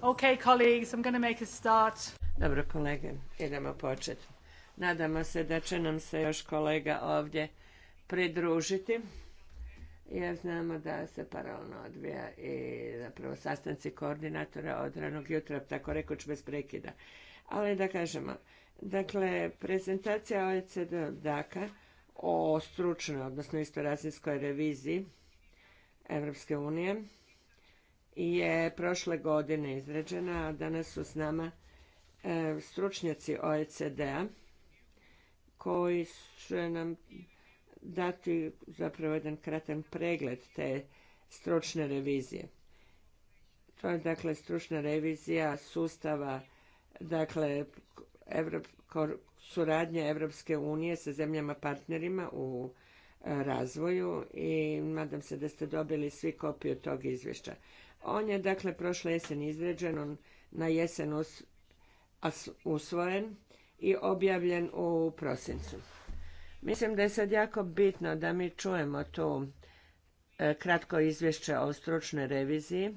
Okay, colleagues, I'm going to make a start. Dobro, kolege, idemo početi. Nadamo se da će nam se još kolega ovdje pridružiti. Jer znamo da se paralelno odvija i zapravo sastanci koordinatora od ranog jutra, tako rekoć bez prekida. Ali da kažemo, dakle, prezentacija OECD DAKA o stručnoj, odnosno istorazinskoj reviziji Evropske unije je prošle godine izrađena, a danas su s nama e, stručnjaci OECD-a koji će nam dati zapravo jedan kratan pregled te stručne revizije. To je dakle stručna revizija sustava dakle suradnje Evropske unije sa zemljama partnerima u e, razvoju i nadam se da ste dobili svi kopiju tog izvješća. On je dakle prošle jesen izrađen, on na jesen usvojen i objavljen u prosincu. Mislim da je sad jako bitno da mi čujemo tu e, kratko izvješće o stručnoj reviziji,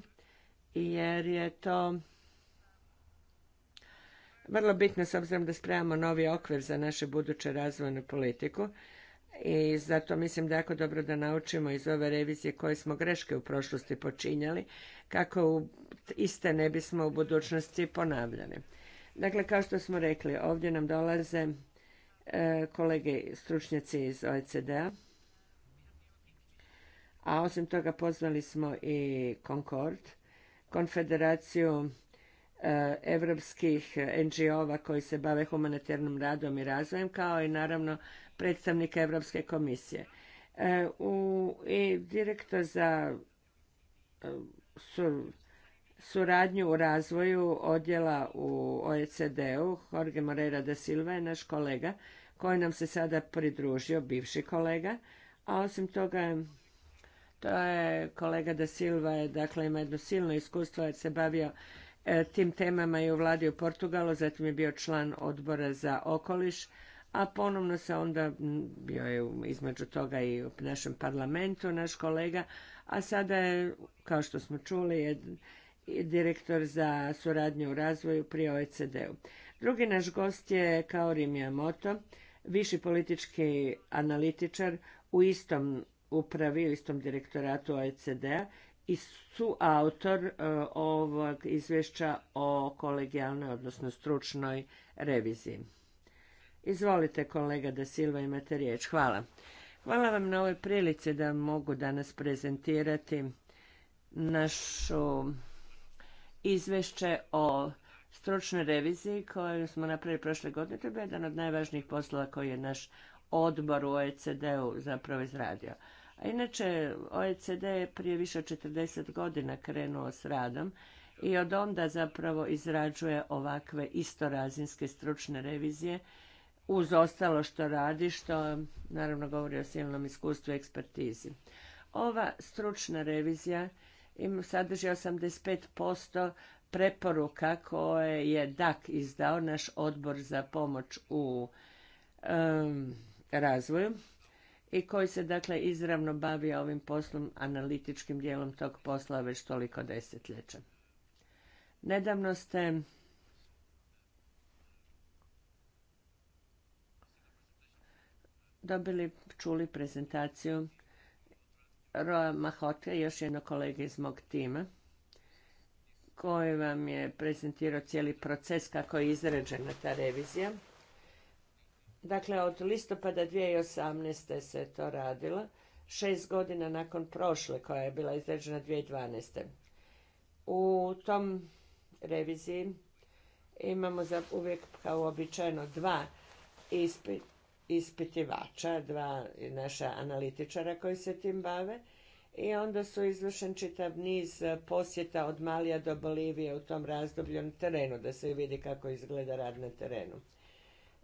jer je to vrlo bitno s obzirom da spremamo novi okvir za naše buduće razvojnu politiku i zato mislim da je jako dobro da naučimo iz ove revizije koje smo greške u prošlosti počinjali, kako iste ne bismo u budućnosti ponavljali. Dakle, kao što smo rekli, ovdje nam dolaze e, kolege stručnjaci iz OECD-a, a osim toga pozvali smo i Concord, konfederaciju e, evropskih NGO-ova koji se bave humanitarnim radom i razvojem, kao i naravno predstavnika Europske komisije. E, u, I direktor za e, suradnju u razvoju odjela u OECD-u, Jorge Moreira da Silva je naš kolega, koji nam se sada pridružio, bivši kolega, a osim toga to je kolega da Silva je, dakle, ima jedno silno iskustvo jer se bavio e, tim temama i u vladi u Portugalu, zatim je bio član odbora za okoliš, a ponovno se onda, bio je između toga i u našem parlamentu naš kolega, a sada je, kao što smo čuli, je direktor za suradnju u razvoju pri OECD-u. Drugi naš gost je Kaori Miyamoto, viši politički analitičar u istom upravi, u istom direktoratu OECD-a i suautor e, ovog izvješća o kolegijalnoj, odnosno stručnoj reviziji. Izvolite kolega Da Silva, imate riječ. Hvala. Hvala vam na ovoj prilici da mogu danas prezentirati našu izvešće o stručnoj reviziji koju smo napravili prošle godine. To je jedan od najvažnijih poslova koji je naš odbor u OECD-u zapravo izradio. A inače, OECD je prije više od 40 godina krenuo s radom i od onda zapravo izrađuje ovakve istorazinske stručne revizije uz ostalo što radi, što naravno govori o silnom iskustvu i ekspertizi. Ova stručna revizija im sadrži 85% preporuka koje je DAK izdao, naš odbor za pomoć u razvoju i koji se dakle izravno bavi ovim poslom, analitičkim dijelom tog posla već toliko desetljeća. Nedavno ste dobili, čuli prezentaciju Roa Mahotka, još jedno kolege iz mog tima, koji vam je prezentirao cijeli proces kako je izrađena ta revizija. Dakle, od listopada 2018. se to radilo, šest godina nakon prošle koja je bila izrađena 2012. U tom reviziji imamo uvijek kao običajno dva ispit, ispitivača, dva naša analitičara koji se tim bave i onda su izvršen čitav niz posjeta od Malija do Bolivije u tom razdoblju na terenu, da se vidi kako izgleda rad na terenu.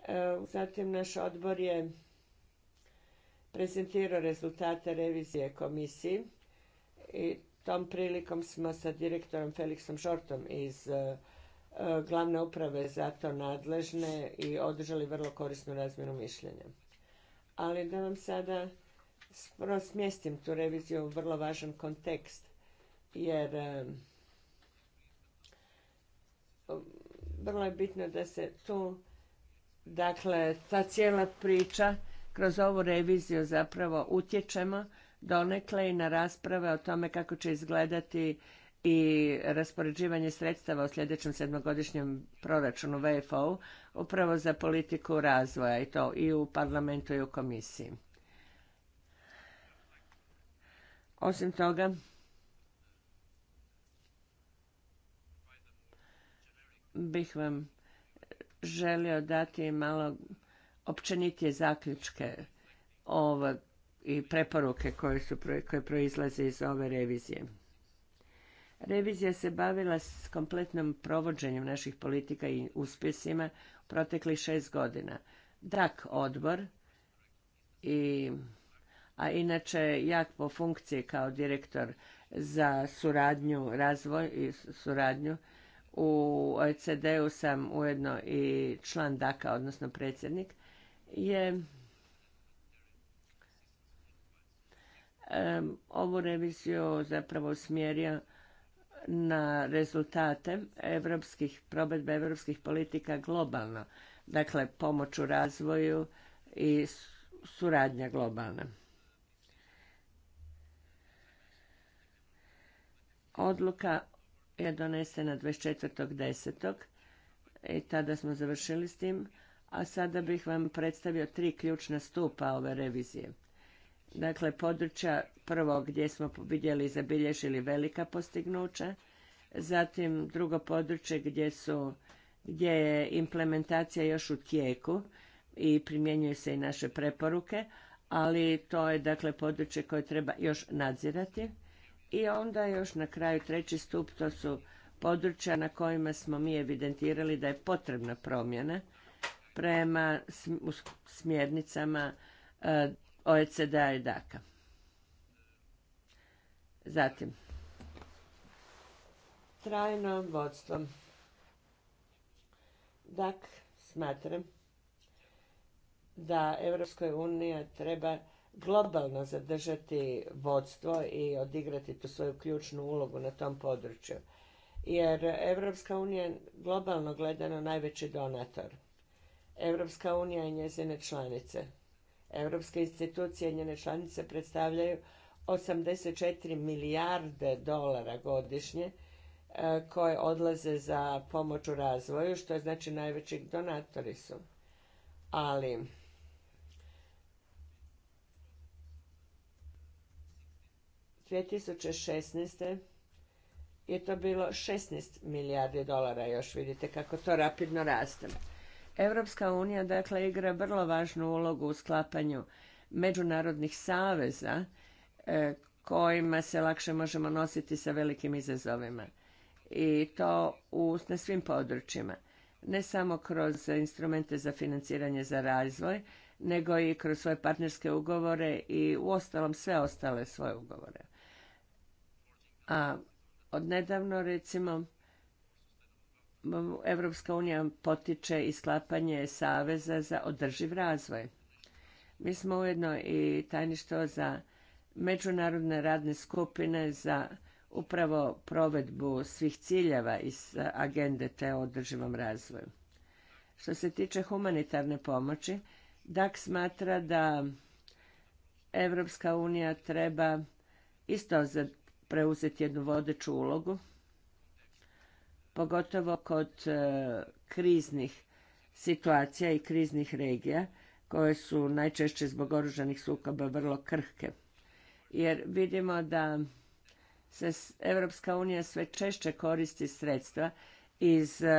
E, zatim naš odbor je prezentirao rezultate revizije komisiji i tom prilikom smo sa direktorom Felixom Šortom iz e, E, glavne uprave za to nadležne i održali vrlo korisnu razmjenu mišljenja. Ali da vam sada smjestim tu reviziju u vrlo važan kontekst, jer e, vrlo je bitno da se tu, dakle, ta cijela priča kroz ovu reviziju zapravo utječemo donekle i na rasprave o tome kako će izgledati i raspoređivanje sredstava u sljedećem sedmogodišnjem proračunu VFO upravo za politiku razvoja i to i u parlamentu i u komisiji. Osim toga, bih vam želio dati malo općenitije zaključke i preporuke su, koje proizlaze iz ove revizije. Revizija se bavila s kompletnom provođenjem naših politika i uspjesima proteklih šest godina. DAK odbor, i, a inače ja po funkciji kao direktor za suradnju, razvoj i suradnju, u OECD-u sam ujedno i član DAKA, odnosno predsjednik, je ovu reviziju zapravo usmjerio na rezultate evropskih, probedbe evropskih politika globalno. Dakle, pomoć u razvoju i suradnja globalna. Odluka je donesena 24.10. i tada smo završili s tim, a sada bih vam predstavio tri ključna stupa ove revizije – Dakle, područja prvo gdje smo vidjeli i zabilježili velika postignuća, zatim drugo područje gdje, su, gdje je implementacija još u tijeku i primjenjuju se i naše preporuke, ali to je dakle područje koje treba još nadzirati. I onda još na kraju treći stup, to su područja na kojima smo mi evidentirali da je potrebna promjena prema smjernicama e, oecd i DAKA. Zatim, trajno vodstvo. DAK smatram da Evropskoj Uniji treba globalno zadržati vodstvo i odigrati tu svoju ključnu ulogu na tom području. Jer Evropska unija je globalno gledano najveći donator. Evropska unija i njezine članice. Europske institucije i njene članice predstavljaju 84 milijarde dolara godišnje e, koje odlaze za pomoć u razvoju, što je znači najveći donatori su. Ali, dvije tisuće je to bilo 16 milijardi dolara još vidite kako to rapidno raste Europska unija dakle igra vrlo važnu ulogu u sklapanju međunarodnih saveza e, kojima se lakše možemo nositi sa velikim izazovima. I to u, na svim područjima. Ne samo kroz instrumente za financiranje za razvoj, nego i kroz svoje partnerske ugovore i u ostalom sve ostale svoje ugovore. A odnedavno recimo Evropska unija potiče i sklapanje saveza za održiv razvoj. Mi smo ujedno i tajništvo za međunarodne radne skupine za upravo provedbu svih ciljeva iz agende te o održivom razvoju. Što se tiče humanitarne pomoći, DAK smatra da Evropska unija treba isto preuzeti jednu vodeću ulogu pogotovo kod e, kriznih situacija i kriznih regija koje su najčešće zbog oružanih sukoba vrlo krhke. Jer vidimo da se Evropska unija sve češće koristi sredstva iz e,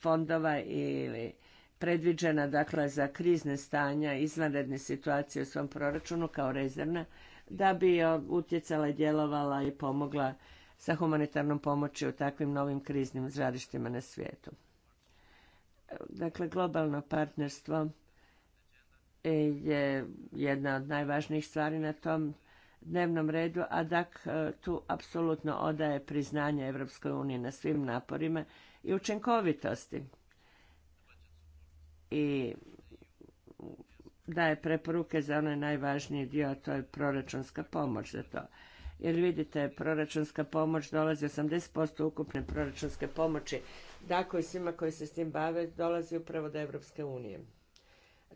fondova ili predviđena dakle za krizne stanja, izvanredne situacije u svom proračunu kao rezervna, da bi utjecala, djelovala i pomogla sa humanitarnom pomoći u takvim novim kriznim zradištima na svijetu. Dakle, globalno partnerstvo je jedna od najvažnijih stvari na tom dnevnom redu, a DAK e, tu apsolutno odaje priznanje Europskoj uniji na svim naporima i učinkovitosti. I daje preporuke za onaj najvažniji dio, a to je proračunska pomoć za to jer vidite, proračunska pomoć dolazi 80% ukupne proračunske pomoći, tako i svima koji se s tim bave, dolazi upravo do Evropske unije.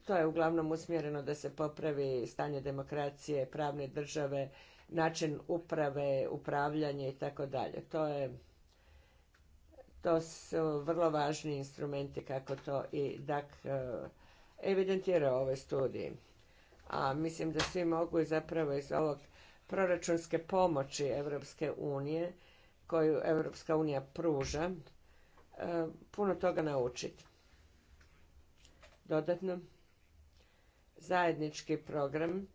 To je uglavnom usmjereno da se popravi stanje demokracije, pravne države, način uprave, upravljanje i tako dalje. To je to su vrlo važni instrumenti kako to i DAK eh, evidentira u ovoj studiji. A mislim da svi mogu zapravo iz ovog proračunske pomoći Europske unije koju Europska unija pruža e, puno toga naučiti. Dodatno, zajednički program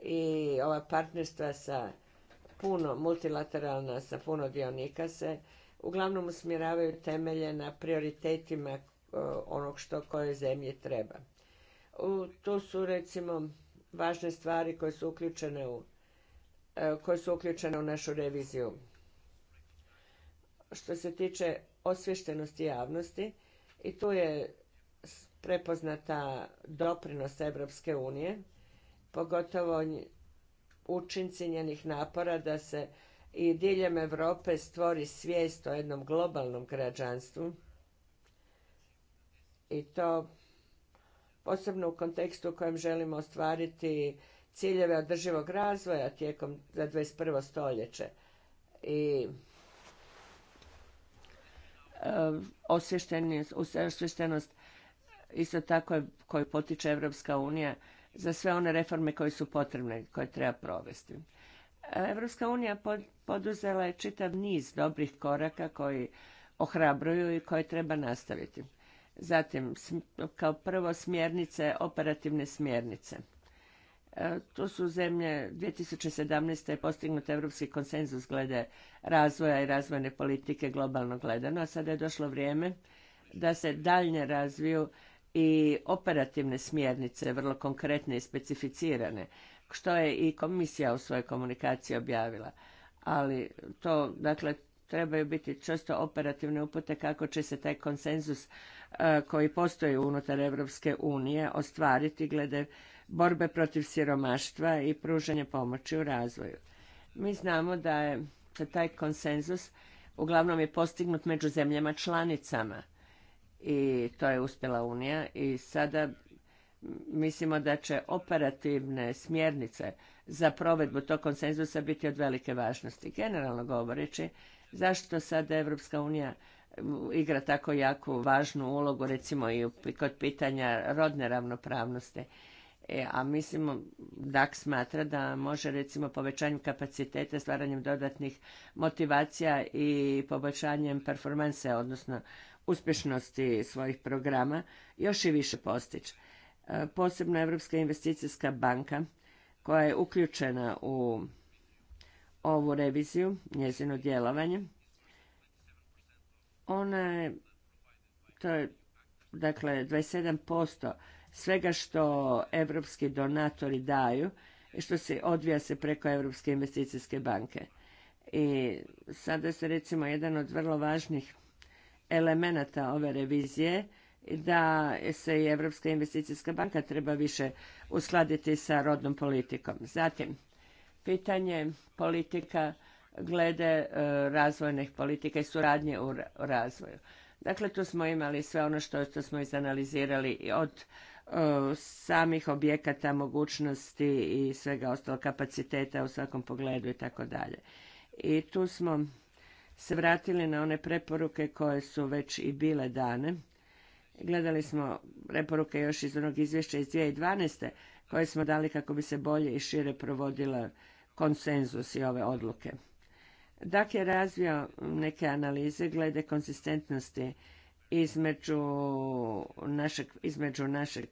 i ova partnerstva sa puno multilateralna, sa puno dionika se uglavnom usmjeravaju temelje na prioritetima e, onog što koje zemlje treba. tu su recimo važne stvari koje su uključene u koje su uključene u našu reviziju. Što se tiče osvještenosti javnosti, i tu je prepoznata doprinost Evropske unije, pogotovo učinci njenih napora da se i diljem Europe stvori svijest o jednom globalnom građanstvu i to posebno u kontekstu u kojem želimo ostvariti ciljeve održivog razvoja tijekom za 21. stoljeće i osvještenost isto tako koju potiče Evropska unija za sve one reforme koje su potrebne, koje treba provesti. Evropska unija poduzela je čitav niz dobrih koraka koji ohrabruju i koje treba nastaviti. Zatim, kao prvo, smjernice, operativne smjernice – to su zemlje, 2017. je postignut evropski konsenzus glede razvoja i razvojne politike globalno gledano, a sada je došlo vrijeme da se daljnje razviju i operativne smjernice, vrlo konkretne i specificirane, što je i komisija u svojoj komunikaciji objavila. Ali to, dakle, trebaju biti često operativne upute kako će se taj konsenzus e, koji postoji unutar Evropske unije ostvariti glede borbe protiv siromaštva i pružanje pomoći u razvoju. Mi znamo da je taj konsenzus uglavnom je postignut među zemljama članicama i to je uspjela Unija i sada mislimo da će operativne smjernice za provedbu tog konsenzusa biti od velike važnosti. Generalno govoreći, zašto sada Evropska unija igra tako jako važnu ulogu recimo i kod pitanja rodne ravnopravnosti E, a mislimo, DAK smatra da može recimo povećanjem kapaciteta, stvaranjem dodatnih motivacija i poboljšanjem performanse, odnosno uspješnosti svojih programa, još i više postići. E, posebno Europska investicijska banka koja je uključena u ovu reviziju, njezino djelovanje, ona je, to je dakle 27% svega što evropski donatori daju i što se odvija se preko Europske investicijske banke. I sada se recimo jedan od vrlo važnih elemenata ove revizije da se i Europska investicijska banka treba više uskladiti sa rodnom politikom. Zatim, pitanje politika glede e, razvojnih politika i suradnje u razvoju. Dakle, tu smo imali sve ono što, što smo izanalizirali od samih objekata, mogućnosti i svega ostalog kapaciteta u svakom pogledu i tako dalje. I tu smo se vratili na one preporuke koje su već i bile dane. Gledali smo preporuke još iz onog izvješća iz 2012. koje smo dali kako bi se bolje i šire provodila konsenzus i ove odluke. Dak je razvio neke analize glede konsistentnosti između našeg, između našeg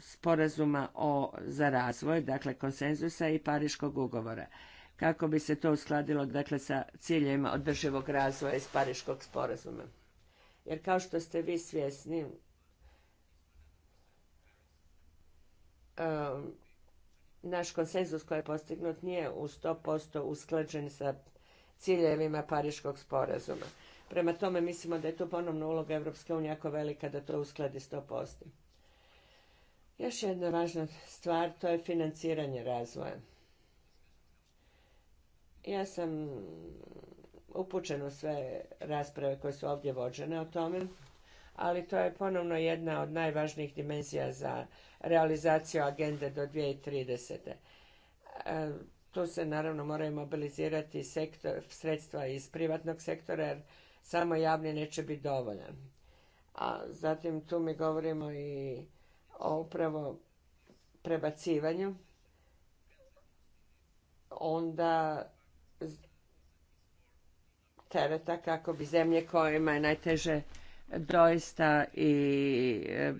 sporazuma o, za razvoj, dakle konsenzusa i Pariškog ugovora, kako bi se to uskladilo dakle, sa ciljevima održivog razvoja iz Pariškog sporazuma. Jer kao što ste vi svjesni, um, naš konsenzus koji je postignut nije u 100% usklađen sa ciljevima Pariškog sporazuma. Prema tome mislimo da je tu ponovno uloga Europske unije jako velika da to uskladi 100%. Još jedna važna stvar, to je financiranje razvoja. Ja sam upućena sve rasprave koje su ovdje vođene o tome, ali to je ponovno jedna od najvažnijih dimenzija za realizaciju agende do 2030. E, tu se naravno moraju mobilizirati sektor, sredstva iz privatnog sektora jer samo javni neće biti dovoljan. A zatim tu mi govorimo i o upravo prebacivanju, onda tereta kako bi zemlje kojima je najteže doista i e,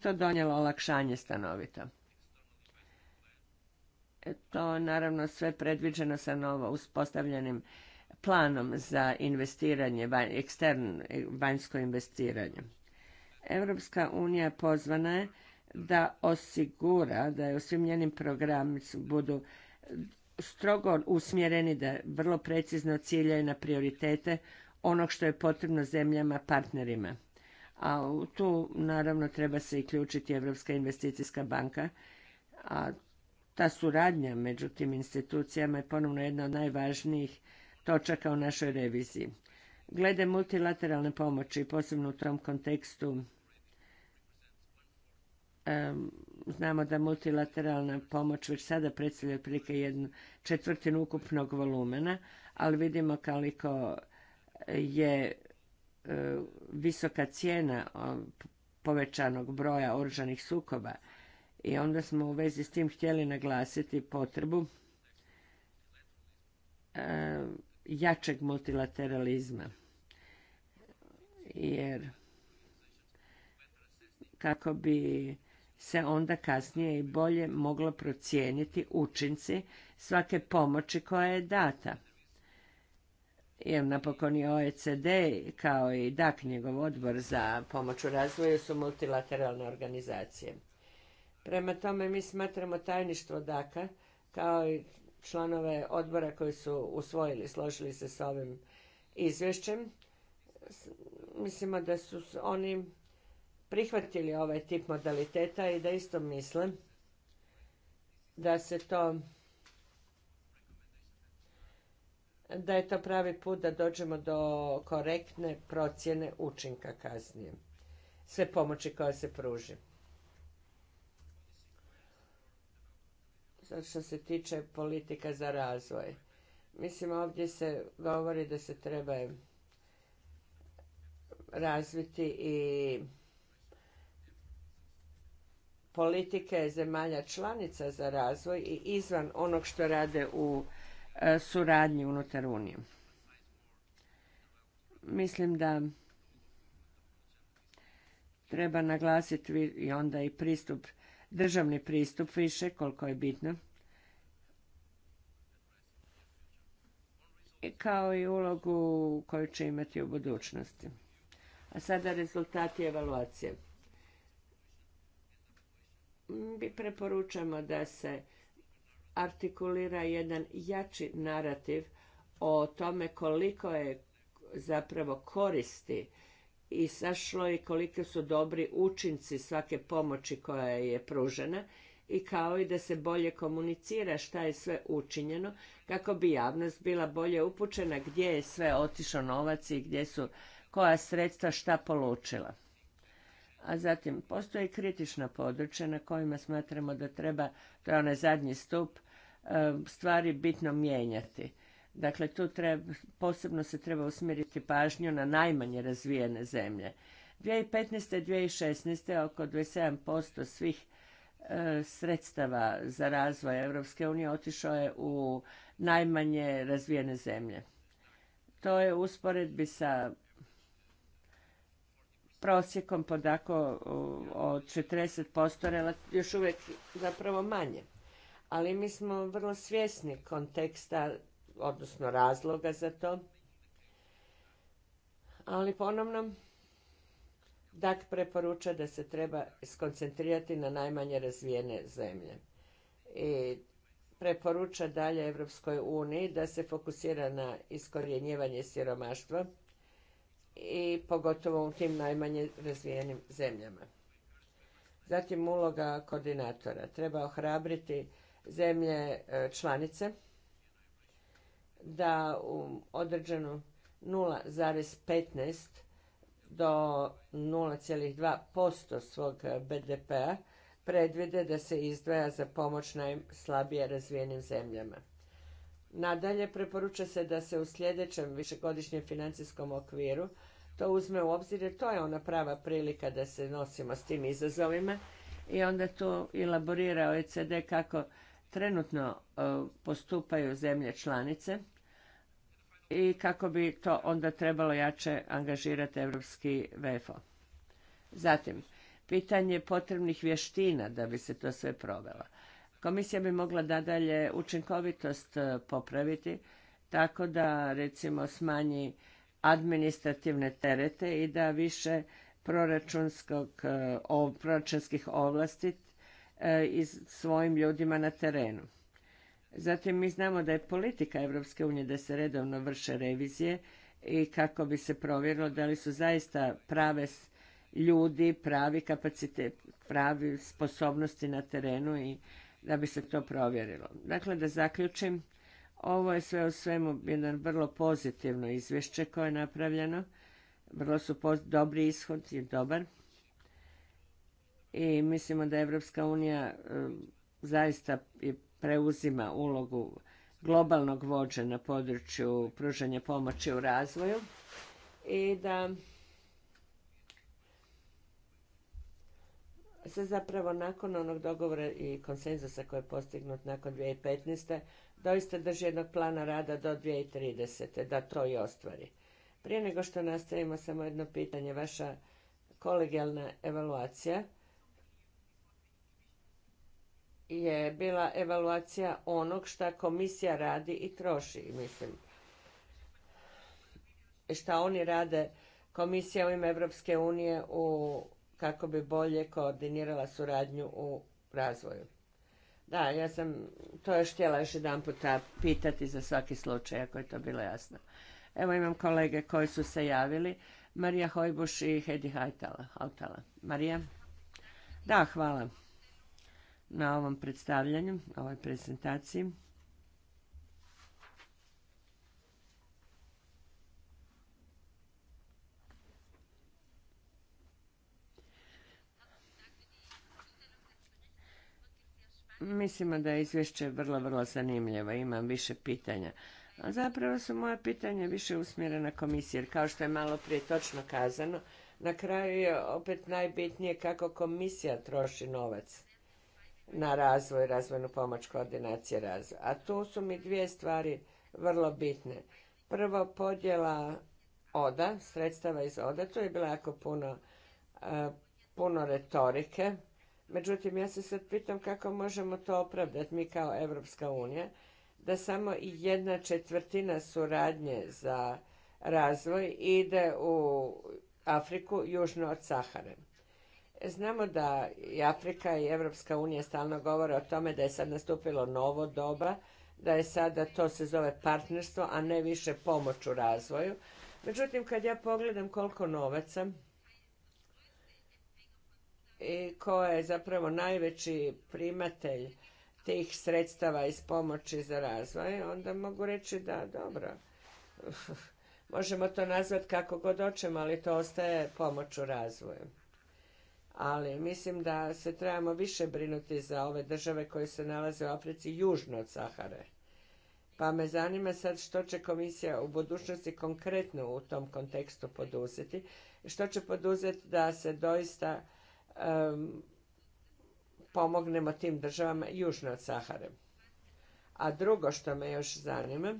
to donijelo olakšanje stanovito. E, to naravno sve predviđeno sa novo uspostavljenim planom za investiranje, eksterno vanjsko investiranje. Europska unija pozvana je da osigura da je u svim njenim programima budu strogo usmjereni da vrlo precizno ciljaju na prioritete onog što je potrebno zemljama partnerima. A tu naravno treba se i ključiti Europska investicijska banka, a ta suradnja među tim institucijama je ponovno jedna od najvažnijih točaka u našoj reviziji. Glede multilateralne pomoći, posebno u tom kontekstu znamo da multilateralna pomoć već sada predstavlja otprilike jednu četvrtinu ukupnog volumena, ali vidimo koliko je e, visoka cijena povećanog broja oružanih sukoba i onda smo u vezi s tim htjeli naglasiti potrebu e, jačeg multilateralizma. Jer kako bi se onda kasnije i bolje moglo procijeniti učinci svake pomoći koja je data. Jer napokon i OECD kao i DAK, njegov odbor za pomoć u razvoju, su multilateralne organizacije. Prema tome mi smatramo tajništvo DAKA kao i članove odbora koji su usvojili, složili se s ovim izvješćem. Mislimo da su oni prihvatili ovaj tip modaliteta i da isto misle da se to da je to pravi put da dođemo do korektne procjene učinka kasnije. Sve pomoći koja se pruži. Sad što se tiče politika za razvoj. Mislim, ovdje se govori da se treba razviti i politike zemalja članica za razvoj i izvan onog što rade u e, suradnji unutar Unije. Mislim da treba naglasiti i onda i pristup, državni pristup više, koliko je bitno. I kao i ulogu koju će imati u budućnosti. A sada rezultati evaluacije mi preporučamo da se artikulira jedan jači narativ o tome koliko je zapravo koristi sašlo i koliko su dobri učinci svake pomoći koja je pružena i kao i da se bolje komunicira šta je sve učinjeno kako bi javnost bila bolje upućena gdje je sve otišao novac i gdje su koja sredstva šta polučila. A zatim, postoje kritična područja na kojima smatramo da treba, to je onaj zadnji stup, e, stvari bitno mijenjati. Dakle, tu treba, posebno se treba usmjeriti pažnju na najmanje razvijene zemlje. 2015. i 2016. oko 27% svih e, sredstava za razvoj Europske unije otišao je u najmanje razvijene zemlje. To je usporedbi sa prosjekom podako od 40% još uvijek zapravo manje. Ali mi smo vrlo svjesni konteksta, odnosno razloga za to. Ali ponovno, DAK preporuča da se treba skoncentrirati na najmanje razvijene zemlje. I preporuča dalje Evropskoj uniji da se fokusira na iskorjenjivanje siromaštva, i pogotovo u tim najmanje razvijenim zemljama. Zatim uloga koordinatora. Treba ohrabriti zemlje e, članice da u određenu 0,15 do 0,2% svog BDP-a predvide da se izdvaja za pomoć najslabije razvijenim zemljama. Nadalje, preporuča se da se u sljedećem višegodišnjem financijskom okviru to uzme u obzir jer to je ona prava prilika da se nosimo s tim izazovima i onda tu elaborira OECD kako trenutno e, postupaju zemlje članice i kako bi to onda trebalo jače angažirati Europski VFO. Zatim, pitanje potrebnih vještina da bi se to sve provelo. Komisija bi mogla nadalje učinkovitost e, popraviti tako da recimo smanji administrativne terete i da više proračunskog, e, proračunskih ovlasti e, svojim ljudima na terenu. Zatim mi znamo da je politika Europske unije da se redovno vrše revizije i kako bi se provjerilo da li su zaista prave ljudi, pravi kapacitet, pravi sposobnosti na terenu i da bi se to provjerilo. Dakle, da zaključim, ovo je sve u svemu jedan vrlo pozitivno izvješće koje je napravljeno. Vrlo su dobri ishod i dobar. I mislimo da Evropska unija um, zaista preuzima ulogu globalnog vođa na području pružanja pomoći u razvoju i da se zapravo nakon onog dogovora i konsenzusa koji je postignut nakon 2015. doista drži jednog plana rada do 2030. da to i ostvari. Prije nego što nastavimo samo jedno pitanje, vaša kolegijalna evaluacija je bila evaluacija onog šta komisija radi i troši, mislim. Šta oni rade, komisija u ime Evropske unije u kako bi bolje koordinirala suradnju u razvoju. Da, ja sam to još htjela još jedan puta pitati za svaki slučaj, ako je to bilo jasno. Evo imam kolege koji su se javili. Marija Hojbuš i Hedi Hautala. Marija? Da, hvala na ovom predstavljanju, ovoj prezentaciji. Mislimo da je izvješće vrlo, vrlo zanimljivo. Imam više pitanja. A zapravo su moja pitanja više usmjerena komisiji, jer kao što je malo prije točno kazano, na kraju je opet najbitnije kako komisija troši novac na razvoj, razvojnu pomoć, koordinacije razvoja. A tu su mi dvije stvari vrlo bitne. Prvo, podjela ODA, sredstava iz ODA. Tu je bilo jako puno, e, puno retorike Međutim, ja se sad pitam kako možemo to opravdati mi kao Evropska unija, da samo jedna četvrtina suradnje za razvoj ide u Afriku južno od Sahare. Znamo da i Afrika i Evropska unija stalno govore o tome da je sad nastupilo novo doba, da je sada to se zove partnerstvo, a ne više pomoć u razvoju. Međutim, kad ja pogledam koliko novaca i ko je zapravo najveći primatelj tih sredstava iz pomoći za razvoj, onda mogu reći da dobro, možemo to nazvati kako god hoćemo, ali to ostaje pomoć u razvoju. Ali mislim da se trebamo više brinuti za ove države koje se nalaze u Africi južno od Sahare. Pa me zanima sad što će komisija u budućnosti konkretno u tom kontekstu poduzeti, što će poduzeti da se doista pomognemo tim državama južno od Sahare. A drugo što me još zanima,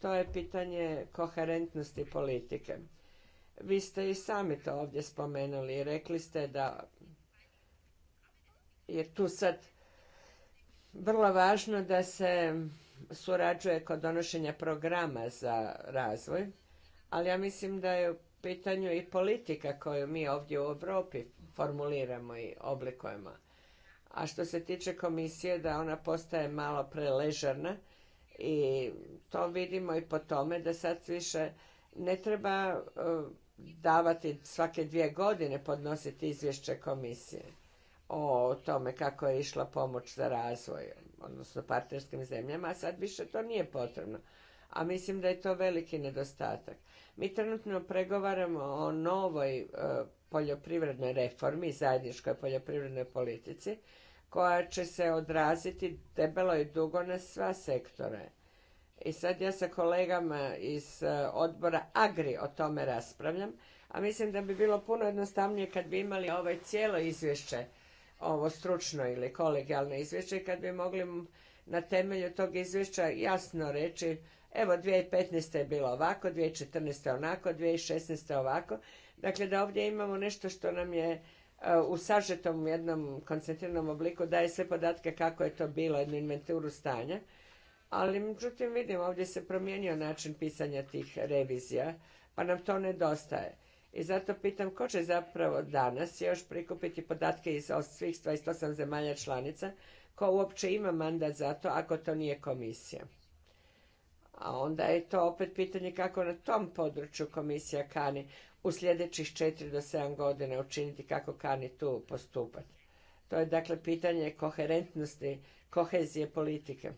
to je pitanje koherentnosti politike. Vi ste i sami to ovdje spomenuli i rekli ste da je tu sad vrlo važno da se surađuje kod donošenja programa za razvoj, ali ja mislim da je pitanju i politika koju mi ovdje u Europi formuliramo i oblikujemo. A što se tiče komisije, da ona postaje malo preležerna i to vidimo i po tome da sad više ne treba e, davati svake dvije godine podnositi izvješće komisije o tome kako je išla pomoć za razvoj, odnosno partnerskim zemljama, a sad više to nije potrebno. A mislim da je to veliki nedostatak. Mi trenutno pregovaramo o novoj e, poljoprivrednoj reformi, zajedničkoj poljoprivrednoj politici, koja će se odraziti debelo i dugo na sva sektore. I sad ja sa kolegama iz e, odbora Agri o tome raspravljam, a mislim da bi bilo puno jednostavnije kad bi imali ovaj cijelo izvješće, ovo stručno ili kolegijalno izvješće, kad bi mogli na temelju tog izvješća jasno reći Evo, 2015. je bilo ovako, 2014. onako, 2016. ovako. Dakle, da ovdje imamo nešto što nam je eh, u sažetom jednom koncentriranom obliku daje sve podatke kako je to bilo, jednu inventuru stanja. Ali, međutim, vidimo, ovdje se promijenio način pisanja tih revizija, pa nam to nedostaje. I zato pitam ko će zapravo danas još prikupiti podatke iz svih 28 zemalja članica, ko uopće ima mandat za to ako to nije komisija. A onda je to opet pitanje kako na tom području komisija kani u sljedećih četiri do sedam godina učiniti, kako kani tu postupati. To je dakle pitanje koherentnosti, kohezije politike.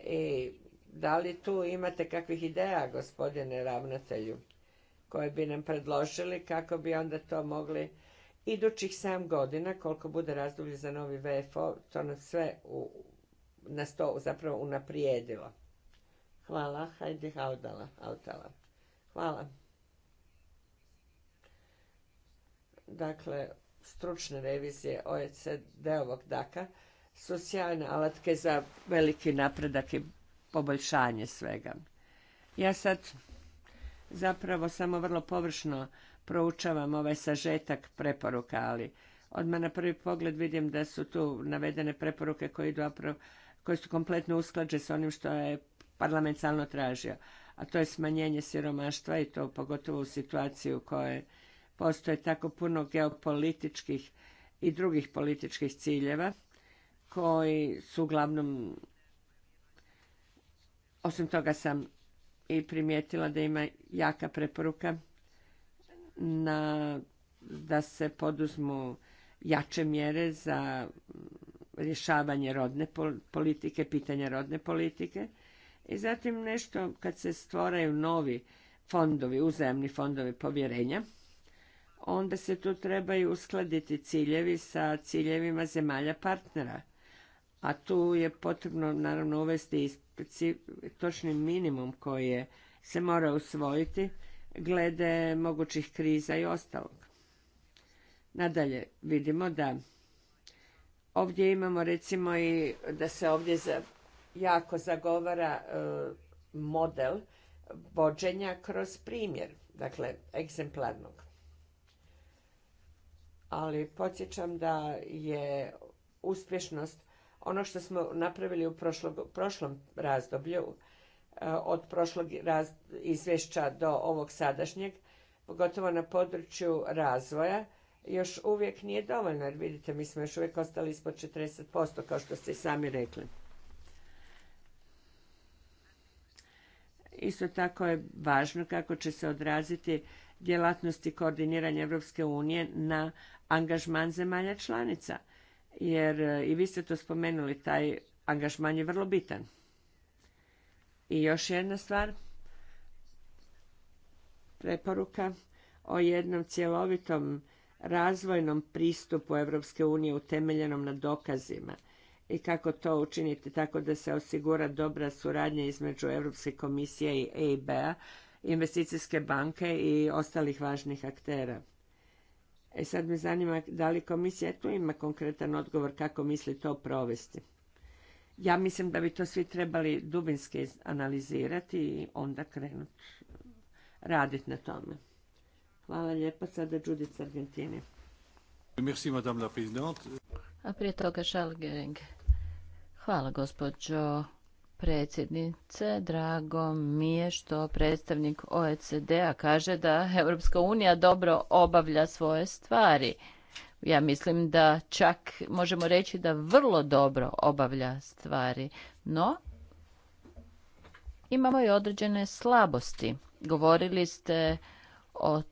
I da li tu imate kakvih ideja, gospodine ravnatelju, koje bi nam predložili kako bi onda to mogli idućih 7 godina, koliko bude razdoblje za novi VFO, to nas sve u, nas to zapravo unaprijedilo. Hvala, hajde, Haudala, Hvala. Dakle, stručne revizije OECD-ovog DAKA su sjajne alatke za veliki napredak i poboljšanje svega. Ja sad zapravo samo vrlo površno proučavam ovaj sažetak preporuka, ali odmah na prvi pogled vidim da su tu navedene preporuke koje, koje su kompletno usklađe s onim što je parlament tražio, a to je smanjenje siromaštva i to pogotovo u situaciji u kojoj postoje tako puno geopolitičkih i drugih političkih ciljeva koji su uglavnom osim toga sam i primijetila da ima jaka preporuka na, da se poduzmu jače mjere za rješavanje rodne politike, pitanja rodne politike i zatim nešto kad se stvoraju novi fondovi, uzajamni fondovi povjerenja, onda se tu trebaju uskladiti ciljevi sa ciljevima zemalja partnera. A tu je potrebno naravno uvesti i točni minimum koji se mora usvojiti glede mogućih kriza i ostalog. Nadalje, vidimo da ovdje imamo recimo i da se ovdje za jako zagovara e, model vođenja kroz primjer, dakle egzemplarnog. Ali podsjećam da je uspješnost ono što smo napravili u prošlom razdoblju, e, od prošlog izvješća do ovog sadašnjeg, pogotovo na području razvoja, još uvijek nije dovoljno, jer vidite, mi smo još uvijek ostali ispod 40%, kao što ste i sami rekli. Isto tako je važno kako će se odraziti djelatnosti koordiniranja Europske unije na angažman zemalja članica. Jer e, i vi ste to spomenuli, taj angažman je vrlo bitan. I još jedna stvar, preporuka o jednom cjelovitom razvojnom pristupu Europske unije utemeljenom na dokazima – i kako to učiniti tako da se osigura dobra suradnja između Europske komisije i EIB-a, investicijske banke i ostalih važnih aktera. E sad me zanima da li komisija tu ima konkretan odgovor kako misli to provesti. Ja mislim da bi to svi trebali dubinski analizirati i onda krenuti raditi na tome. Hvala lijepa. Sada Judith Argentini. Merci, madame la présidente. A prije toga Gering. Hvala gospođo predsjednice. Drago mi je što predstavnik OECD-a kaže da Europska unija dobro obavlja svoje stvari. Ja mislim da čak možemo reći da vrlo dobro obavlja stvari, no imamo i određene slabosti. Govorili ste o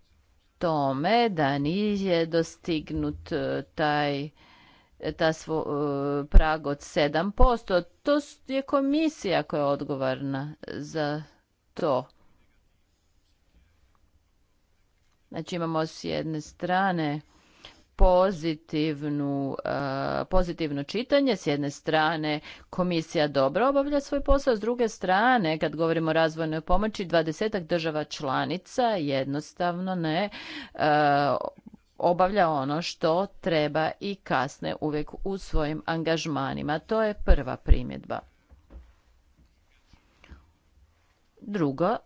tome da nije dostignut e, taj ta svo, e, prag od 7%. To je komisija koja je odgovorna za to. Znači imamo s jedne strane pozitivnu, e, pozitivno čitanje. S jedne strane komisija dobro obavlja svoj posao, s druge strane kad govorimo o razvojnoj pomoći dvadesetak država članica jednostavno ne e, obavlja ono što treba i kasne uvijek u svojim angažmanima. To je prva primjedba. Drugo,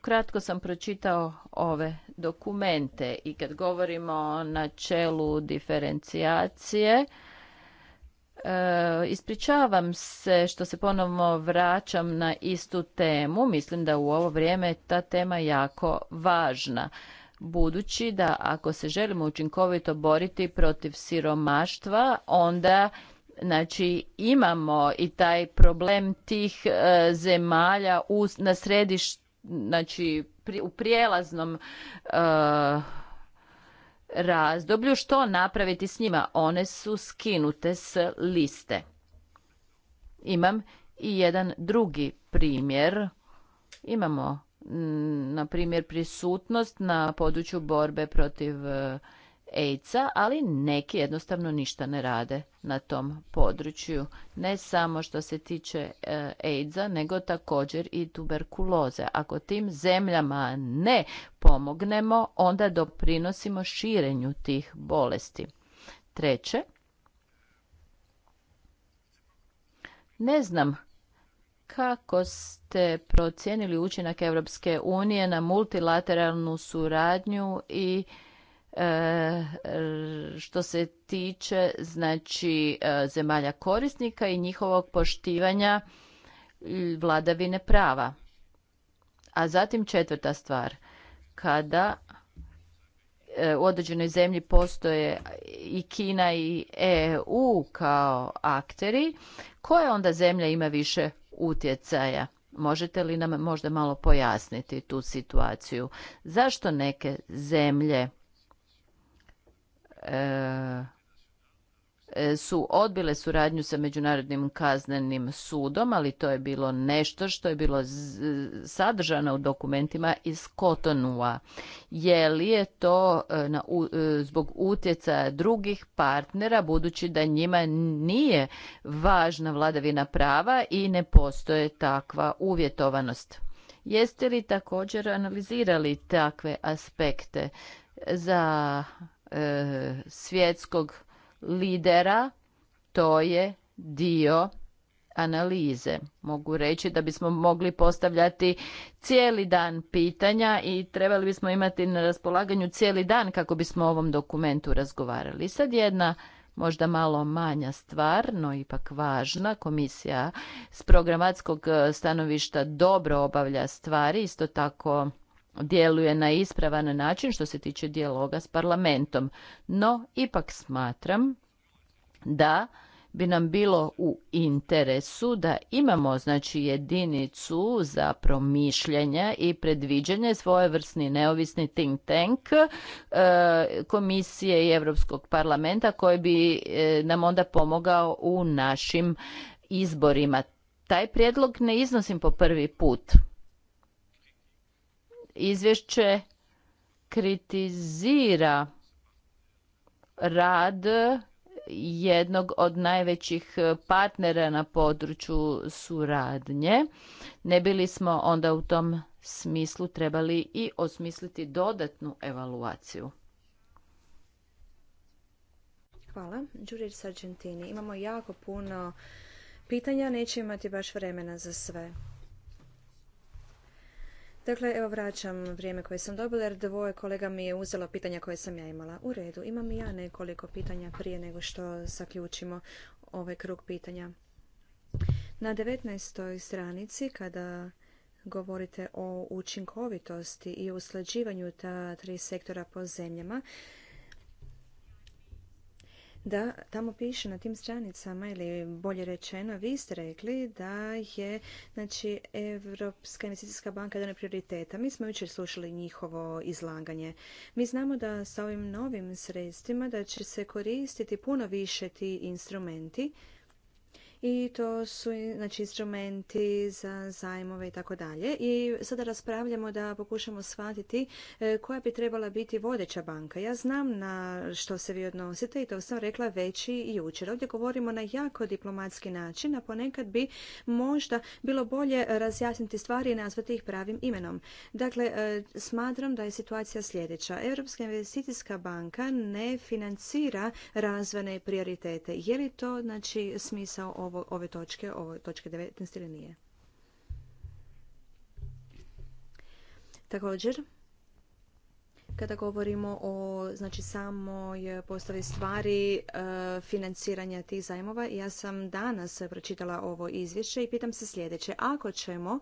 kratko sam pročitao ove dokumente i kad govorimo o načelu diferencijacije, e, ispričavam se što se ponovno vraćam na istu temu. Mislim da u ovo vrijeme ta tema jako važna budući da ako se želimo učinkovito boriti protiv siromaštva onda znači imamo i taj problem tih e, zemalja u, na središtu znači u prijelaznom e, razdoblju što napraviti s njima one su skinute s liste imam i jedan drugi primjer imamo Mm, na primjer prisutnost na području borbe protiv e, AIDS-a, ali neki jednostavno ništa ne rade na tom području. Ne samo što se tiče e, AIDS-a, nego također i tuberkuloze. Ako tim zemljama ne pomognemo, onda doprinosimo širenju tih bolesti. Treće, ne znam kako ste procijenili učinak Europske unije na multilateralnu suradnju i e, što se tiče znači e, zemalja korisnika i njihovog poštivanja e, vladavine prava. A zatim četvrta stvar, kada u određenoj zemlji postoje i Kina i EU kao akteri, koja onda zemlja ima više utjecaja. Možete li nam možda malo pojasniti tu situaciju? Zašto neke zemlje e, E, su odbile suradnju sa Međunarodnim kaznenim sudom, ali to je bilo nešto što je bilo sadržano u dokumentima iz Kotonua. Je li je to e, na, e, zbog utjecaja drugih partnera, budući da njima nije važna vladavina prava i ne postoje takva uvjetovanost? Jeste li također analizirali takve aspekte za e, svjetskog lidera, to je dio analize. Mogu reći da bismo mogli postavljati cijeli dan pitanja i trebali bismo imati na raspolaganju cijeli dan kako bismo o ovom dokumentu razgovarali. Sad jedna možda malo manja stvar, no ipak važna. Komisija s programatskog stanovišta dobro obavlja stvari, isto tako djeluje na ispravan način što se tiče dijaloga s parlamentom. No, ipak smatram da bi nam bilo u interesu da imamo znači jedinicu za promišljanje i predviđanje svojevrsni neovisni think tank e, komisije i Europskog parlamenta koji bi e, nam onda pomogao u našim izborima. Taj prijedlog ne iznosim po prvi put izvješće kritizira rad jednog od najvećih partnera na području suradnje. Ne bili smo onda u tom smislu trebali i osmisliti dodatnu evaluaciju. Hvala. imamo jako puno pitanja, neće imati baš vremena za sve. Dakle, evo vraćam vrijeme koje sam dobila jer dvoje kolega mi je uzelo pitanja koje sam ja imala. U redu, imam i ja nekoliko pitanja prije nego što zaključimo ovaj krug pitanja. Na 19. stranici kada govorite o učinkovitosti i usklađivanju ta tri sektora po zemljama, da tamo piše na tim stranicama ili bolje rečeno vi ste rekli da je znači Europska investicijska banka jedan prioriteta. Mi smo jučer slušali njihovo izlaganje. Mi znamo da sa ovim novim sredstvima da će se koristiti puno više ti instrumenti i to su znači, instrumenti za zajmove i tako dalje. I sada raspravljamo da pokušamo shvatiti e, koja bi trebala biti vodeća banka. Ja znam na što se vi odnosite i to sam rekla već i jučer. Ovdje govorimo na jako diplomatski način, a ponekad bi možda bilo bolje razjasniti stvari i nazvati ih pravim imenom. Dakle, e, smatram da je situacija sljedeća. Europska investicijska banka ne financira razvane prioritete. Je li to znači smisao ove točke, ove točke 19 ili nije. Također, kada govorimo o znači samoj postavi stvari e, financiranja tih zajmova, ja sam danas pročitala ovo izvješće i pitam se sljedeće. Ako ćemo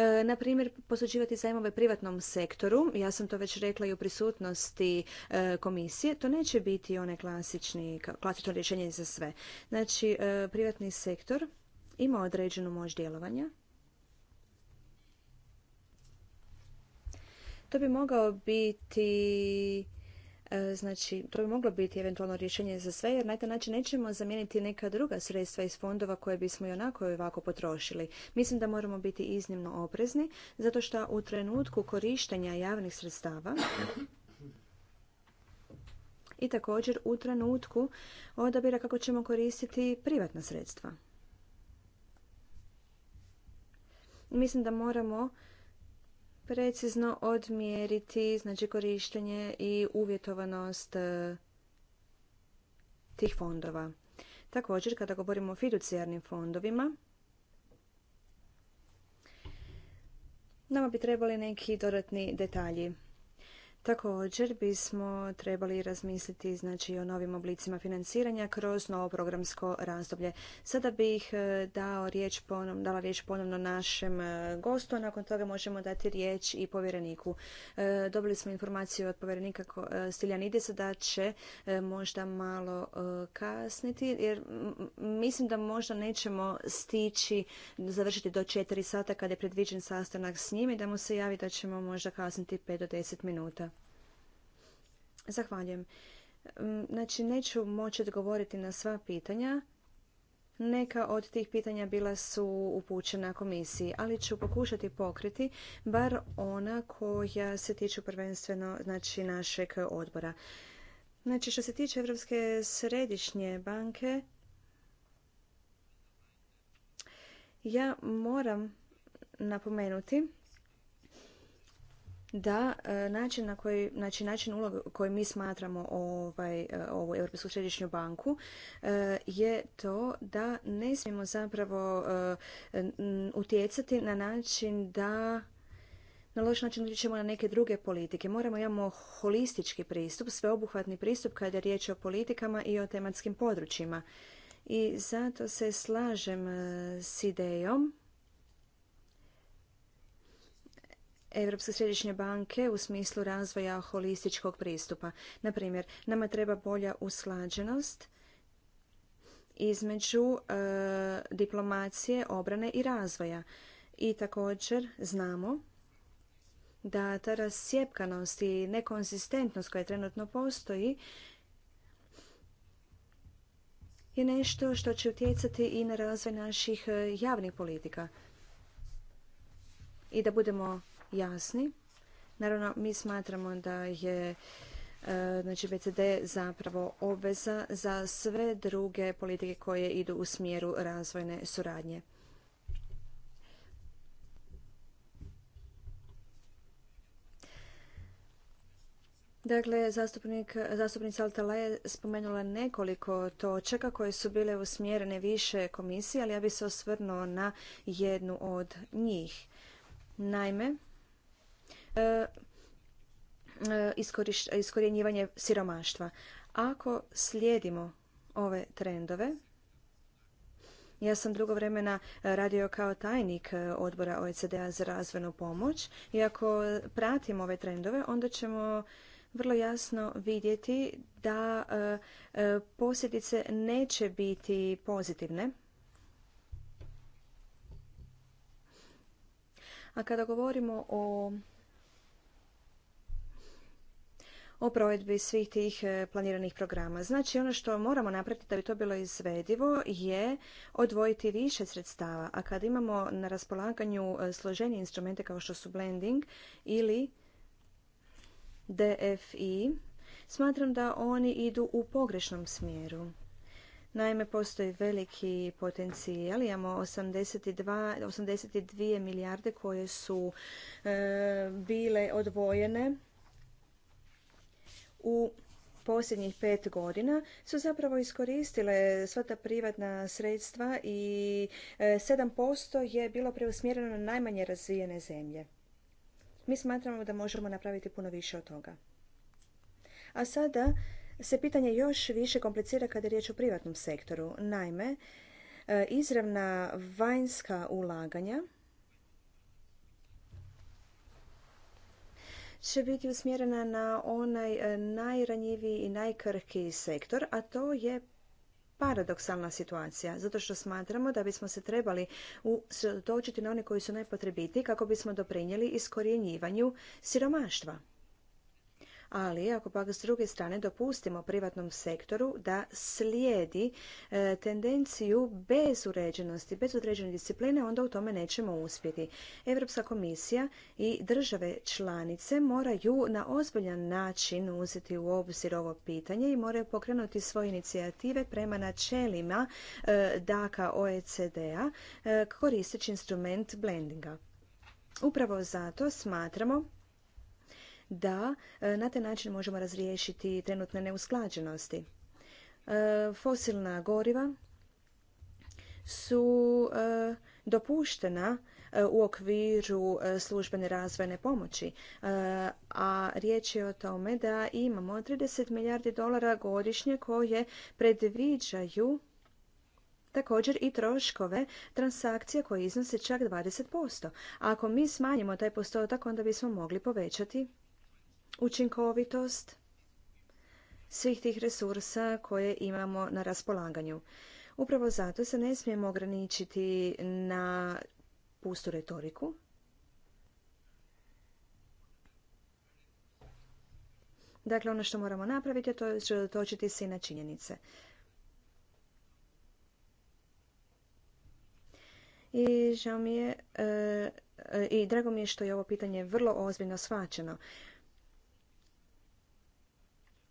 E, na primjer posuđivati zajmove privatnom sektoru. Ja sam to već rekla i u prisutnosti e, komisije. To neće biti one klasični, klasično rješenje za sve. Znači, e, privatni sektor ima određenu moć djelovanja. To bi mogao biti E, znači, to bi moglo biti eventualno rješenje za sve, jer na taj način nećemo zamijeniti neka druga sredstva iz fondova koje bismo i onako i ovako potrošili. Mislim da moramo biti iznimno oprezni, zato što u trenutku korištenja javnih sredstava i također u trenutku odabira kako ćemo koristiti privatna sredstva. Mislim da moramo precizno odmjeriti znači korištenje i uvjetovanost e, tih fondova. Također, kada govorimo o fiducijarnim fondovima, nama bi trebali neki dodatni detalji. Također bismo trebali razmisliti znači, o novim oblicima financiranja kroz novo programsko razdoblje. Sada bih e, dao riječ ponovno, dala riječ ponovno našem e, gostu, a nakon toga možemo dati riječ i povjereniku. E, dobili smo informaciju od povjerenika Stiljanidisa da će možda malo kasniti, jer mislim da možda nećemo stići završiti do četiri sata kada je predviđen sastanak s njim i da mu se javi da ćemo možda kasniti pet do deset minuta. Zahvaljujem. Mm, znači, neću moći odgovoriti na sva pitanja. Neka od tih pitanja bila su upućena komisiji, ali ću pokušati pokriti bar ona koja se tiču prvenstveno znači, našeg odbora. Znači, što se tiče Europske središnje banke, ja moram napomenuti da e, način na koji, znači način uloga koji mi smatramo ovaj, e, ovu Europsku središnju banku e, je to da ne smijemo zapravo utjecati na način da na loš način ćemo na neke druge politike. Moramo imamo holistički pristup, sveobuhvatni pristup kada je riječ o politikama i o tematskim područjima. I zato se slažem s idejom Europske središnje banke u smislu razvoja holističkog pristupa. Na primjer, nama treba bolja usklađenost između e, diplomacije, obrane i razvoja. I također znamo da ta rasjepkanost i nekonzistentnost koja trenutno postoji je nešto što će utjecati i na razvoj naših e, javnih politika. I da budemo jasni. Naravno, mi smatramo da je e, znači BCD zapravo obveza za sve druge politike koje idu u smjeru razvojne suradnje. Dakle, zastupnik, zastupnica Altala je spomenula nekoliko točaka koje su bile usmjerene više komisije, ali ja bih se osvrnuo na jednu od njih. Naime, E, e, iskorjenjivanje siromaštva. Ako slijedimo ove trendove, ja sam drugo vremena radio kao tajnik e, odbora OECD-a za razvojnu pomoć i ako pratimo ove trendove, onda ćemo vrlo jasno vidjeti da posljedice neće biti pozitivne. A kada govorimo o o provedbi svih tih e, planiranih programa. Znači ono što moramo napraviti da bi to bilo izvedivo je odvojiti više sredstava, a kad imamo na raspolaganju e, složenije instrumente kao što su blending ili DFI, smatram da oni idu u pogrešnom smjeru. Naime, postoji veliki potencijal. Imamo 82, 82 milijarde koje su e, bile odvojene u posljednjih pet godina su zapravo iskoristile sva ta privatna sredstva i 7% e, je bilo preusmjereno na najmanje razvijene zemlje. Mi smatramo da možemo napraviti puno više od toga. A sada se pitanje još više komplicira kada je riječ o privatnom sektoru. Naime, e, izravna vanjska ulaganja će biti usmjerena na onaj e, najranjiviji i najkrhkiji sektor, a to je paradoksalna situacija, zato što smatramo da bismo se trebali usredotočiti na one koji su najpotrebitiji kako bismo doprinijeli iskorjenjivanju siromaštva ali ako pak s druge strane dopustimo privatnom sektoru da slijedi e, tendenciju bez uređenosti, bez određene discipline, onda u tome nećemo uspjeti. Europska komisija i države članice moraju na ozbiljan način uzeti u obzir ovo pitanje i moraju pokrenuti svoje inicijative prema načelima e, DAKA OECD-a e, koristeći instrument blendinga. Upravo zato smatramo da e, na taj način možemo razriješiti trenutne neusklađenosti. E, fosilna goriva su e, dopuštena u okviru službene razvojne pomoći. A riječ je o tome da imamo 30 milijardi dolara godišnje koje predviđaju također i troškove transakcije koje iznose čak 20%. ako mi smanjimo taj postotak, onda bismo mogli povećati učinkovitost svih tih resursa koje imamo na raspolaganju. Upravo zato se ne smijemo ograničiti na pustu retoriku. Dakle, ono što moramo napraviti je to će se i na činjenice. I žao mi je e, e, i drago mi je što je ovo pitanje vrlo ozbiljno shvaćeno.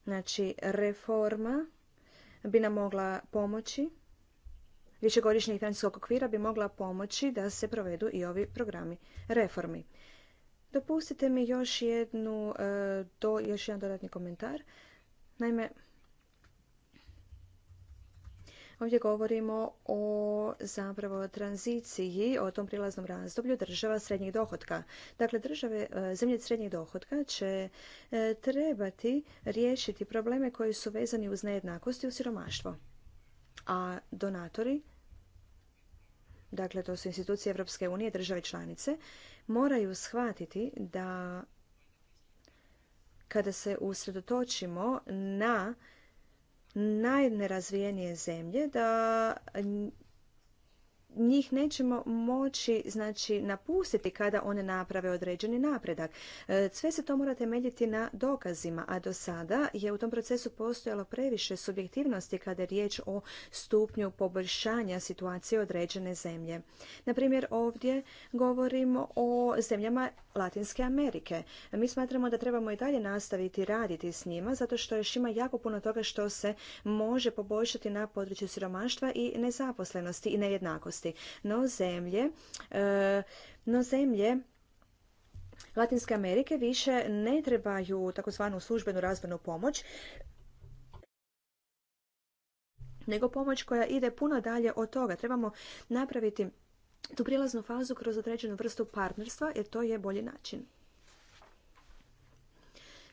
Znači, reforma bi nam mogla pomoći, višegodišnjeg financijskog okvira bi mogla pomoći da se provedu i ovi programi reformi. Dopustite mi još jednu, to e, još jedan dodatni komentar. Naime, Ovdje govorimo o zapravo tranziciji, o tom prilaznom razdoblju država srednjih dohotka. Dakle, države, e, zemlje srednjih dohotka će e, trebati riješiti probleme koji su vezani uz nejednakost i u siromaštvo. A donatori dakle to su institucije Europske unije, države članice, moraju shvatiti da kada se usredotočimo na najnerazvijenije zemlje da njih nećemo moći znači napustiti kada one naprave određeni napredak. E, sve se to mora temeljiti na dokazima, a do sada je u tom procesu postojalo previše subjektivnosti kada je riječ o stupnju poboljšanja situacije određene zemlje. Na primjer, ovdje govorimo o zemljama Latinske Amerike. Mi smatramo da trebamo i dalje nastaviti raditi s njima zato što još ima jako puno toga što se može poboljšati na području siromaštva i nezaposlenosti i nejednakosti. No zemlje, e, no zemlje Latinske Amerike više ne trebaju takozvanu službenu razvojnu pomoć, nego pomoć koja ide puno dalje od toga. Trebamo napraviti tu prilaznu fazu kroz određenu vrstu partnerstva jer to je bolji način.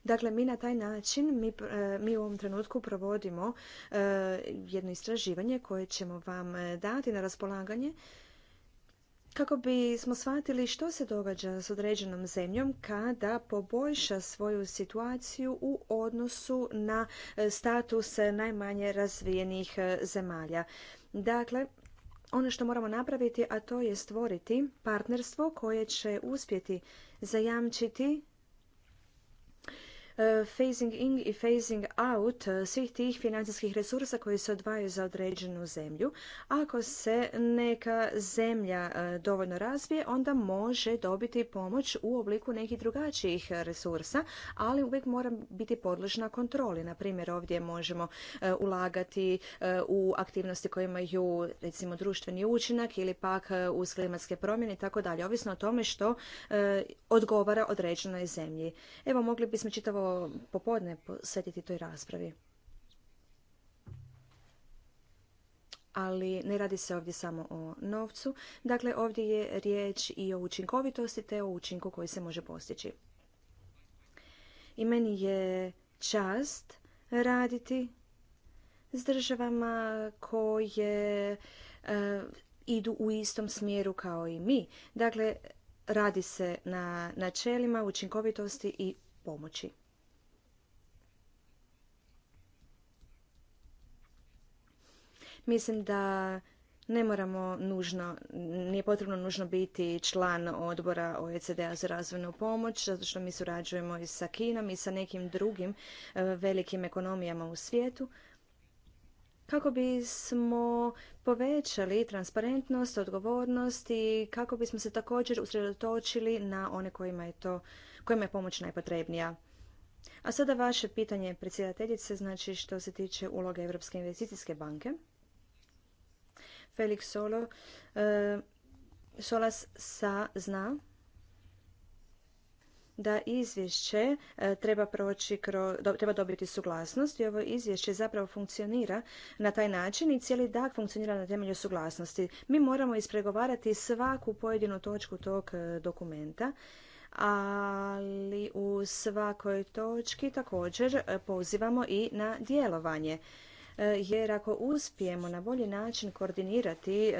Dakle, mi na taj način, mi, e, u ovom trenutku provodimo e, jedno istraživanje koje ćemo vam e, dati na raspolaganje kako bismo shvatili što se događa s određenom zemljom kada poboljša svoju situaciju u odnosu na status najmanje razvijenih zemalja. Dakle, ono što moramo napraviti, a to je stvoriti partnerstvo koje će uspjeti zajamčiti phasing in i phasing out e, svih tih financijskih resursa koji se odvajaju za određenu zemlju. Ako se neka zemlja e, dovoljno razvije, onda može dobiti pomoć u obliku nekih drugačijih resursa, ali uvijek mora biti podložna kontroli. Na primjer, ovdje možemo e, ulagati u aktivnosti koje imaju recimo društveni učinak ili pak uz klimatske promjene i tako dalje, ovisno o tome što odgovara određenoj zemlji. Evo, mogli bismo čitavo popodne posvetiti toj raspravi. ali ne radi se ovdje samo o novcu. Dakle, ovdje je riječ i o učinkovitosti te o učinku koji se može postići. I meni je čast raditi s državama koje e, idu u istom smjeru kao i mi. Dakle, radi se na načelima učinkovitosti i pomoći. Mislim da ne moramo nužno, nije potrebno nužno biti član odbora OECD-a za razvojnu pomoć, zato što mi surađujemo i sa Kinom i sa nekim drugim e, velikim ekonomijama u svijetu, kako bismo povećali transparentnost, odgovornost i kako bismo se također usredotočili na one kojima je, to, kojima je pomoć najpotrebnija. A sada vaše pitanje predsjedateljice, znači što se tiče uloge Europske investicijske banke. Felix Solo, eh, Solas sa zna da izvješće eh, treba proći kroz, treba dobiti suglasnost i ovo izvješće zapravo funkcionira na taj način i cijeli dag funkcionira na temelju suglasnosti. Mi moramo ispregovarati svaku pojedinu točku tog eh, dokumenta ali u svakoj točki također pozivamo i na djelovanje. E, jer ako uspijemo na bolji način koordinirati e,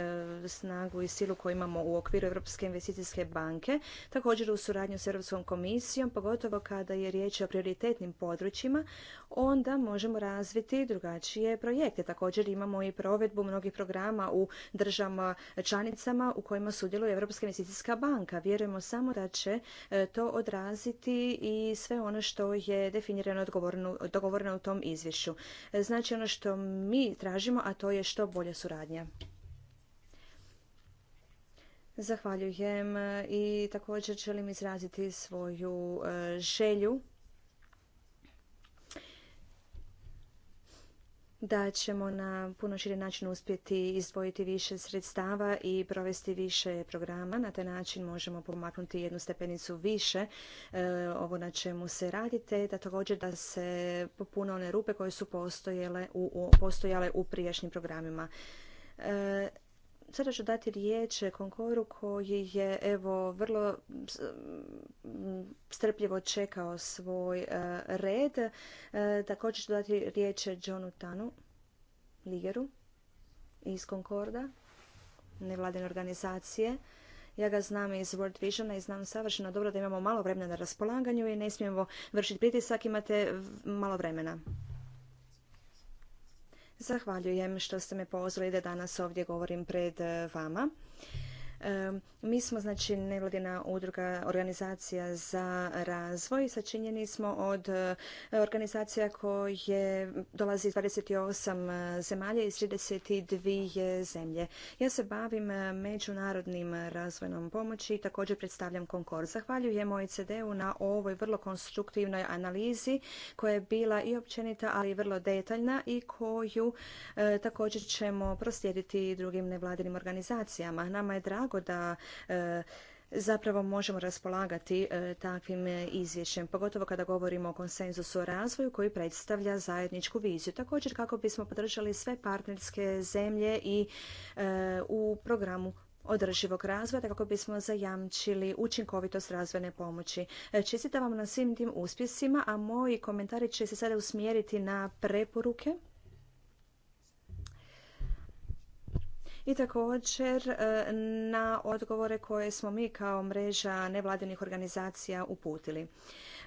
snagu i silu koju imamo u okviru Europske investicijske banke, također u suradnju s Europskom komisijom, pogotovo kada je riječ o prioritetnim područjima, onda možemo razviti drugačije projekte. Također imamo i provedbu mnogih programa u državama članicama u kojima sudjeluje Europska investicijska banka. Vjerujemo samo da će e, to odraziti i sve ono što je definirano dogovoreno u tom izvješću. Znači ono što što mi tražimo, a to je što bolja suradnja. Zahvaljujem i također želim izraziti svoju e, želju da ćemo na puno širi način uspjeti izdvojiti više sredstava i provesti više programa. Na taj način možemo pomaknuti jednu stepenicu više e, ovo na čemu se radite, da također da se popune one rupe koje su postojale u, prijašnjim programima. E, Sada ću dati riječ Konkoru koji je evo vrlo mm, strpljivo čekao svoj e, red. E, također ću dati riječ Johnu Tanu, Ligeru iz Konkorda, nevladine organizacije. Ja ga znam iz World Visiona i znam savršeno dobro da imamo malo vremena na raspolaganju i ne smijemo vršiti pritisak, imate malo vremena. Zahvaljujem što ste me pozvali da danas ovdje govorim pred eh, vama. Mi smo znači nevladina udruga organizacija za razvoj. Sačinjeni smo od e, organizacija koje dolazi iz 28 e, zemalja i 32 zemlje. Ja se bavim e, međunarodnim razvojnom pomoći i također predstavljam Konkord. Zahvaljujem OECD-u na ovoj vrlo konstruktivnoj analizi koja je bila i općenita, ali i vrlo detaljna i koju također ćemo proslijediti drugim nevladinim organizacijama. Nama je drago tako da e, zapravo možemo raspolagati e, takvim izvješćem, pogotovo kada govorimo o konsenzusu o razvoju koji predstavlja zajedničku viziju. Također kako bismo podržali sve partnerske zemlje i e, u programu održivog razvoja kako bismo zajamčili učinkovitost razvojne pomoći. Čestitam vam na svim tim uspjesima, a moji komentari će se sada usmjeriti na preporuke i također e, na odgovore koje smo mi kao mreža nevladinih organizacija uputili.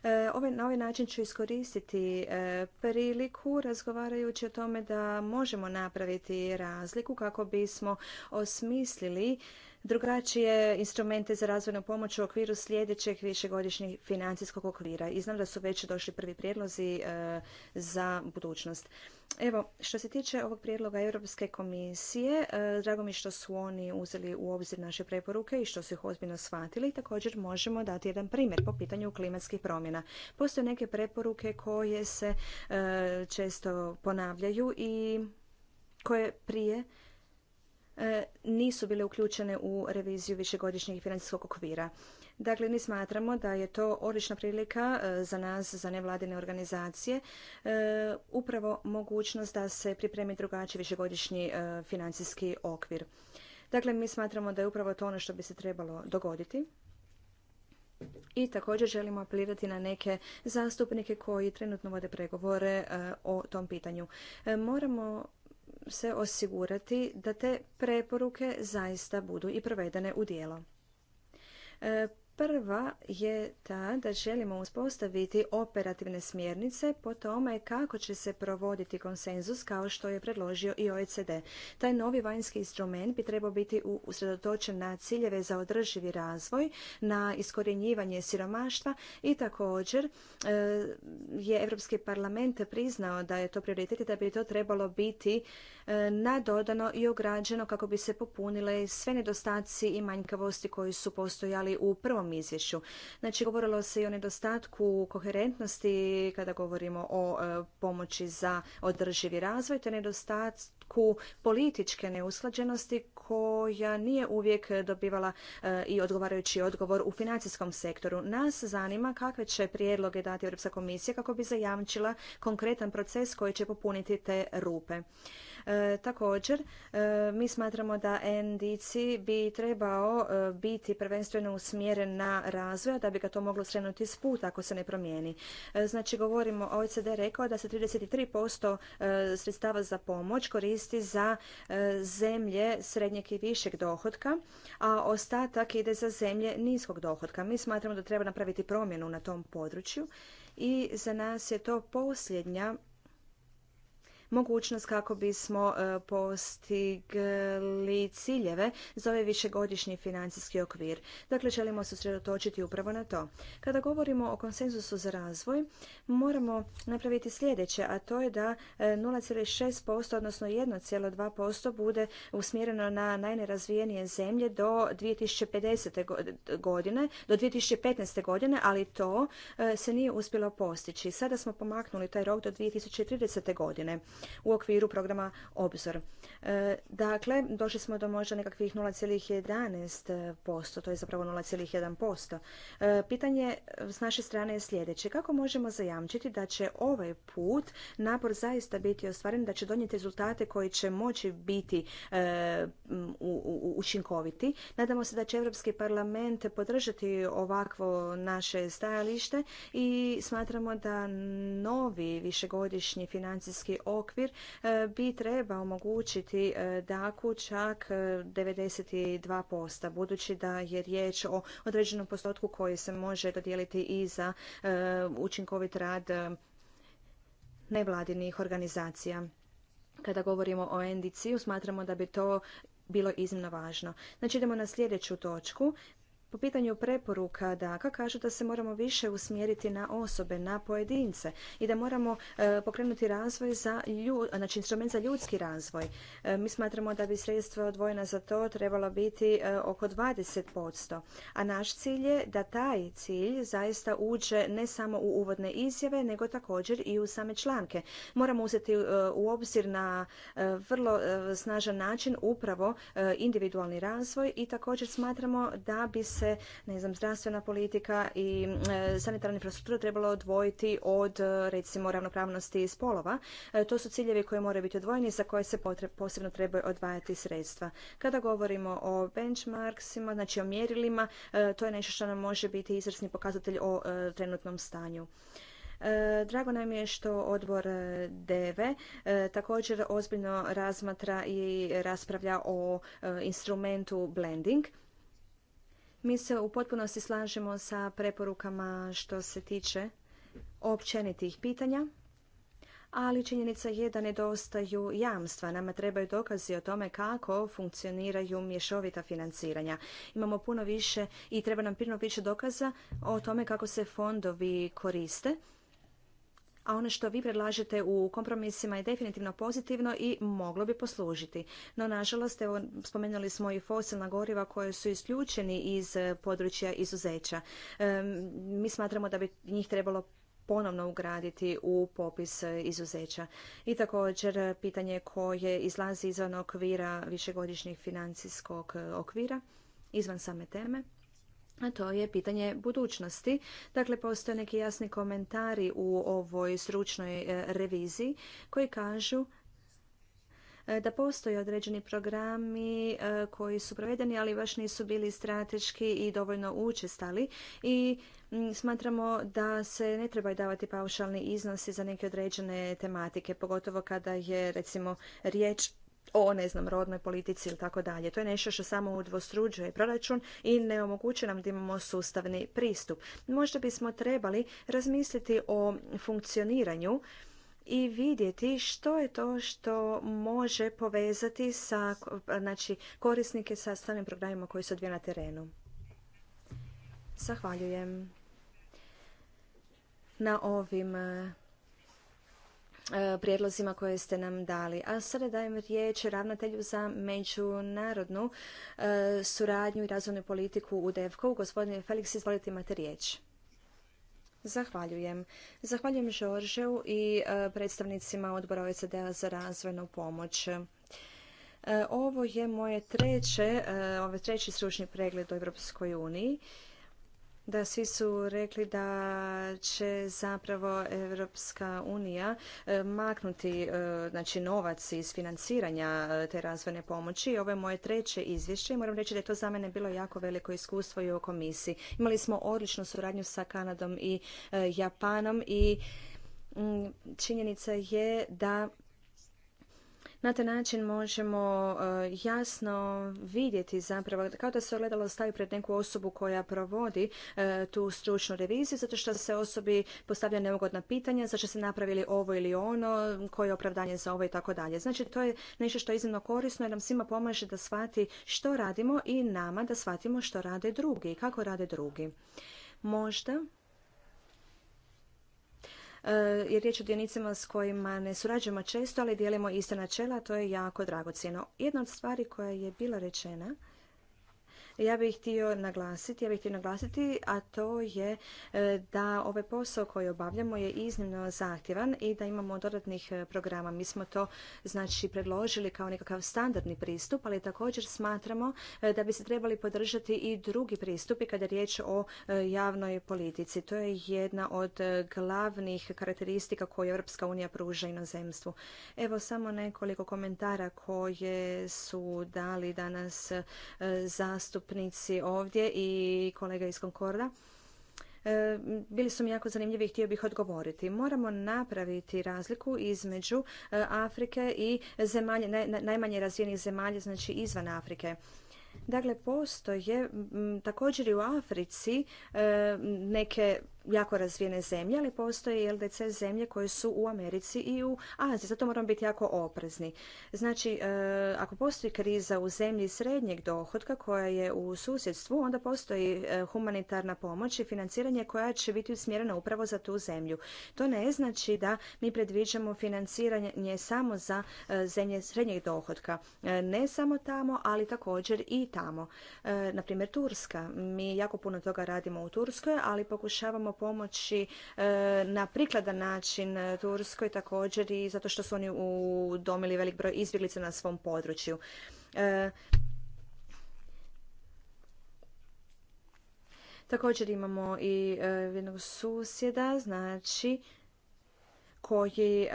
E, ovaj, na ovaj način ću iskoristiti e, priliku razgovarajući o tome da možemo napraviti razliku kako bismo osmislili drugačije instrumente za razvojnu pomoć u okviru sljedećeg višegodišnjeg financijskog okvira. I znam da su već došli prvi prijedlozi za budućnost. Evo, što se tiče ovog prijedloga Europske komisije, e, drago mi što su oni uzeli u obzir naše preporuke i što su ih ozbiljno shvatili. Također možemo dati jedan primjer po pitanju klimatskih promjena. Postoje neke preporuke koje se e, često ponavljaju i koje prije e, nisu bile uključene u reviziju višegodišnjeg financijskog okvira. Dakle, mi smatramo da je to odlična prilika e, za nas, za nevladine organizacije, e, upravo mogućnost da se pripremi drugačiji višegodišnji e, financijski okvir. Dakle, mi smatramo da je upravo to ono što bi se trebalo dogoditi. I također želimo apelirati na neke zastupnike koji trenutno vode pregovore o tom pitanju. Moramo se osigurati da te preporuke zaista budu i provedene u dijelo. Prva je ta da želimo uspostaviti operativne smjernice po tome kako će se provoditi konsenzus kao što je predložio i OECD. Taj novi vanjski instrument bi trebao biti usredotočen na ciljeve za održivi razvoj, na iskorjenjivanje siromaštva i također e, je Europski parlament priznao da je to prioritet i da bi to trebalo biti e, nadodano i ograđeno kako bi se popunile sve nedostaci i manjkavosti koji su postojali u prvom ovom izvješću. Znači, govorilo se i o nedostatku koherentnosti kada govorimo o e, pomoći za održivi razvoj, te nedostatku političke neusklađenosti koja nije uvijek dobivala e, i odgovarajući odgovor u financijskom sektoru. Nas zanima kakve će prijedloge dati Europska komisija kako bi zajamčila konkretan proces koji će popuniti te rupe. E, također, e, mi smatramo da NDC bi trebao e, biti prvenstveno usmjeren na razvoj, da bi ga to moglo srenuti s ako se ne promijeni. Znači, govorimo, OECD rekao da se 33% sredstava za pomoć koristi za zemlje srednjeg i višeg dohotka, a ostatak ide za zemlje niskog dohotka. Mi smatramo da treba napraviti promjenu na tom području i za nas je to posljednja mogućnost kako bismo e, postigli ciljeve za ovaj višegodišnji financijski okvir. Dakle, želimo se usredotočiti upravo na to. Kada govorimo o konsenzusu za razvoj, moramo napraviti sljedeće, a to je da 0,6%, e, odnosno 1,2% bude usmjereno na najnerazvijenije zemlje do 2050. godine, do 2015. godine, ali to e, se nije uspjelo postići. Sada smo pomaknuli taj rok do 2030. godine u okviru programa Obzor. E, dakle, došli smo do možda nekakvih 0,11%, to je zapravo 0,1%. E, pitanje s naše strane je sljedeće. Kako možemo zajamčiti da će ovaj put napor zaista biti ostvaren, da će donijeti rezultate koji će moći biti e, učinkoviti? Nadamo se da će Europski parlament podržati ovakvo naše stajalište i smatramo da novi višegodišnji financijski okvir okvir e, bi treba omogućiti e, DAKU čak 92%, e, budući da je riječ o određenom postotku koji se može dodijeliti i za učinkovit rad nevladinih organizacija. Kada govorimo o NDC-u, smatramo da bi to bilo iznimno važno. Znači idemo na sljedeću točku. Po pitanju preporuka DAKA kažu da se moramo više usmjeriti na osobe, na pojedince i da moramo e, pokrenuti razvoj za znači instrument za ljudski razvoj. E, mi smatramo da bi sredstva odvojena za to trebala biti e, oko oko 20%, a naš cilj je da taj cilj zaista uđe ne samo u uvodne izjave, nego također i u same članke. Moramo uzeti u obzir na vrlo snažan način upravo individualni razvoj i također smatramo da bi se se ne znam, zdravstvena politika i e, sanitarna infrastruktura trebalo odvojiti od e, recimo ravnopravnosti spolova. E, to su ciljevi koji moraju biti odvojeni za koje se posebno trebaju odvajati sredstva. Kada govorimo o benchmarksima, znači o mjerilima, to je nešto što nam može biti izvrsni pokazatelj o trenutnom stanju. Drago nam je što odbor DEVE također ozbiljno razmatra i raspravlja o instrumentu blending mi se u potpunosti slažemo sa preporukama što se tiče općenitih pitanja, ali činjenica je da nedostaju jamstva. Nama trebaju dokazi o tome kako funkcioniraju mješovita financiranja. Imamo puno više i treba nam puno više dokaza o tome kako se fondovi koriste a ono što vi predlažete u kompromisima je definitivno pozitivno i moglo bi poslužiti. No, nažalost, evo, spomenuli smo i fosilna goriva koje su isključeni iz eh, područja izuzeća. mi smatramo da bi njih trebalo ponovno ugraditi u popis eh, izuzeća. I također eh, pitanje koje izlazi izvan okvira višegodišnjih financijskog okvira, izvan same teme a to je pitanje budućnosti. Dakle, postoje neki jasni komentari u ovoj stručnoj e, reviziji koji kažu e, da postoje određeni programi e, koji su provedeni, ali baš nisu bili strateški i dovoljno učestali i smatramo da se ne trebaju davati paušalni iznosi za neke određene tematike, pogotovo kada je recimo riječ o ne znam rodnoj politici ili tako dalje. To je nešto što samo udvostruđuje proračun i ne omogućuje nam da imamo sustavni pristup. Možda bismo trebali razmisliti o funkcioniranju i vidjeti što je to što može povezati sa znači, korisnike sa stvarnim programima koji su odvijeni na terenu. Zahvaljujem na ovim E, prijedlozima koje ste nam dali. A sada dajem riječ ravnatelju za međunarodnu e, suradnju i razvojnu politiku u DFK-u. Gospodine Felix, izvolite imate riječ. Zahvaljujem. Zahvaljujem Žoržeu i e, predstavnicima odbora OECD-a za razvojnu pomoć. Ovo je moje treće, ovaj treći stručni pregled u Europskoj uniji da svi su rekli da će zapravo Europska unija e, maknuti e, znači novac iz financiranja e, te razvojne pomoći. Ovo je moje treće izvješće i moram reći da je to za mene bilo jako veliko iskustvo i u komisiji. Imali smo odličnu suradnju sa Kanadom i Japanom i mm, činjenica je da na taj način možemo e, jasno vidjeti zapravo, kao da se ogledalo stavi pred neku osobu koja provodi e, tu stručnu reviziju, zato što se osobi postavlja neugodna pitanja, što se napravili ovo ili ono, koje je opravdanje za ovo i tako dalje. Znači, to je nešto što je iznimno korisno jer nam svima pomaže da shvati što radimo i nama da shvatimo što rade drugi i kako rade drugi. Možda E, je riječ o dionicima s kojima ne surađujemo često, ali dijelimo iste načela, to je jako dragocjeno. Jedna od stvari koja je bila rečena ja bih htio naglasiti, ja bih htio naglasiti, a to je e, da ovaj posao koji obavljamo je iznimno zahtjevan i da imamo dodatnih e, programa. Mi smo to znači predložili kao nekakav standardni pristup, ali također smatramo e, da bi se trebali podržati i drugi pristupi kada je riječ o javnoj politici. To je jedna od glavnih karakteristika koju Europska unija pruža inozemstvu. Evo samo nekoliko komentara koje su dali danas zastup zastupnici ovdje i kolega iz Konkorda e, bili su mi jako zanimljivi i htio bih odgovoriti. Moramo napraviti razliku između e, Afrike i najmanje razvijenih zemalja, znači izvan Afrike. Dakle, postoje također i u Africi e, neke jako razvijene zemlje, ali postoje i LDC zemlje koje su u Americi i u Aziji. Zato moramo biti jako oprezni. Znači, e, ako postoji kriza u zemlji srednjeg dohotka koja je u susjedstvu, onda postoji e, humanitarna pomoć i financiranje koja će biti usmjerena upravo za tu zemlju. To ne znači da mi predviđamo financiranje samo za e, zemlje srednjeg dohotka. Ne samo tamo, ali također i tamo. Naprimjer, Turska. Mi jako puno toga radimo u Turskoj, ali pokušavamo pomoći e, na prikladan način e, Turskoj također i zato što su oni udomili velik broj izbjeglica na svom području. E, također imamo i jednog susjeda, znači koji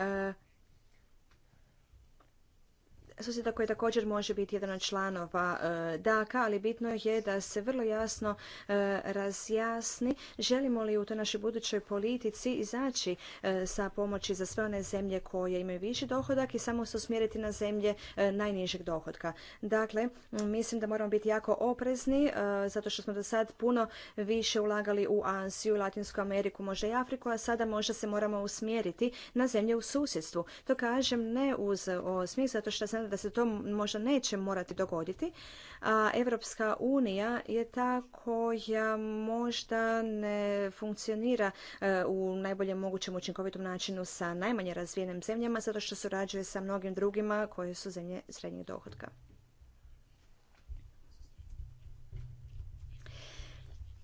susjeda koji također može biti jedan od članova e, DAKA, ali bitno je da se vrlo jasno e, razjasni želimo li u toj našoj budućoj politici izaći e, sa pomoći za sve one zemlje koje imaju viši dohodak i samo se usmjeriti na zemlje najnižeg dohodka. Dakle, mislim da moramo biti jako oprezni zato što smo do sad puno više ulagali u Aziju, Latinsku Ameriku, možda i Afriku, a sada možda se moramo usmjeriti na zemlje u susjedstvu. To kažem ne uz smislu zato što sam da se to možda neće morati dogoditi, a Evropska unija je ta koja možda ne funkcionira e, u najboljem mogućem učinkovitom načinu sa najmanje razvijenim zemljama zato što surađuje sa mnogim drugima koje su zemlje srednjeg dohotka.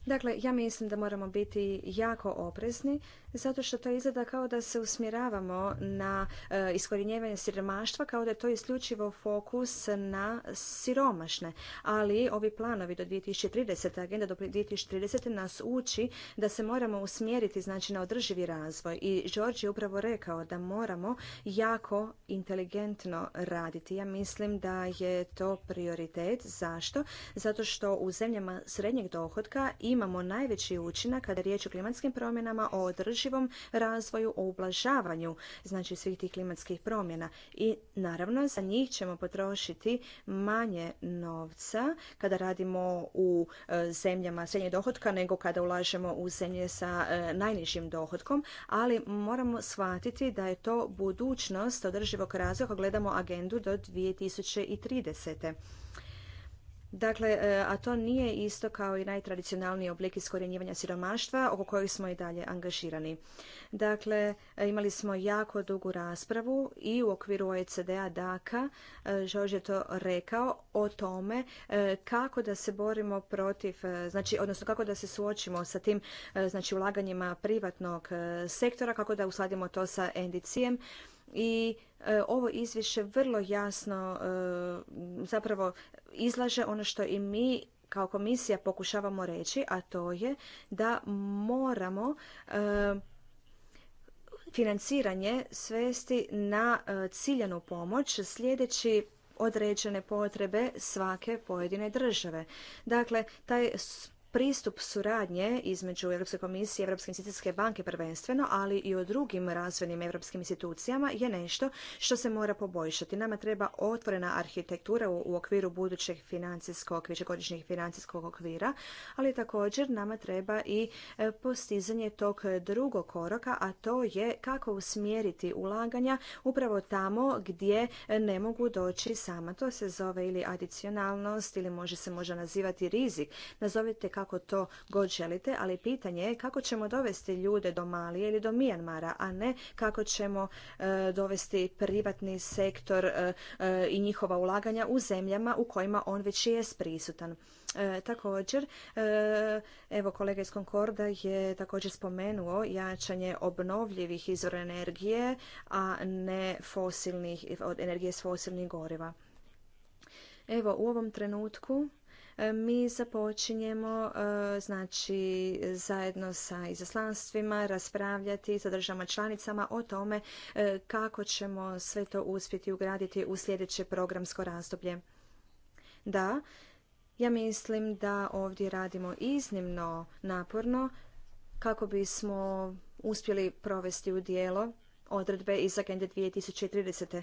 Dakle, ja mislim da moramo biti jako oprezni, zato što to izgleda kao da se usmjeravamo na e, siromaštva, kao da je to isključivo fokus na siromašne. Ali ovi planovi do 2030. agenda do 2030. nas uči da se moramo usmjeriti znači, na održivi razvoj. I George je upravo rekao da moramo jako inteligentno raditi. Ja mislim da je to prioritet. Zašto? Zato što u zemljama srednjeg dohodka i imamo najveći učinak kada je riječ o klimatskim promjenama, o održivom razvoju, o ublažavanju znači svih tih klimatskih promjena. I naravno za njih ćemo potrošiti manje novca kada radimo u e, zemljama srednje dohotka nego kada ulažemo u zemlje sa e, najnižim dohotkom ali moramo shvatiti da je to budućnost održivog razvoja ako gledamo agendu do 2030. Dakle, e, a to nije isto kao i najtradicionalniji oblik iskorjenjivanja siromaštva oko kojih smo i dalje angažirani. Dakle, e, imali smo jako dugu raspravu i u okviru OECD-a DAKA, e, Žož je to rekao, o tome kako da se borimo protiv, znači, odnosno kako da se suočimo sa tim znači, ulaganjima privatnog sektora, kako da usladimo to sa ndc i e, ovo izvješće vrlo jasno e, zapravo izlaže ono što i mi kao komisija pokušavamo reći, a to je da moramo e, financiranje svesti na ciljanu pomoć sljedeći određene potrebe svake pojedine države. Dakle, taj pristup suradnje između Europske komisije i Europske institucijske banke prvenstveno, ali i u drugim razvojnim europskim institucijama je nešto što se mora poboljšati. Nama treba otvorena arhitektura u okviru budućeg financijskog, višegodišnjeg financijskog okvira, ali također nama treba i e, postizanje tog drugog koraka, a to je kako usmjeriti ulaganja upravo tamo gdje ne mogu doći sama. To se zove ili adicionalnost ili može se možda nazivati rizik. Nazovite kako to god želite, ali pitanje je kako ćemo dovesti ljude do Malije ili do Mijanmara, a ne kako ćemo e, dovesti privatni sektor e, e, i njihova ulaganja u zemljama u kojima on već je prisutan. Također, evo kolega iz Konkorda je također spomenuo jačanje obnovljivih izvora energije, a ne fosilnih, energije s fosilnih goriva. Evo, u ovom trenutku E, mi započinjemo e, znači zajedno sa izaslanstvima raspravljati sa državama članicama o tome e, kako ćemo sve to uspjeti ugraditi u sljedeće programsko razdoblje. Da, ja mislim da ovdje radimo iznimno naporno kako bismo uspjeli provesti u dijelo odredbe iz Agende 2030.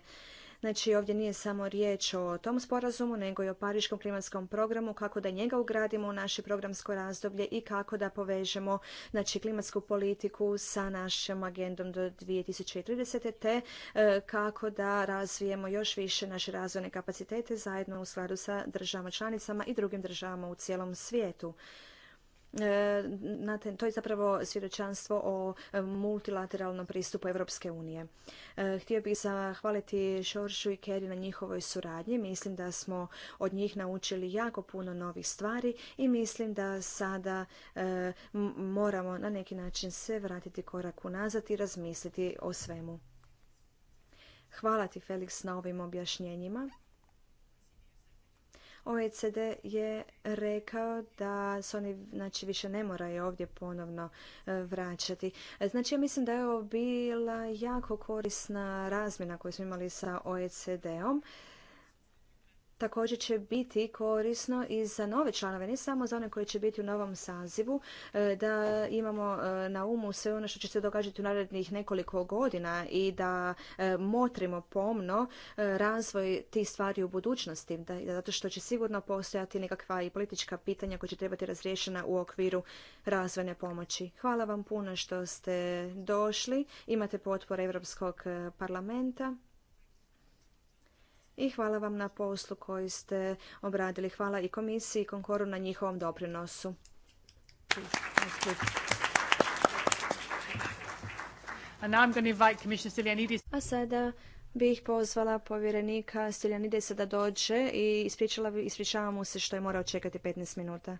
Znači ovdje nije samo riječ o tom sporazumu, nego i o Pariškom klimatskom programu, kako da njega ugradimo u naše programsko razdoblje i kako da povežemo znači, klimatsku politiku sa našom agendom do 2030. te e, kako da razvijemo još više naše razvojne kapacitete zajedno u skladu sa državama članicama i drugim državama u cijelom svijetu. E, to je zapravo svjedočanstvo o e, multilateralnom pristupu Europske unije. E, htio bih zahvaliti Šoršu i Keri na njihovoj suradnji. Mislim da smo od njih naučili jako puno novih stvari i mislim da sada moramo na neki način se vratiti korak unazad i razmisliti o svemu. Hvala ti, Felix, na ovim objašnjenjima. OECD je rekao da se oni znači, više ne moraju ovdje ponovno e, vraćati. Znači ja mislim da je ovo bila jako korisna razmjena koju smo imali sa OECD-om također će biti korisno i za nove članove, ne samo za one koji će biti u novom sazivu, e, da imamo e, na umu sve ono što će se događati u narednih nekoliko godina i da e, motrimo pomno razvoj tih stvari u budućnosti, zato što će sigurno postojati nekakva i politička pitanja koja će trebati razriješena u okviru razvojne pomoći. Hvala vam puno što ste došli, imate potpore Europskog parlamenta i hvala vam na poslu koji ste obradili. Hvala i komisiji i Konkoru na njihovom doprinosu. A sada bih pozvala povjerenika Stiljanidesa da dođe i ispričala ispričavam mu se što je morao čekati 15 minuta.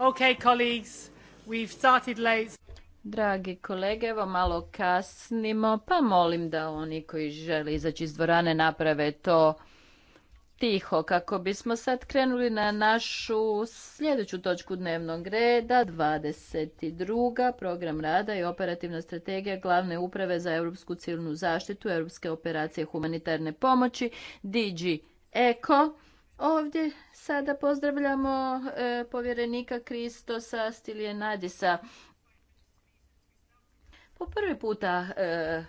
Okay, colleagues, we've Dragi kolege, evo malo kasnimo, pa molim da oni koji žele izaći iz dvorane naprave to tiho kako bismo sad krenuli na našu sljedeću točku dnevnog reda, 22. program rada i operativna strategija glavne uprave za europsku civilnu zaštitu, europske operacije humanitarne pomoći, DG ECO. Ovdje sada pozdravljamo e, povjerenika Kristosa nadisa Po prvi puta e,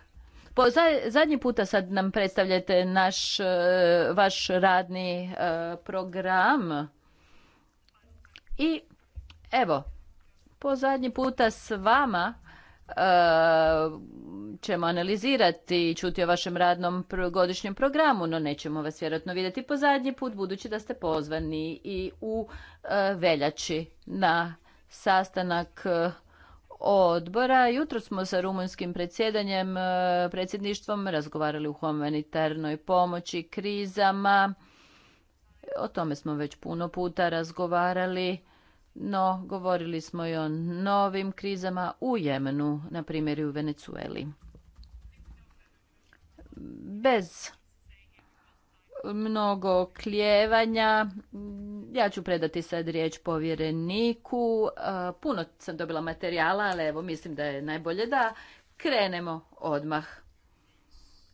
po zadnji puta sad nam predstavljate naš e, vaš radni program i evo po zadnji puta s vama E, ćemo analizirati i čuti o vašem radnom godišnjem programu, no nećemo vas vjerojatno vidjeti po zadnji put, budući da ste pozvani i u e, veljači na sastanak e, odbora. Jutro smo sa rumunjskim predsjedanjem, predsjedništvom razgovarali o humanitarnoj pomoći, krizama. O tome smo već puno puta razgovarali no govorili smo i o novim krizama u Jemenu, na primjer i u Venecueli. Bez mnogo kljevanja. Ja ću predati sad riječ povjereniku. E, puno sam dobila materijala, ali evo mislim da je najbolje da krenemo odmah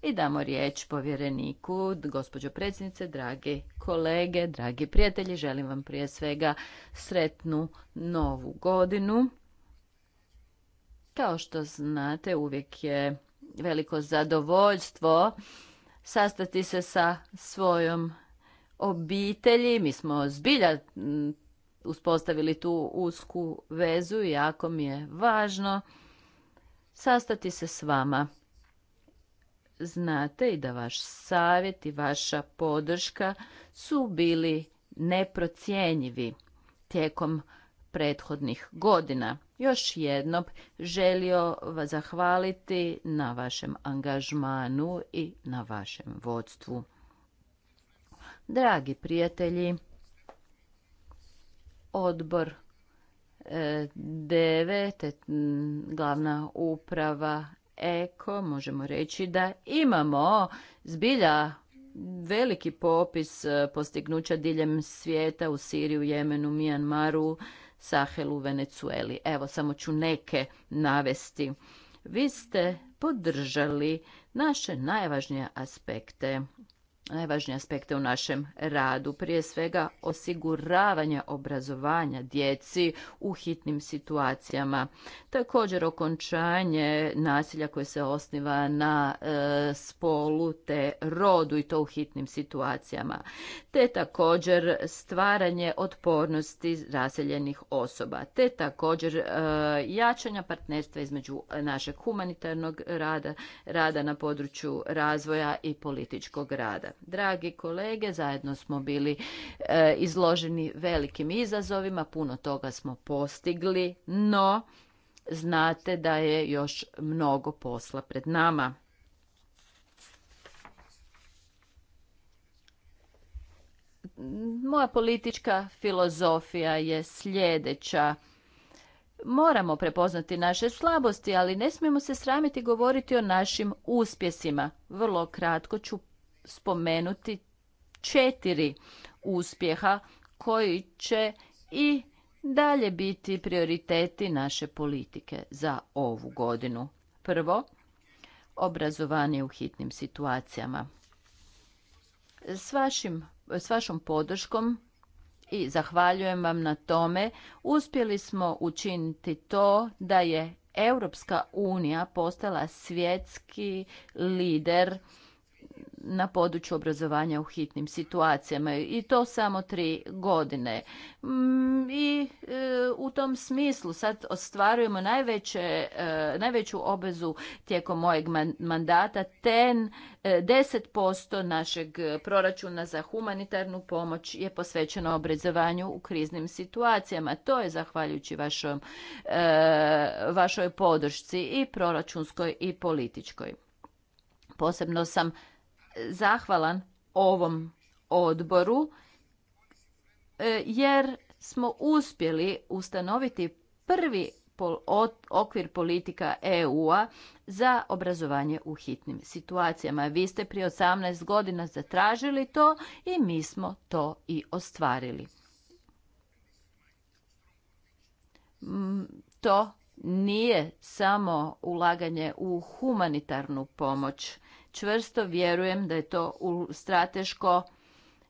i damo riječ povjereniku, gospođo predsjednice, dragi kolege, dragi prijatelji, želim vam prije svega sretnu novu godinu. Kao što znate, uvijek je veliko zadovoljstvo sastati se sa svojom obitelji. Mi smo zbilja uspostavili tu usku vezu i jako mi je važno sastati se s vama znate i da vaš savjet i vaša podrška su bili neprocjenjivi tijekom prethodnih godina. Još jednom želio vas zahvaliti na vašem angažmanu i na vašem vodstvu. Dragi prijatelji, odbor 9, e, glavna uprava eko možemo reći da imamo zbilja veliki popis e, postignuća diljem svijeta u Siriju, Jemenu, Mijanmaru, Sahelu, Venecueli. Evo, samo ću neke navesti. Vi ste podržali naše najvažnije aspekte najvažnije aspekte u našem radu. Prije svega osiguravanje obrazovanja djeci u hitnim situacijama. Također okončanje nasilja koje se osniva na e, spolu te rodu i to u hitnim situacijama. Te također stvaranje otpornosti raseljenih osoba. Te također e, jačanja partnerstva između našeg humanitarnog rada, rada na području razvoja i političkog rada. Dragi kolege, zajedno smo bili e, izloženi velikim izazovima, puno toga smo postigli, no znate da je još mnogo posla pred nama. Moja politička filozofija je sljedeća. Moramo prepoznati naše slabosti, ali ne smijemo se sramiti govoriti o našim uspjesima. Vrlo kratko ću spomenuti četiri uspjeha koji će i dalje biti prioriteti naše politike za ovu godinu. Prvo, obrazovanje u hitnim situacijama. S, vašim, vašom podrškom i zahvaljujem vam na tome, uspjeli smo učiniti to da je Europska unija postala svjetski lider na području obrazovanja u hitnim situacijama i to samo tri godine. Mm, I e, u tom smislu sad ostvarujemo najveće, e, najveću obvezu tijekom mojeg mandata ten 10% e, našeg proračuna za humanitarnu pomoć je posvećeno obrazovanju u kriznim situacijama. To je zahvaljujući vašom, vašoj podršci i proračunskoj i političkoj. Posebno sam zahvalan ovom odboru e, jer smo uspjeli ustanoviti prvi okvir politika EU-a za obrazovanje u hitnim situacijama. Vi ste prije 18 godina zatražili to i mi smo to i ostvarili. To nije samo ulaganje u humanitarnu pomoć čvrsto vjerujem da je to u strateško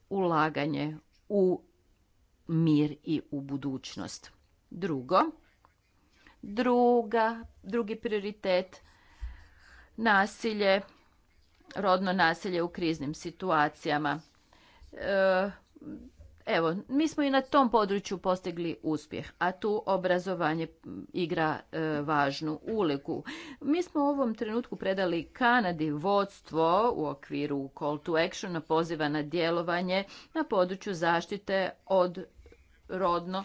ulaganje u mir i u budućnost. Drugo, druga, drugi prioritet nasilje, rodno nasilje u kriznim situacijama. E, Evo, mi smo i na tom području postigli uspjeh, a tu obrazovanje igra e, važnu ulogu. Mi smo u ovom trenutku predali Kanadi vodstvo u okviru call to action poziva na djelovanje na području zaštite od rodno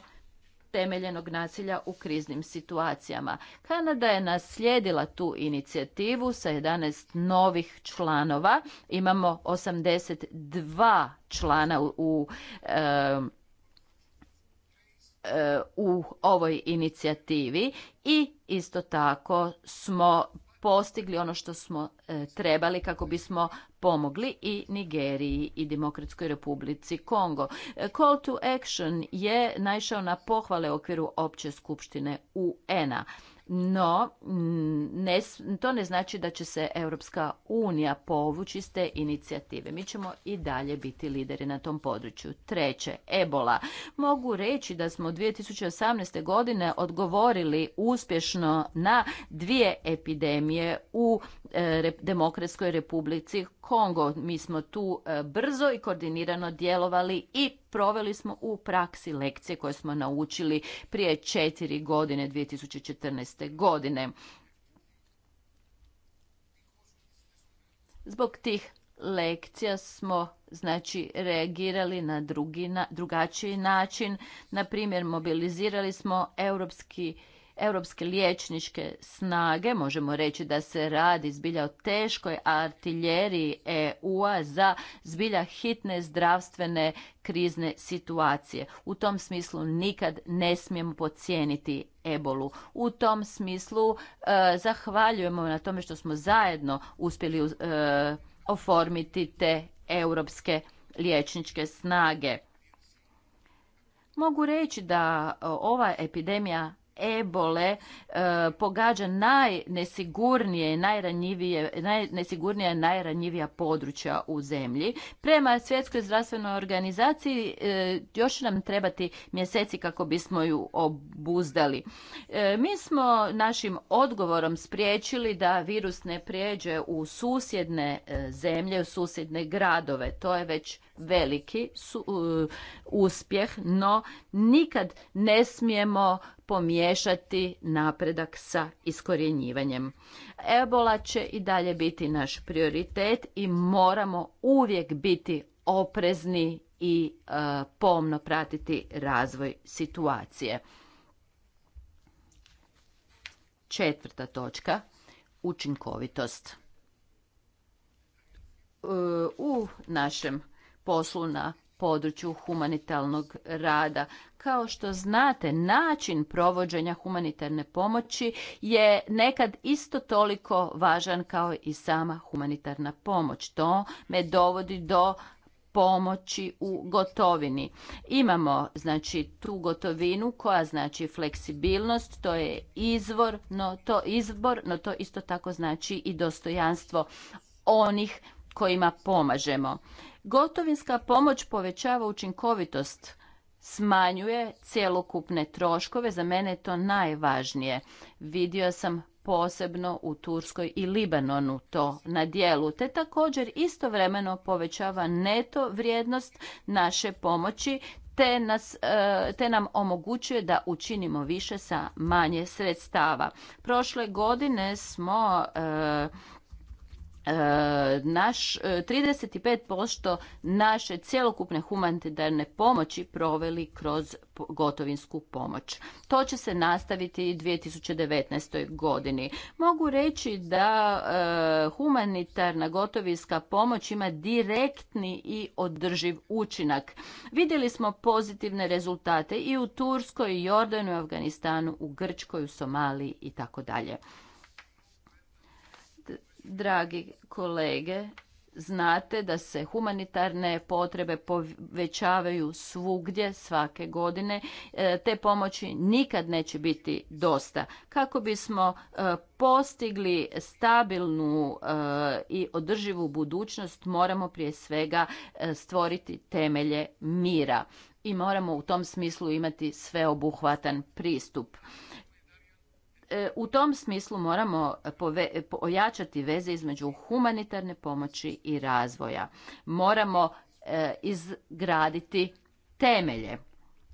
temeljenog nasilja u kriznim situacijama. Kanada je naslijedila tu inicijativu sa 11 novih članova. Imamo 82 člana u e, u ovoj inicijativi i isto tako smo postigli ono što smo e, trebali kako bismo pomogli i Nigeriji i Demokratskoj republici Kongo. E, Call to action je naišao na pohvale u okviru opće skupštine UN-a. No, to ne znači da će se Europska unija povući s te inicijative. Mi ćemo i dalje biti lideri na tom području. Treće, ebola. Mogu reći da smo 2018. godine odgovorili uspješno na dvije epidemije u e, Demokratskoj republici Kongo. Mi smo tu e, brzo i koordinirano djelovali i proveli smo u praksi lekcije koje smo naučili prije četiri godine, 2014. godine. Zbog tih lekcija smo znači reagirali na drugi, na drugačiji način. Na primjer, mobilizirali smo europski europske liječničke snage. Možemo reći da se radi zbilja o teškoj artiljeriji EU-a za zbilja hitne zdravstvene krizne situacije. U tom smislu nikad ne smijemo pocijeniti ebolu. U tom smislu e, zahvaljujemo na tome što smo zajedno uspjeli e, oformiti te europske liječničke snage. Mogu reći da ova epidemija ebole e, pogađa najnesigurnije i najranjivije, najnesigurnija i najranjivija područja u zemlji. Prema Svjetskoj zdravstvenoj organizaciji e, još nam trebati mjeseci kako bismo ju obuzdali. E, mi smo našim odgovorom spriječili da virus ne prijeđe u susjedne e, zemlje, u susjedne gradove. To je već veliki su, uspjeh, no nikad ne smijemo pomiješati napredak sa iskorjenjivanjem. Ebola će i dalje biti naš prioritet i moramo uvijek biti oprezni i e, pomno pratiti razvoj situacije. Četvrta točka, učinkovitost. E, u našem poslu na području humanitarnog rada. Kao što znate, način provođenja humanitarne pomoći je nekad isto toliko važan kao i sama humanitarna pomoć. To me dovodi do pomoći u gotovini. Imamo znači tu gotovinu koja znači fleksibilnost, to je izvor, no to izbor, no to isto tako znači i dostojanstvo onih kojima pomažemo. Gotovinska pomoć povećava učinkovitost, smanjuje cjelokupne troškove, za mene je to najvažnije. Vidio sam posebno u Turskoj i Libanonu to na dijelu, te također istovremeno povećava neto vrijednost naše pomoći, te, nas, e, te nam omogućuje da učinimo više sa manje sredstava. Prošle godine smo e, E, naš 35% e, naše cjelokupne humanitarne pomoći proveli kroz gotovinsku pomoć. To će se nastaviti i 2019. godini. Mogu reći da e, humanitarna gotovinska pomoć ima direktni i održiv učinak. Vidjeli smo pozitivne rezultate i u Turskoj, i Jordanu, i Afganistanu, u Grčkoj, u Somaliji i tako dalje. Dragi kolege, znate da se humanitarne potrebe povećavaju svugdje svake godine, e, te pomoći nikad neće biti dosta. Kako bismo e, postigli stabilnu e, i održivu budućnost, moramo prije svega stvoriti temelje mira i moramo u tom smislu imati sveobuhvatan pristup. E, u tom smislu moramo pojačati veze između humanitarne pomoći i razvoja. Moramo e, izgraditi temelje.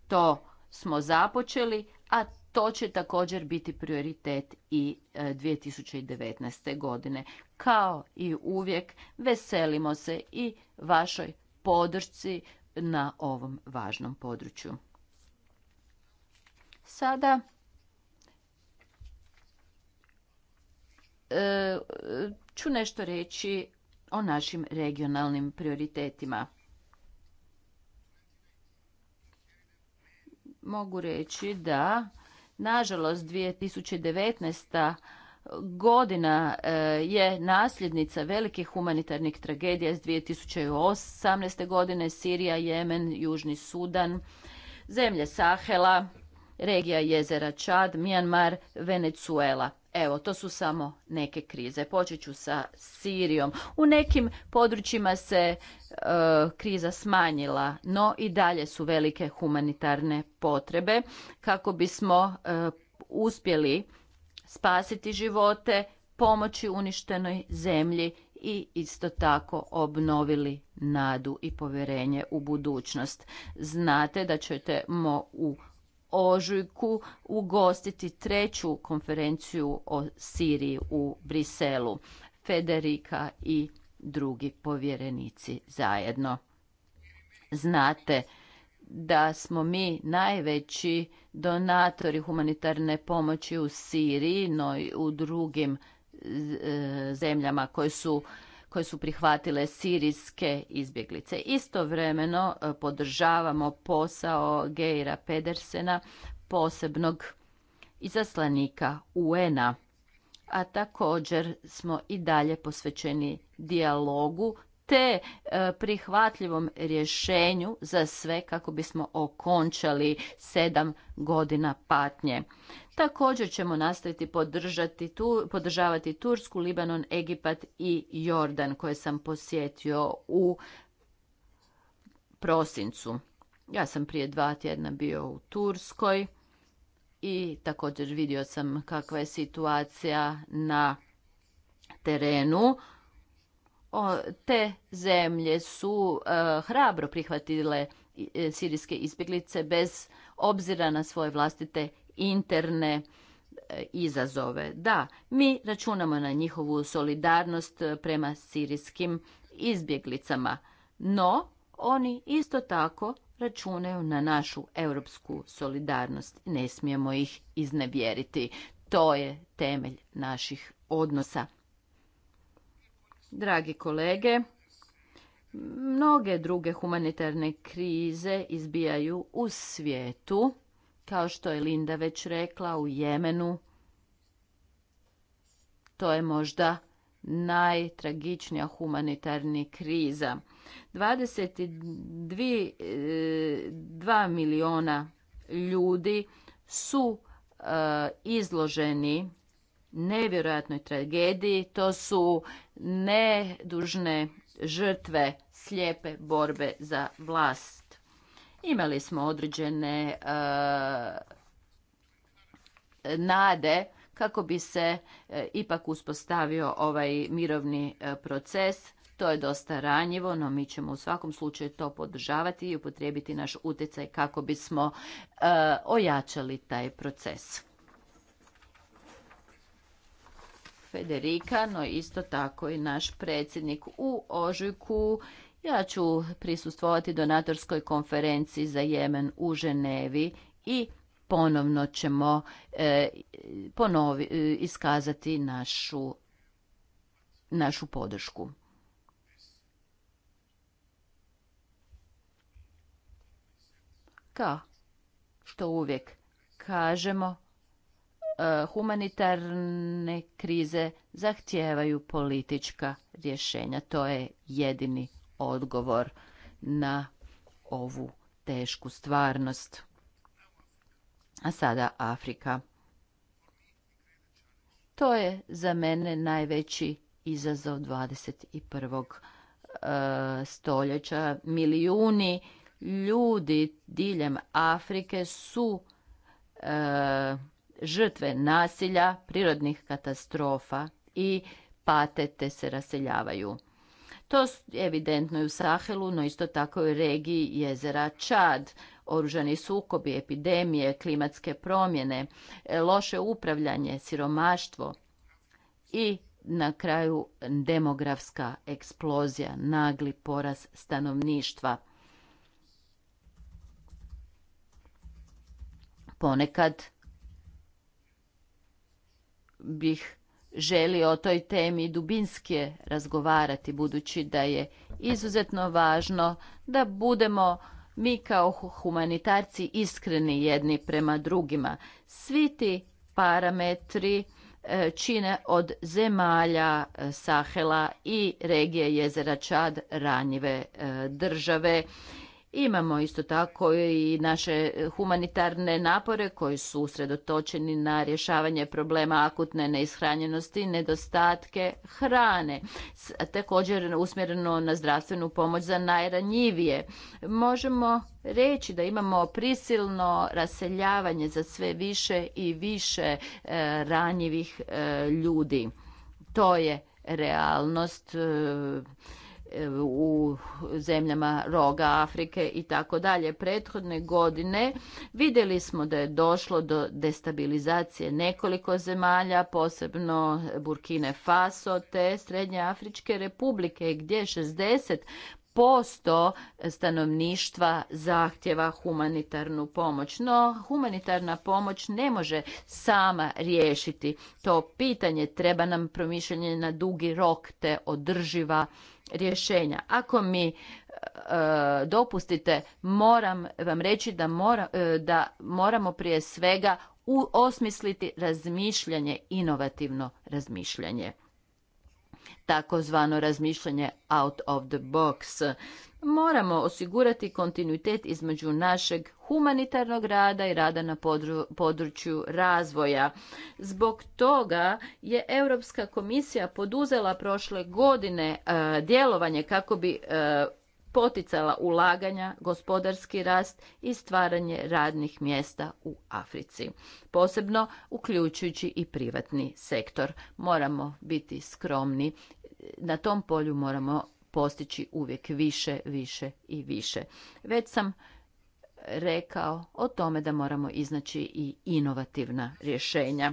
To smo započeli, a to će također biti prioritet i 2019. E, godine. Kao i uvijek veselimo se i vašoj podršci na ovom važnom području. Sada E, ću nešto reći o našim regionalnim prioritetima. Mogu reći da, nažalost, 2019 godina e, je nasljednica velikih humanitarnih tragedija iz 2018. godine Sirija, Jemen, Južni Sudan, zemlje Sahela, regija jezera Čad, Mijanmar, Venezuela. Evo, to su samo neke krize. Počet ću sa Sirijom. U nekim područjima se e, kriza smanjila, no i dalje su velike humanitarne potrebe kako bismo e, uspjeli spasiti živote, pomoći uništenoj zemlji i isto tako obnovili nadu i povjerenje u budućnost. Znate da ćete mo u ožujku ugostiti treću konferenciju o Siriji u Briselu. Federika i drugi povjerenici zajedno. Znate da smo mi najveći donatori humanitarne pomoći u Siriji, no i u drugim e, zemljama koje su koje su prihvatile sirijske izbjeglice. Istovremeno e, podržavamo posao Geira Pedersena, posebnog izaslanika UN-a, a također smo i dalje posvećeni dijalogu te e, prihvatljivom rješenju za sve kako bismo okončali sedam godina patnje. Također ćemo nastaviti podržati tu, podržavati Tursku, Libanon, Egipat i Jordan koje sam posjetio u prosincu. Ja sam prije dva tjedna bio u Turskoj i također vidio sam kakva je situacija na terenu. O, te zemlje su e, hrabro prihvatile e, sirijske izbjeglice bez obzira na svoje vlastite interne e, izazove. Da, mi računamo na njihovu solidarnost e, prema sirijskim izbjeglicama, no oni isto tako računaju na našu europsku solidarnost. Ne smijemo ih iznevjeriti. To je temelj naših odnosa. Dragi kolege, mnoge druge humanitarne krize izbijaju u svijetu kao što je Linda već rekla, u Jemenu to je možda najtragičnija humanitarni kriza. 22 e, miliona ljudi su e, izloženi nevjerojatnoj tragediji. To su nedužne žrtve slijepe borbe za vlast. Imali smo određene e, nade kako bi se e, ipak uspostavio ovaj mirovni e, proces. To je dosta ranjivo, no mi ćemo u svakom slučaju to podržavati i upotrijebiti naš utjecaj kako bismo ojačali taj proces. Federika, no isto tako i naš predsjednik u Ožujku ja ću prisustvovati donatorskoj konferenciji za Jemen u Ženevi i ponovno ćemo e, ponovi, e, iskazati našu, našu podršku. Ka? Što uvijek kažemo, e, humanitarne krize zahtijevaju politička rješenja. To je jedini odgovor na ovu tešku stvarnost. A sada Afrika. To je za mene najveći izazov 21. E, stoljeća. Milijuni ljudi diljem Afrike su e, žrtve nasilja, prirodnih katastrofa i patete se raseljavaju. To je evidentno i u Sahelu, no isto tako i u regiji jezera Čad. Oružani sukobi, epidemije, klimatske promjene, e, loše upravljanje, siromaštvo i na kraju demografska eksplozija, nagli poraz stanovništva. Ponekad bih želi o toj temi dubinske razgovarati budući da je izuzetno važno da budemo mi kao humanitarci iskreni jedni prema drugima. Svi ti parametri e, čine od zemalja e, Sahela i regije jezera Čad ranjive e, države Imamo isto tako i naše humanitarne napore koji su usredotočeni na rješavanje problema akutne neishranjenosti, nedostatke hrane, također usmjereno na zdravstvenu pomoć za najranjivije. Možemo reći da imamo prisilno raseljavanje za sve više i više e, ranjivih e, ljudi. To je realnost e, u zemljama roga Afrike i tako dalje. Prethodne godine vidjeli smo da je došlo do destabilizacije nekoliko zemalja, posebno Burkine Faso te Srednje Afričke republike gdje 60 posto stanovništva zahtjeva humanitarnu pomoć. No, humanitarna pomoć ne može sama riješiti to pitanje. Treba nam promišljanje na dugi rok te održiva rješenja. Ako mi e, dopustite, moram vam reći da, mora, e, da moramo prije svega u, osmisliti razmišljanje, inovativno razmišljanje. Takozvano razmišljanje out of the box moramo osigurati kontinuitet između našeg humanitarnog rada i rada na području razvoja. Zbog toga je Europska komisija poduzela prošle godine e, djelovanje kako bi e, poticala ulaganja, gospodarski rast i stvaranje radnih mjesta u Africi, posebno uključujući i privatni sektor. Moramo biti skromni, na tom polju moramo postići uvijek više, više i više. Već sam rekao o tome da moramo iznaći i inovativna rješenja.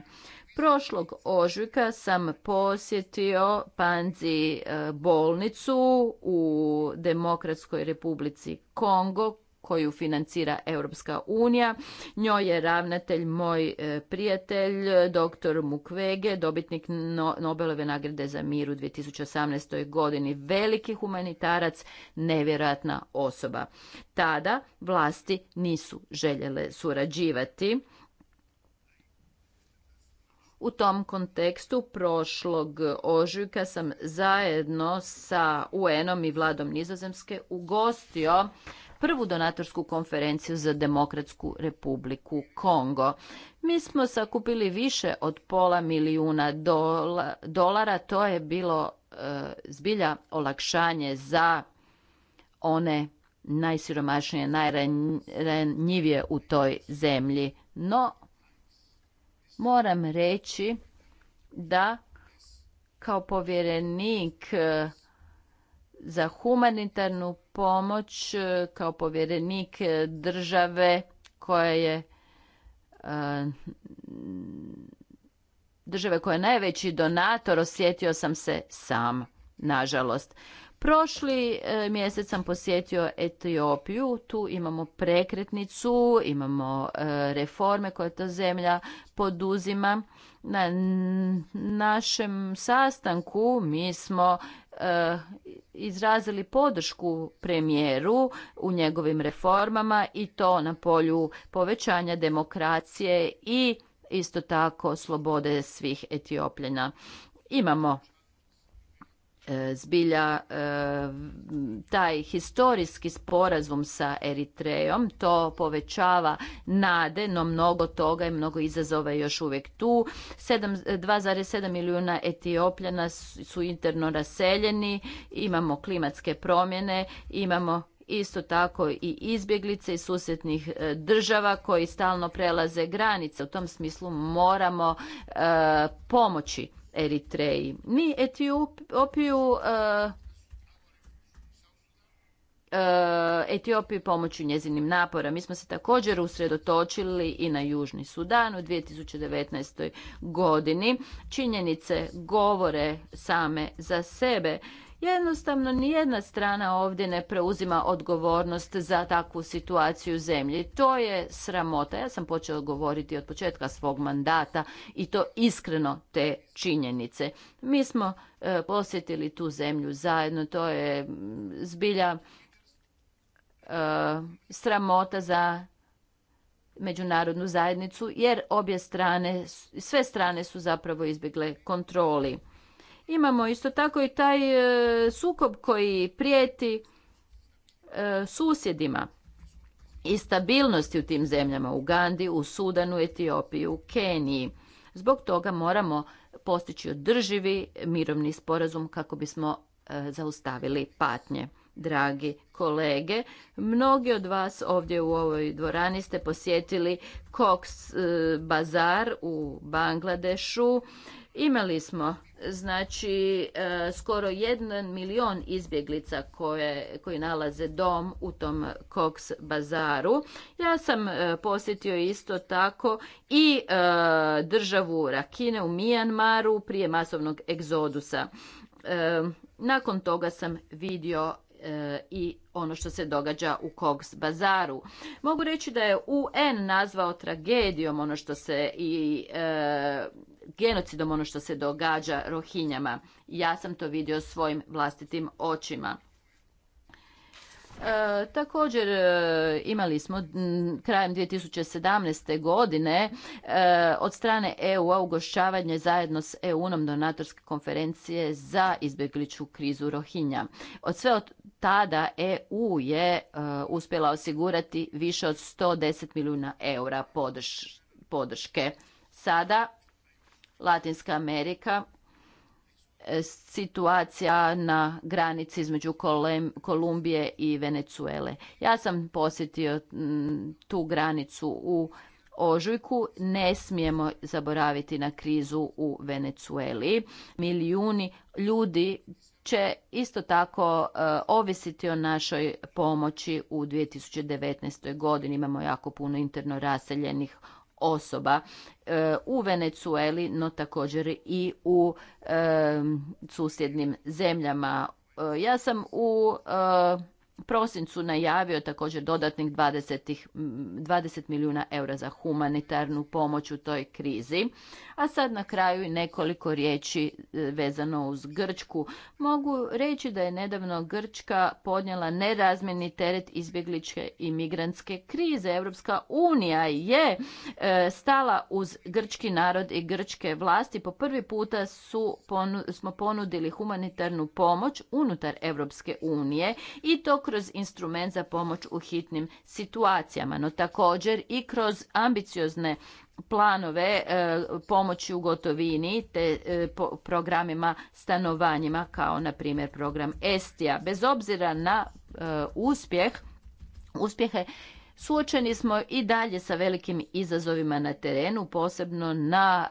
Prošlog ožujka sam posjetio Panzi e, bolnicu u Demokratskoj republici Kongo koju financira Europska unija. Njoj je ravnatelj moj e, prijatelj, doktor Mukwege, dobitnik Nobelove nagrade za mir u 2018. godini, veliki humanitarac, nevjerojatna osoba. Tada vlasti nisu željele surađivati. U tom kontekstu prošlog ožujka sam zajedno sa UN-om i vladom Nizozemske ugostio prvu donatorsku konferenciju za Demokratsku republiku Kongo. Mi smo sakupili više od pola milijuna dolara, to je bilo e, zbilja olakšanje za one najsiromašnije, najranjivije u toj zemlji. No, moram reći da kao povjerenik e, za humanitarnu pomoć e, kao povjerenik e, države koja je e, države koja je najveći donator osjetio sam se sam nažalost Prošli mjesec sam posjetio Etiopiju, tu imamo prekretnicu, imamo reforme koje ta zemlja poduzima. Na našem sastanku mi smo Eh, izrazili podršku premijeru u njegovim reformama i to na polju povećanja demokracije i isto tako slobode svih etiopljena. Imamo E, zbilja e, taj historijski sporazum sa Eritrejom, to povećava nade, no mnogo toga i mnogo izazova je još uvijek tu. 2,7 milijuna Etiopljana su interno raseljeni, imamo klimatske promjene, imamo isto tako i izbjeglice iz susjetnih e, država koji stalno prelaze granice. U tom smislu moramo pomoći Eritreji. Mi eh, eh, Etiopiju Etiopiju pomoću njezinim napora. Mi smo se također usredotočili i na Južni Sudan u 2019. godini. Činjenice govore same za sebe. Jednostavno nijedna strana ovdje ne preuzima odgovornost za takvu situaciju u zemlji. To je sramota. Ja sam počeo govoriti od početka svog mandata i to iskreno te činjenice. Mi smo e, posjetili tu zemlju zajedno. To je zbilja e, sramota za međunarodnu zajednicu jer obje strane sve strane su zapravo izbjegle kontroli Imamo isto tako i taj e, sukob koji prijeti e, susjedima i stabilnosti u tim zemljama, u Gandhi, u Sudanu, Etiopiji, u Keniji. Zbog toga moramo postići održivi mirovni sporazum kako bismo e, zaustavili patnje. Dragi kolege, mnogi od vas ovdje u ovoj dvorani ste posjetili Cox Bazar u Bangladešu Imali smo znači e, skoro jedan milion izbjeglica koje, koji nalaze dom u tom Cox bazaru. Ja sam e, posjetio isto tako i e, državu Rakine u Mijanmaru prije masovnog egzodusa. Nakon toga sam vidio i ono što se događa u Koks bazaru. Mogu reći da je UN nazvao tragedijom ono što se i genocidom ono što se događa rohinjama. Ja sam to vidio svojim vlastitim očima. E, također e, imali smo m, krajem 2017. godine e, od strane eu ugošćavanje zajedno s eu nom donatorske konferencije za izbjegličku krizu Rohinja. Od sve od tada EU je e, uspjela osigurati više od 110 milijuna eura podrške. Sada Latinska Amerika, e, situacija na granici između Kolumbije i Venecuele. Ja sam posjetio tu granicu u ožujku. Ne smijemo zaboraviti na krizu u Venecueli. Milijuni ljudi će isto tako e, ovisiti o našoj pomoći u 2019. godini. Imamo jako puno interno raseljenih osoba e, u Venecueli, no također i u e, susjednim zemljama. E, ja sam u prosincu najavio također dodatnih 20, 20 milijuna eura za humanitarnu pomoć u toj krizi. A sad na kraju nekoliko riječi e, vezano uz Grčku. Mogu reći da je nedavno Grčka podnijela nerazmjerni teret izbjegličke i migrantske krize. Europska unija je e, stala uz grčki narod i grčke vlasti. Po prvi puta su smo ponudili humanitarnu pomoć unutar Europske unije i to kroz instrument za pomoć u hitnim situacijama, no također i kroz ambiciozne planove e, pomoći u gotovini te e, programima stanovanjima kao na primjer program Estija. Bez obzira na e, uspjeh, uspjehe suočeni smo i dalje sa velikim izazovima na terenu, posebno na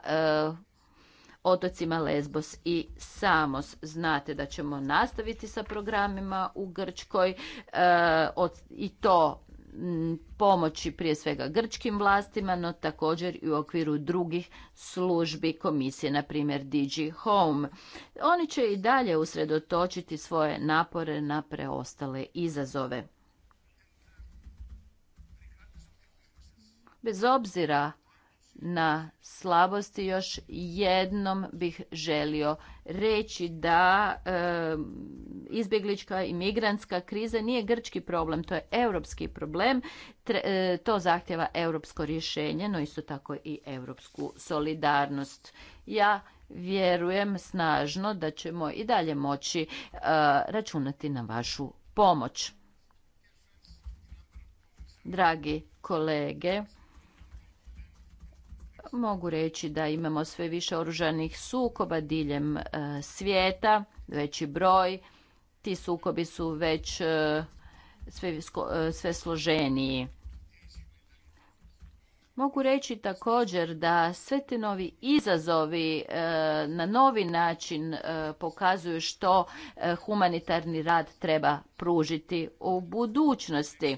otocima Lesbos i Samos. Znate da ćemo nastaviti sa programima u Grčkoj i to pomoći prije svega grčkim vlastima, no također i u okviru drugih službi komisije, na primjer DG Home. Oni će i dalje usredotočiti svoje napore na preostale izazove. Bez obzira na slabosti još jednom bih želio reći da e, izbjeglička i migrantska kriza nije grčki problem to je europski problem e, to zahtjeva europsko rješenje no isto tako i europsku solidarnost ja vjerujem snažno da ćemo i dalje moći e, računati na vašu pomoć dragi kolege mogu reći da imamo sve više oružanih sukoba diljem e, svijeta, veći broj. Ti sukobi su već e, sve, e, sve složeniji. Mogu reći također da sve te novi izazovi na novi način pokazuju što humanitarni rad treba pružiti u budućnosti.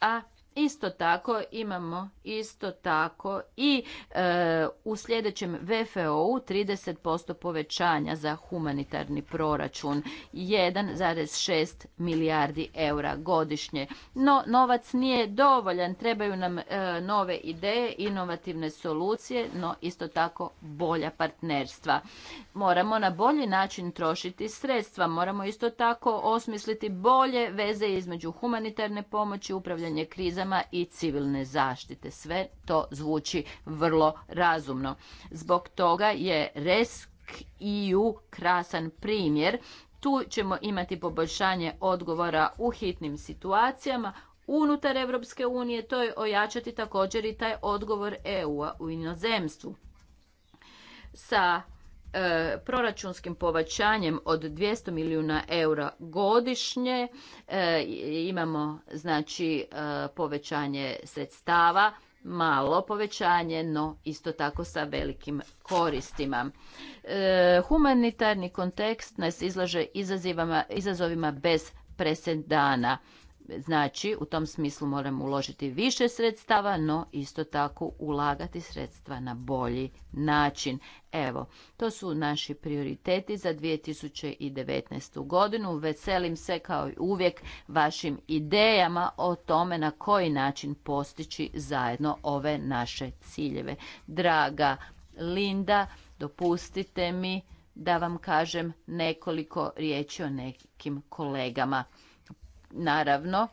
A Isto tako imamo isto tako i e, u sljedećem vfo 30% povećanja za humanitarni proračun 1,6 milijardi eura godišnje. No novac nije dovoljan, trebaju nam e, nove ideje, inovativne solucije, no isto tako bolja partnerstva. Moramo na bolji način trošiti sredstva, moramo isto tako osmisliti bolje veze između humanitarne pomoći, upravljanje kriza i civilne zaštite. Sve to zvuči vrlo razumno. Zbog toga je RESC-EU krasan primjer. Tu ćemo imati poboljšanje odgovora u hitnim situacijama, unutar Evropske unije, to je ojačati također i taj odgovor EU-a u inozemstvu. Sa E, proračunskim povećanjem od 200 milijuna eura godišnje e, imamo znači e, povećanje sredstava malo povećanje, no isto tako sa velikim koristima. humanitarni kontekst nas izlaže izazivama, izazovima bez presedana. Znači, u tom smislu moramo uložiti više sredstava, no isto tako ulagati sredstva na bolji način. Evo, to su naši prioriteti za 2019. godinu. Veselim se kao i uvijek vašim idejama o tome na koji način postići zajedno ove naše ciljeve. Draga Linda, dopustite mi da vam kažem nekoliko riječi o nekim kolegama Naravno,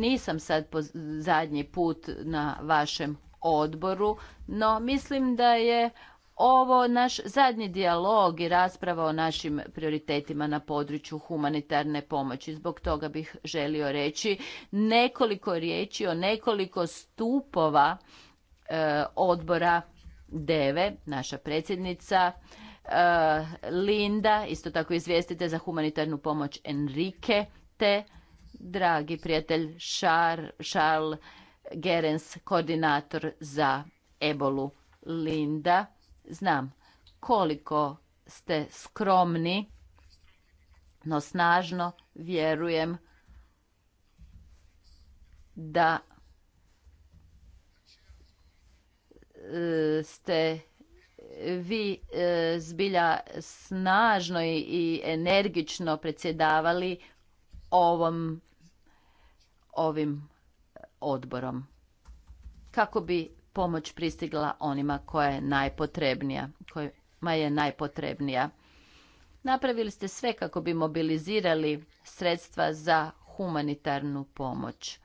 nisam sad po zadnji put na vašem odboru, no mislim da je ovo naš zadnji dijalog i rasprava o našim prioritetima na području humanitarne pomoći. Zbog toga bih želio reći nekoliko riječi o nekoliko stupova e, odbora Deve, naša predsjednica, e, Linda, isto tako izvijestite za humanitarnu pomoć Enrique, te dragi prijatelj Šar, Šarl Gerens, koordinator za ebolu Linda. Znam koliko ste skromni, no snažno vjerujem da e, ste vi e, zbilja snažno i energično predsjedavali ovom ovim e, odborom kako bi pomoć pristigla onima koja je najpotrebnija, kojima je najpotrebnija. Napravili ste sve kako bi mobilizirali sredstva za humanitarnu pomoć.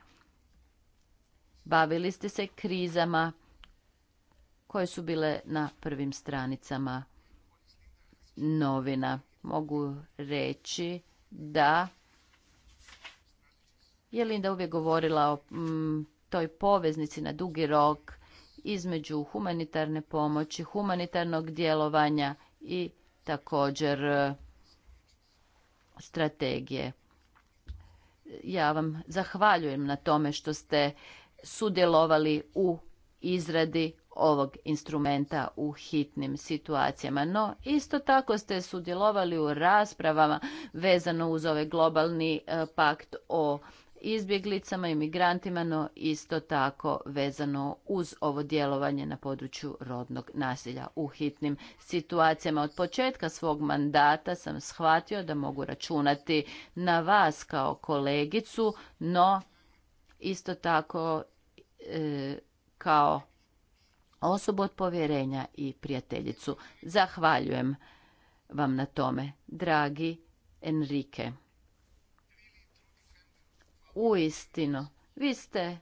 Bavili ste se krizama koje su bile na prvim stranicama novina. Mogu reći da je Linda uvijek govorila o mm, toj poveznici na dugi rok između humanitarne pomoći, humanitarnog djelovanja i također e, strategije. Ja vam zahvaljujem na tome što ste sudjelovali u izradi ovog instrumenta u hitnim situacijama. No, isto tako ste sudjelovali u raspravama vezano uz ovaj globalni e, pakt o izbjeglicama i migrantima, no isto tako vezano uz ovo djelovanje na području rodnog nasilja u hitnim situacijama. Od početka svog mandata sam shvatio da mogu računati na vas kao kolegicu, no isto tako e, kao osobu od povjerenja i prijateljicu. Zahvaljujem vam na tome, dragi Enrique uistinu. Vi ste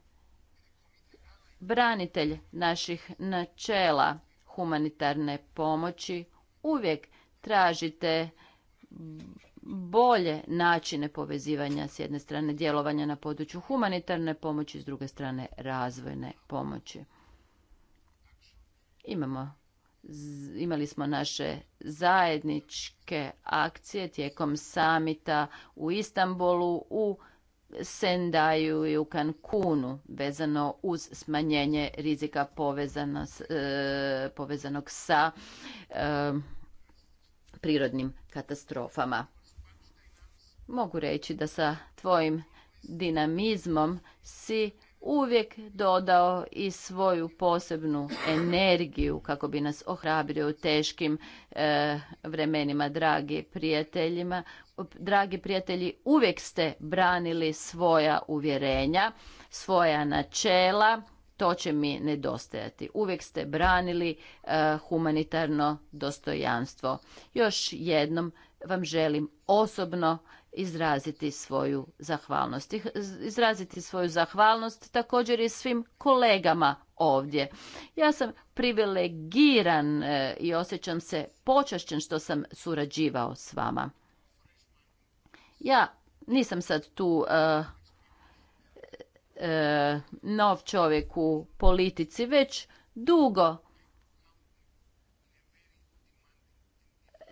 branitelj naših načela humanitarne pomoći. Uvijek tražite bolje načine povezivanja s jedne strane djelovanja na području humanitarne pomoći, s druge strane razvojne pomoći. Imamo imali smo naše zajedničke akcije tijekom samita u Istanbulu u Sendaju i u Cancunu vezano uz smanjenje rizika e, povezanog sa e, prirodnim katastrofama. Mogu reći da sa tvojim dinamizmom si uvijek dodao i svoju posebnu energiju kako bi nas ohrabrio u teškim e, vremenima, dragi prijateljima. Dragi prijatelji, uvijek ste branili svoja uvjerenja, svoja načela, to će mi nedostajati. Uvijek ste branili e, humanitarno dostojanstvo. Još jednom vam želim osobno izraziti svoju zahvalnost. Izraziti svoju zahvalnost također i svim kolegama ovdje. Ja sam privilegiran e, i osjećam se počašćen što sam surađivao s vama. Ja nisam sad tu e, e, nov čovjek u politici, već dugo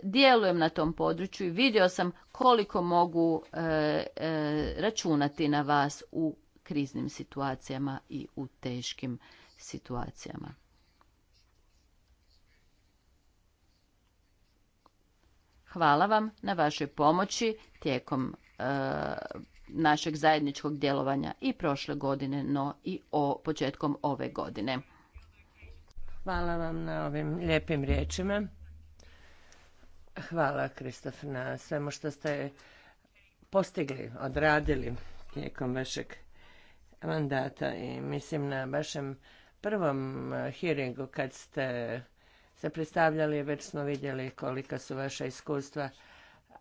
djelujem na tom području i vidio sam koliko mogu e, e, računati na vas u kriznim situacijama i u teškim situacijama. Hvala vam na vašoj pomoći tijekom e, našeg zajedničkog djelovanja i prošle godine, no i o početkom ove godine. Hvala vam na ovim lijepim riječima. Hvala, Kristof, na svemu što ste postigli, odradili tijekom vašeg mandata i mislim na vašem prvom e, hearingu kad ste se predstavljali, već smo vidjeli kolika su vaša iskustva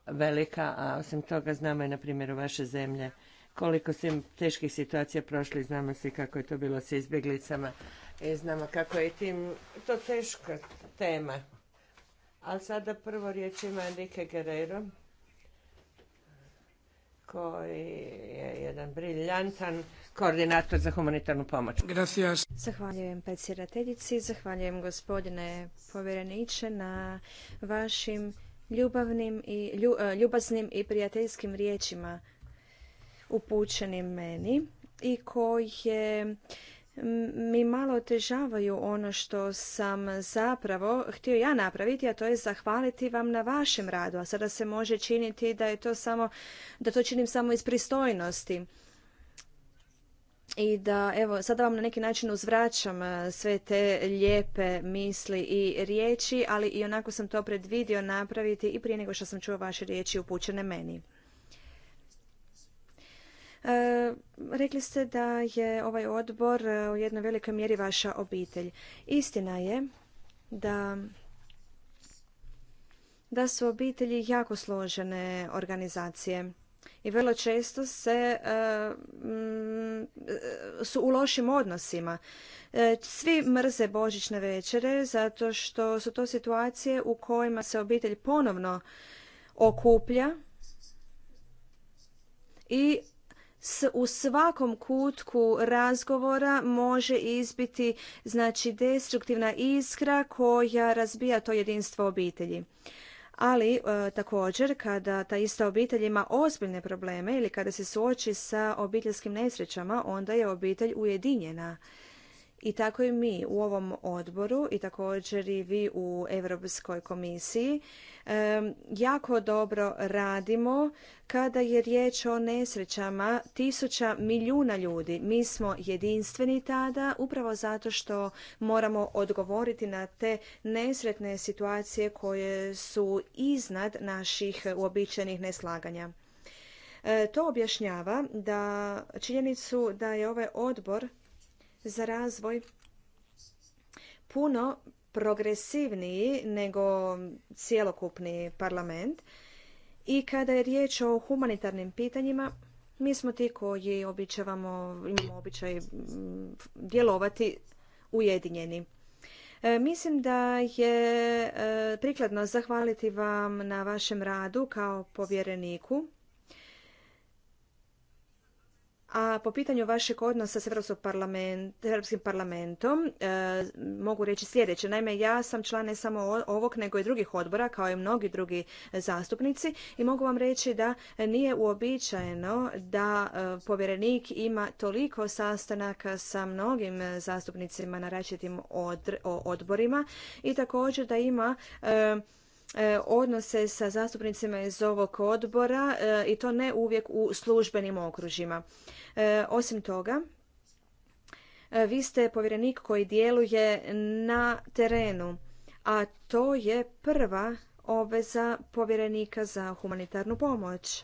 velika, a osim toga znamo i na primjeru vaše zemlje koliko ste teških situacija prošli, znamo svi kako je to bilo sa izbjeglicama i znamo kako je tim to teška tema ali sada prvo riječ ima Enrique Guerrero koji je jedan briljantan koordinator za humanitarnu pomoć. Gracias. Zahvaljujem predsjedateljici, zahvaljujem gospodine povjereniče na vašim ljubavnim i e, ljubaznim i prijateljskim riječima upućenim meni i koji je mi malo otežavaju ono što sam zapravo htio ja napraviti, a to je zahvaliti vam na vašem radu. A sada se može činiti da je to samo, da to činim samo iz pristojnosti. I da, evo, sada vam na neki način uzvraćam e, sve te lijepe misli i riječi, ali i onako sam to predvidio napraviti i prije nego što sam čuo vaše riječi upućene meni. E, rekli ste da je ovaj odbor e, u jednoj velikoj mjeri vaša obitelj. Istina je da da su obitelji jako složene organizacije i vrlo često se e, mm, su u lošim odnosima. svi mrze božićne večere zato što su to situacije u kojima se obitelj ponovno okuplja i u svakom kutku razgovora može izbiti znači destruktivna iskra koja razbija to jedinstvo obitelji ali e, također kada ta ista obitelj ima ozbiljne probleme ili kada se suoči sa obiteljskim nesrećama onda je obitelj ujedinjena i tako i mi u ovom odboru i također i vi u Europskoj komisiji jako dobro radimo kada je riječ o nesrećama tisuća milijuna ljudi. Mi smo jedinstveni tada upravo zato što moramo odgovoriti na te nesretne situacije koje su iznad naših uobičajenih neslaganja. E, to objašnjava da činjenicu da je ovaj odbor za razvoj puno progresivniji nego cjelokupni parlament i kada je riječ o humanitarnim pitanjima mi smo ti koji običavamo, imamo običaj djelovati ujedinjeni. E, mislim da je e, prikladno zahvaliti vam na vašem radu kao povjereniku a po pitanju vašeg odnosa s Europskim, parlamentom e, mogu reći sljedeće. Naime, ja sam član ne samo ovog, nego i drugih odbora, kao i mnogi drugi zastupnici i mogu vam reći da nije uobičajeno da e, povjerenik ima toliko sastanaka sa mnogim zastupnicima na različitim odborima i također da ima e, E, odnose sa zastupnicima iz ovog odbora e, i to ne uvijek u službenim okružima. E, osim toga, vi ste povjerenik koji djeluje na terenu, a to je prva obveza povjerenika za humanitarnu pomoć.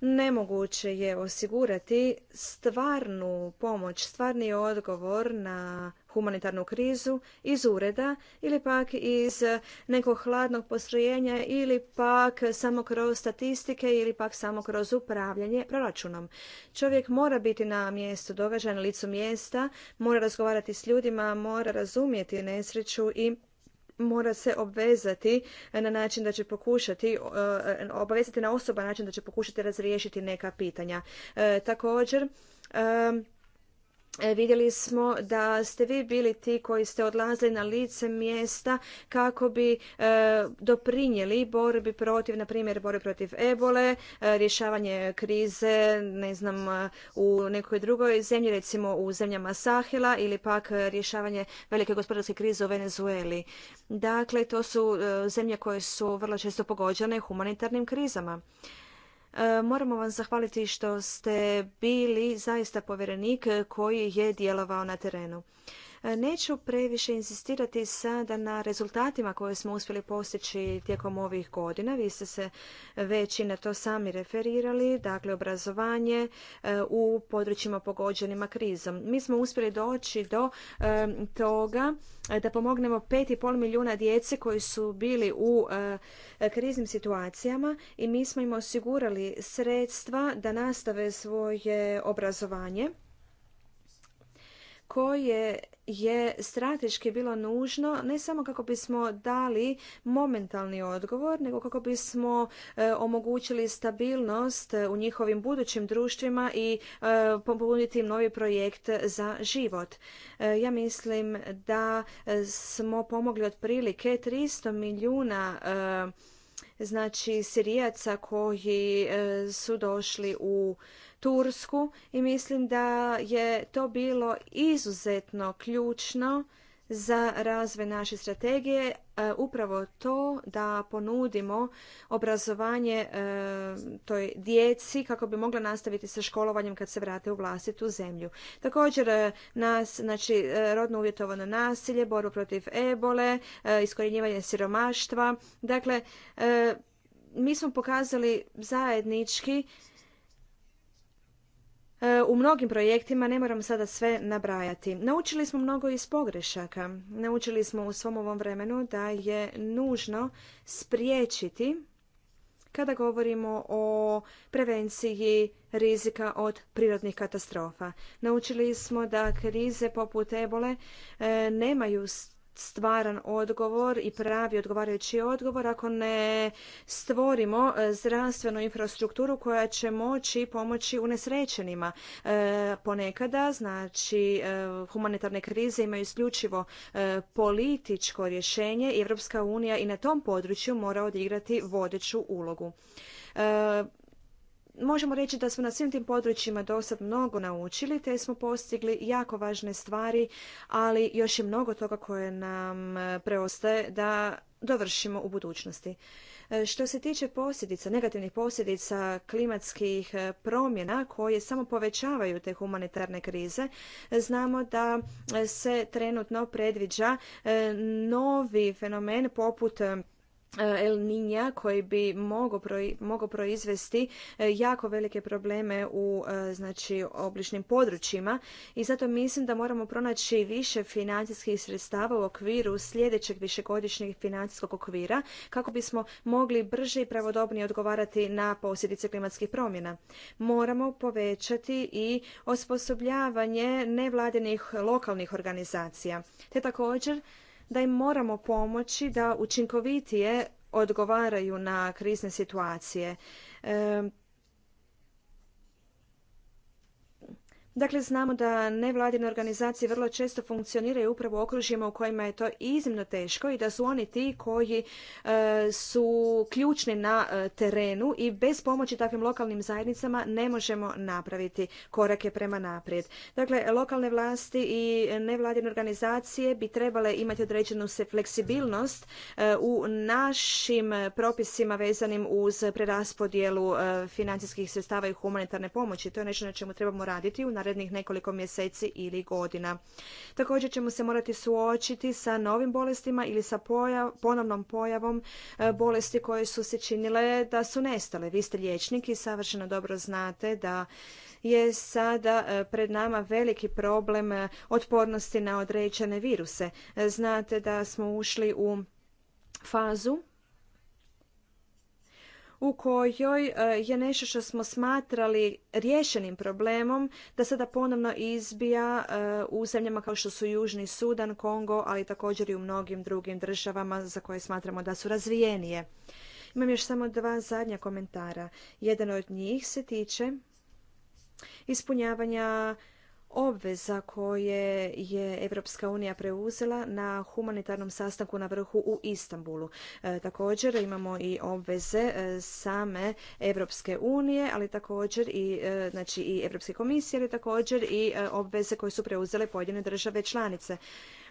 Nemoguće je osigurati stvarnu pomoć, stvarni odgovor na humanitarnu krizu iz ureda ili pak iz nekog hladnog postrojenja ili pak samo kroz statistike ili pak samo kroz upravljanje proračunom. Čovjek mora biti na mjestu događaja, na licu mjesta, mora razgovarati s ljudima, mora razumjeti nesreću i mora se obvezati na način da će pokušati, e, obavezati na osoba način da će pokušati razriješiti neka pitanja. E, također, e, E, vidjeli smo da ste vi bili ti koji ste odlazili na lice mjesta kako bi e, doprinijeli borbi protiv, na primjer, borbi protiv ebole, e, rješavanje krize, ne znam, u nekoj drugoj zemlji, recimo u zemljama Sahila ili pak rješavanje velike gospodarske krize u Venezueli. Dakle, to su zemlje koje su vrlo često pogođene humanitarnim krizama. E, moramo vam zahvaliti što ste bili zaista povjerenik koji je djelovao na terenu. E, neću previše insistirati sada na rezultatima koje smo uspjeli postići tijekom ovih godina. Vi ste se već i na to sami referirali, dakle obrazovanje e, u područjima pogođenima krizom. Mi smo uspjeli doći do e, toga da pomognemo 5,5 milijuna djece koji su bili u kriznim situacijama i mi smo im osigurali sredstva da nastave svoje obrazovanje koje je strateški bilo nužno ne samo kako bismo dali momentalni odgovor, nego kako bismo e, omogućili stabilnost e, u njihovim budućim društvima i e, pobuditi im novi projekt za život. Ja mislim da smo pomogli otprilike 300 milijuna znači Sirijaca koji su došli u Tursku i mislim da je to bilo izuzetno ključno za razvoj naše strategije e, upravo to da ponudimo obrazovanje e, toj djeci kako bi mogla nastaviti sa školovanjem kad se vrate u vlastitu zemlju. Također e, nas, znači rodno uvjetovano nasilje, borbu protiv ebole, iskorjenjivanje siromaštva. Dakle, mi smo pokazali zajednički E, u mnogim projektima, ne moram sada sve nabrajati. Naučili smo mnogo iz pogrešaka. Naučili smo u svom ovom vremenu da je nužno spriječiti kada govorimo o prevenciji rizika od prirodnih katastrofa. Naučili smo da krize poput ebole e, nemaju stvaran odgovor i pravi odgovarajući odgovor ako ne stvorimo e, zdravstvenu infrastrukturu koja će moći pomoći unesrećenima. E, ponekada, znači, e, humanitarne krize imaju isključivo političko rješenje i unija i na tom području mora odigrati vodeću ulogu. Možemo reći da smo na svim tim područjima dosad mnogo naučili, te smo postigli jako važne stvari, ali još je mnogo toga koje nam e, preostaje da dovršimo u budućnosti. E, što se tiče posljedica, negativnih posljedica klimatskih e, promjena koje samo povećavaju te humanitarne krize, znamo da se trenutno predviđa novi fenomen poput E, El Ninja koji bi mogao proizvesti e, jako velike probleme u e, znači obližnim područjima i zato mislim da moramo pronaći više financijskih sredstava u okviru sljedećeg višegodišnjeg financijskog okvira kako bismo mogli brže i pravodobnije odgovarati na posljedice klimatskih promjena. Moramo povećati i osposobljavanje nevladinih lokalnih organizacija te također da im moramo pomoći da učinkovitije odgovaraju na krizne situacije. Dakle, znamo da nevladine organizacije vrlo često funkcioniraju upravo u okružjima u kojima je to iznimno teško i da su oni ti koji e, su ključni na e, terenu i bez pomoći takvim lokalnim zajednicama ne možemo napraviti korake prema naprijed. Dakle, lokalne vlasti i nevladine organizacije bi trebale imati određenu se fleksibilnost e, u našim propisima vezanim uz preraspodjelu financijskih sredstava i humanitarne pomoći. To je nešto na čemu trebamo raditi u narednih nekoliko mjeseci ili godina. Također ćemo se morati suočiti sa novim bolestima ili sa ponovnom pojavom e, bolesti koje su se činile da su nestale. Vi ste liječnik i savršeno dobro znate da je sada e, pred nama veliki problem e, otpornosti na određene viruse. Znate da smo ušli u fazu u kojoj e, je nešto što smo smatrali rješenim problemom da sada ponovno izbija e, u zemljama kao što su Južni Sudan, Kongo, ali također i u mnogim drugim državama za koje smatramo da su razvijenije. Imam još samo dva zadnja komentara. Jedan od njih se tiče ispunjavanja obveza koje je Europska unija preuzela na humanitarnom sastanku na vrhu u Istanbulu. E, također imamo i obveze e, same Europske unije, ali također i e, znači i Europske komisije, ali također i obveze koje su preuzele pojedine države članice.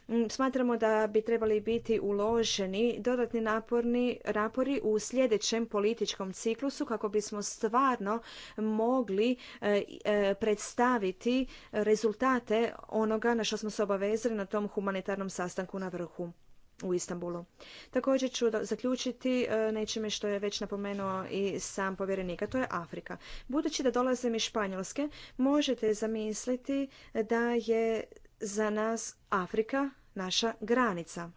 Mm, smatramo da bi trebali biti uloženi dodatni naporni, rapori u sljedećem političkom ciklusu kako bismo stvarno mogli e, e, predstaviti rezultate onoga na što smo se obavezali na tom humanitarnom sastanku na vrhu u Istanbulu. Također ću zaključiti e, nečime što je već napomenuo i sam povjerenik, a to je Afrika. Budući da dolazim iz Španjolske, možete zamisliti da je za nas Afrika naša granica.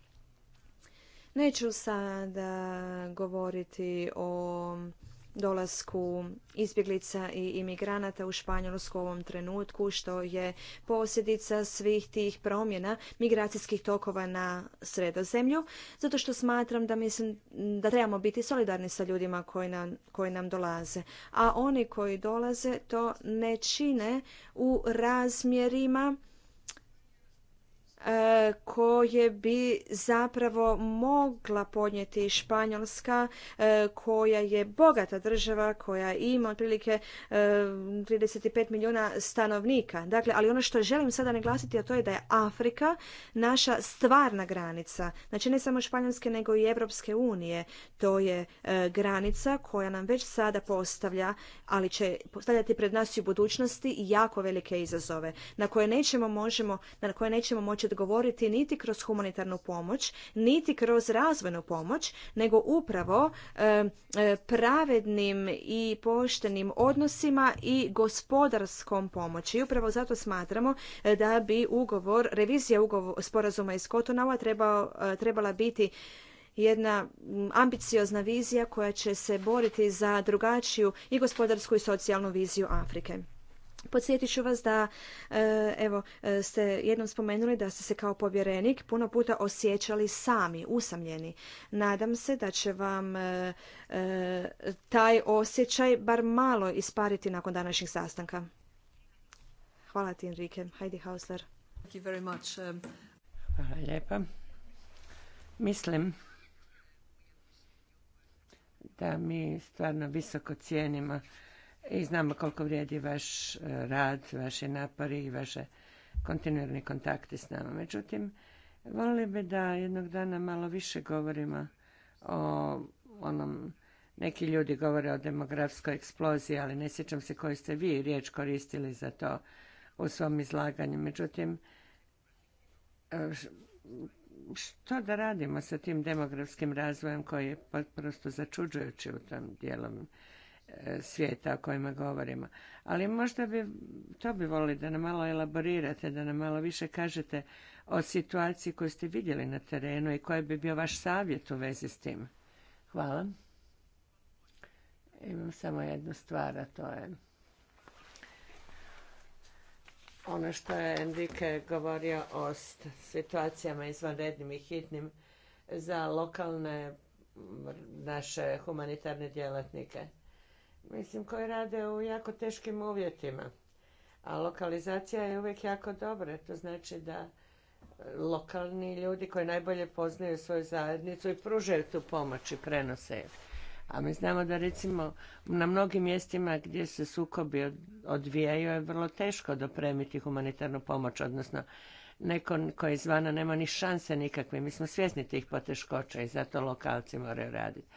Neću sada govoriti o dolasku izbjeglica i imigranata u Španjolsku u ovom trenutku, što je posljedica svih tih promjena migracijskih tokova na sredozemlju, zato što smatram da mislim da trebamo biti solidarni sa ljudima koji nam, koji nam dolaze. A oni koji dolaze to ne čine u razmjerima E, koje bi zapravo mogla podnijeti Španjolska e, koja je bogata država koja ima otprilike 35 e, milijuna stanovnika. Dakle, ali ono što želim sada naglasiti a to je da je Afrika naša stvarna granica. Znači ne samo Španjolske nego i Europske unije. To je granica koja nam već sada postavlja, ali će postavljati pred nas i u budućnosti jako velike izazove na koje nećemo možemo, na koje nećemo moći odgovoriti niti kroz humanitarnu pomoć, niti kroz razvojnu pomoć, nego upravo e, e, pravednim i poštenim odnosima i gospodarskom pomoći. I upravo zato smatramo e, da bi ugovor, revizija ugovor, sporazuma iz Kotonova trebala biti jedna ambiciozna vizija koja će se boriti za drugačiju i gospodarsku i socijalnu viziju Afrike. Podsjetit ću vas da e, evo, e, ste jednom spomenuli da ste se kao povjerenik puno puta osjećali sami, usamljeni. Nadam se da će vam e, taj osjećaj bar malo ispariti nakon današnjih sastanka. Hvala ti, Enrique. Heidi Hausler. Thank you very much. Um, Hvala lijepa. Mislim da mi stvarno visoko cijenimo i znamo koliko vrijedi vaš e, rad, vaše napori i vaše kontinuirni kontakti s nama. Međutim, volili bi da jednog dana malo više govorimo o onom, neki ljudi govore o demografskoj eksploziji, ali ne sjećam se koji ste vi riječ koristili za to u svom izlaganju. Međutim, e, što da radimo sa tim demografskim razvojem koji je prosto začuđujući u tom dijelom svijeta o kojima govorimo. Ali možda bi, to bi volili da nam malo elaborirate, da nam malo više kažete o situaciji koju ste vidjeli na terenu i koji bi bio vaš savjet u vezi s tim. Hvala. Imam samo jednu stvar, a to je ono što je Enrique govorio o situacijama izvanrednim i hitnim za lokalne naše humanitarne djelatnike mislim, koji rade u jako teškim uvjetima. A lokalizacija je uvijek jako dobra, to znači da e, lokalni ljudi koji najbolje poznaju svoju zajednicu i pružaju tu pomoć i prenose je. A mi znamo da recimo na mnogim mjestima gdje se sukobi odvijaju je vrlo teško dopremiti humanitarnu pomoć, odnosno neko koji izvana nema ni šanse nikakve. Mi smo svjesni tih poteškoća i zato lokalci moraju raditi.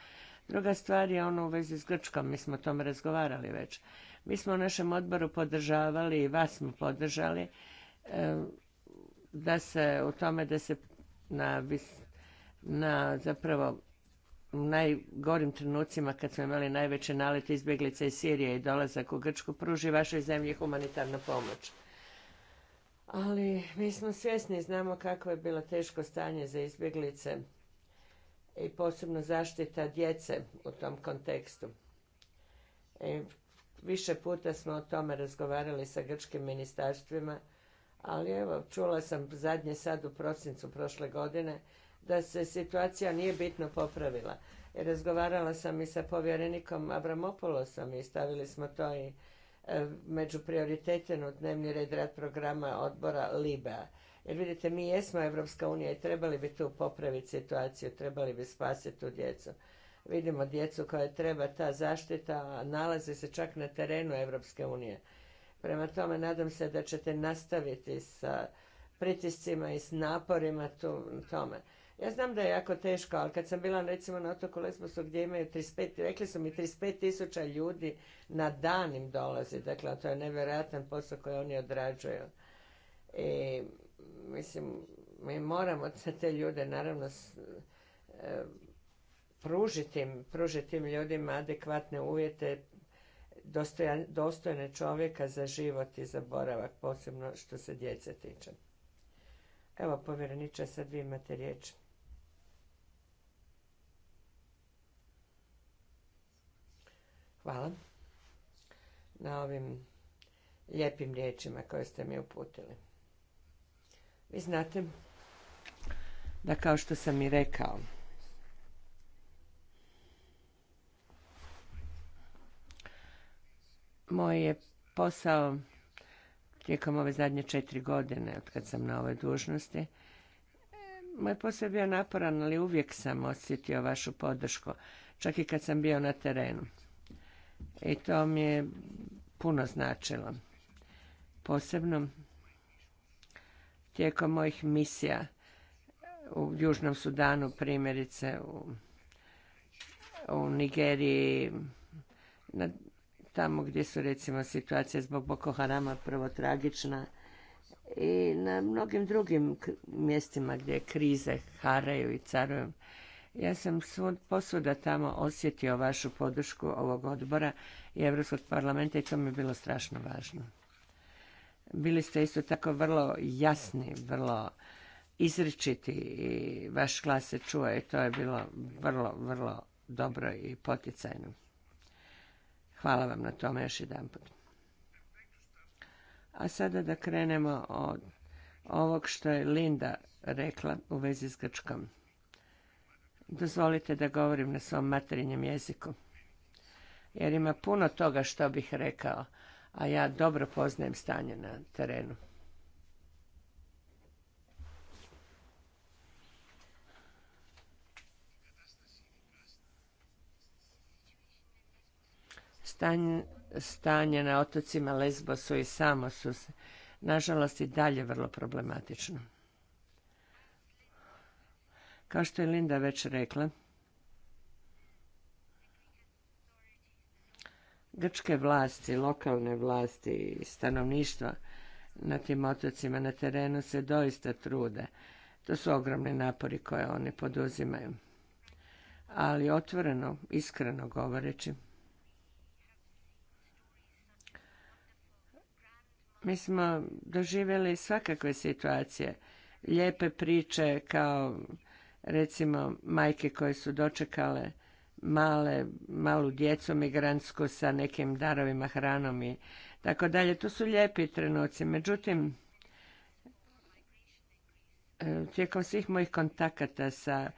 Druga stvar je ono u vezi s Grčkom, mi smo o tom razgovarali već. Mi smo u našem odboru podržavali i vas smo podržali eh, da se u tome da se na, na zapravo najgorim trenucima kad smo imali najveće nalete izbjeglice iz Sirije i dolazak u Grčku pruži vašoj zemlji humanitarna pomoć. Ali mi smo svjesni i znamo kako je bilo teško stanje za izbjeglice i posebno zaštita djece u tom kontekstu. I e, više puta smo o tome razgovarali sa grčkim ministarstvima, ali evo, čula sam zadnje sad u prosincu prošle godine da se situacija nije bitno popravila. E, razgovarala sam i sa povjerenikom Avramopolosom i stavili smo to i e, među prioritete dnevni red rad programa odbora LIBA. Jer vidite, mi jesmo Evropska unija i trebali bi tu popraviti situaciju, trebali bi spasiti tu djecu. Vidimo djecu koja treba ta zaštita, a nalaze se čak na terenu Evropske unije. Prema tome, nadam se da ćete nastaviti sa pritiscima i s naporima tu, tome. Ja znam da je jako teško, ali kad sam bila recimo na otoku Lesbosu gdje imaju 35, rekli su mi 35 tisuća ljudi na dan im dolazi. Dakle, to je nevjerojatan posao koji oni odrađuju. I mislim, mi moramo te ljude naravno e, pružiti, pružiti ljudima adekvatne uvjete dostojan, dostojne čovjeka za život i za boravak, posebno što se djece tiče. Evo, povjereniče, sad vi imate riječ. Hvala na ovim lijepim riječima koje ste mi uputili. Vi znate da kao što sam i rekao, moj je posao tijekom ove zadnje četiri godine od kad sam na ovoj dužnosti. Moj posao je bio naporan, ali uvijek sam osjetio vašu podršku, čak i kad sam bio na terenu. I to mi je puno značilo. Posebno tijekom mojih misija u Južnom Sudanu, primjerice u, u Nigeriji, na, tamo gdje su recimo situacije zbog Boko Harama prvo tragična i na mnogim drugim mjestima gdje krize haraju i caruju. Ja sam posuda tamo osjetio vašu podršku ovog odbora i Europskog parlamenta i to mi je bilo strašno važno. Bili ste isto tako vrlo jasni, vrlo izričiti i vaš glas se čuo i to je bilo vrlo, vrlo dobro i poticajno. Hvala vam na tome još jedan put. A sada da krenemo od ovog što je Linda rekla u vezi s Grčkom. Dozvolite da govorim na svom materinjem jeziku. Jer ima puno toga što bih rekao, a ja dobro poznajem stanje na terenu. Stanje, na otocima Lesbosu i Samosu nažalost i dalje vrlo problematično. Kao što je Linda već rekla, grčke vlasti, lokalne vlasti i stanovništva na tim otocima na terenu se doista trude. To su ogromni napori koje oni poduzimaju. Ali otvoreno, iskreno govoreći, mi smo doživjeli svakakve situacije. Lijepe priče kao recimo majke koje su dočekale male, malu djecu migrantsku sa nekim darovima, hranom i tako dalje. To su lijepi trenuci. Međutim, e, tijekom svih mojih kontakata sa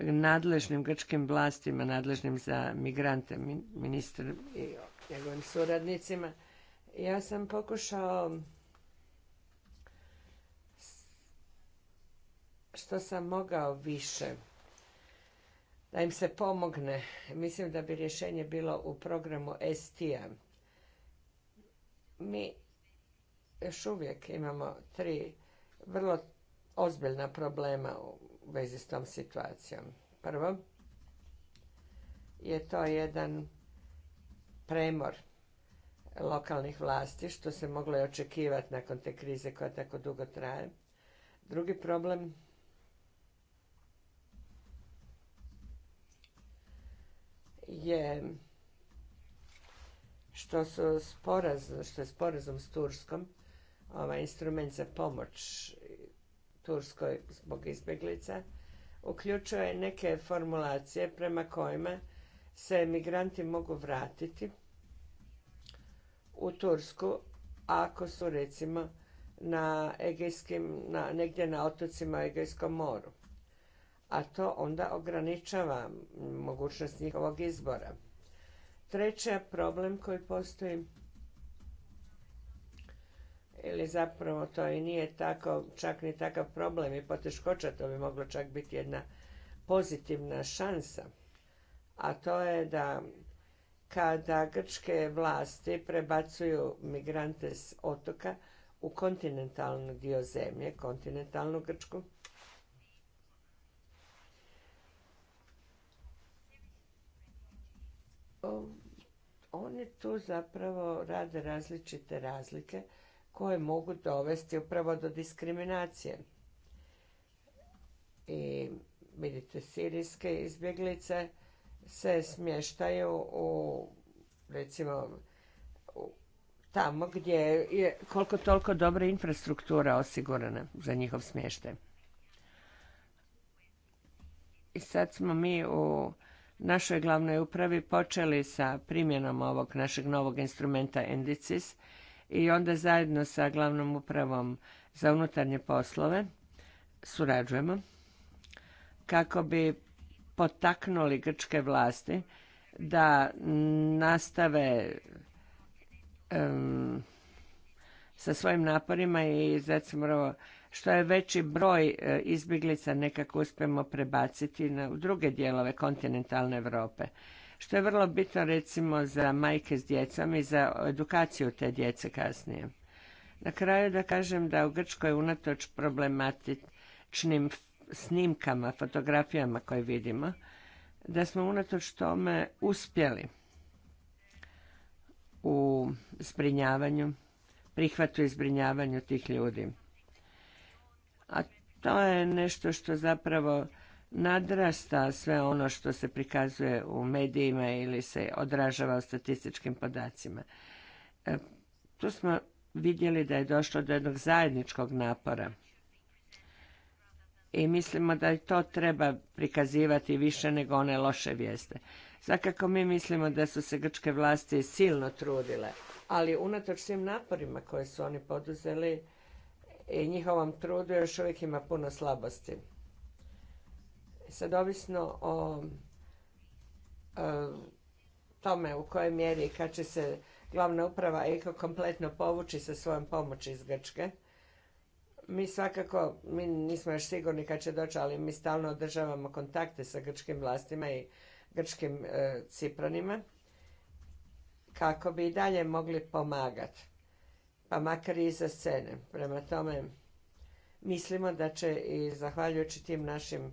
nadležnim grčkim vlastima, nadležnim za migrante, ministar i njegovim suradnicima, ja sam pokušao što sam mogao više da im se pomogne. Mislim da bi rješenje bilo u programu STM. Mi još uvijek imamo tri vrlo ozbiljna problema u vezi s tom situacijom. Prvo je to jedan premor lokalnih vlasti, što se moglo i očekivati nakon te krize koja tako dugo traje. Drugi problem je što su sporazum, što je sporazum s Turskom, ovaj instrument za pomoć Turskoj zbog izbjeglica, uključuje neke formulacije prema kojima se migranti mogu vratiti u Tursku ako su recimo na Egejskim, na, negdje na otocima u Egejskom moru a to onda ograničava mogućnost njihovog izbora. Treći problem koji postoji, ili zapravo to i nije tako, čak ni takav problem i poteškoća, to bi moglo čak biti jedna pozitivna šansa, a to je da kada grčke vlasti prebacuju migrante s otoka u kontinentalni dio zemlje, kontinentalnu Grčku, Oni tu zapravo rade različite razlike koje mogu dovesti upravo do diskriminacije. I vidite, sirijske izbjeglice se smještaju u, recimo, tamo gdje je koliko toliko dobra infrastruktura osigurana za njihov smještaj. I sad smo mi u našoj glavnoj upravi počeli sa primjenom ovog našeg novog instrumenta Indicis i onda zajedno sa glavnom upravom za unutarnje poslove surađujemo kako bi potaknuli grčke vlasti da nastave sa svojim naporima i recimo što je veći broj e, izbjeglica nekako uspemo prebaciti na druge dijelove kontinentalne Europe. Što je vrlo bitno recimo za majke s djecom i za edukaciju te djece kasnije. Na kraju da kažem da u Grčkoj unatoč problematičnim snimkama, fotografijama koje vidimo, da smo unatoč tome uspjeli u zbrinjavanju, prihvatu i zbrinjavanju tih ljudi. A to je nešto što zapravo nadrasta sve ono što se prikazuje u medijima ili se odražava u statističkim podacima. E, tu smo vidjeli da je došlo do jednog zajedničkog napora. I mislimo da to treba prikazivati više nego one loše vijeste. Svakako mi mislimo da su se grčke vlasti silno trudile, ali unatoč svim naporima koje su oni poduzeli, i njihovom trudu još uvijek ima puno slabosti. Sad ovisno o e, tome u kojoj mjeri kad će se glavna uprava EKO kompletno povući sa svojom pomoći iz Grčke, mi svakako, mi nismo još sigurni kad će doći, ali mi stalno održavamo kontakte sa grčkim vlastima i grčkim e, cipronima cipranima kako bi i dalje mogli pomagati pa makar i iza scene. Prema tome, mislimo da će i zahvaljujući tim našim,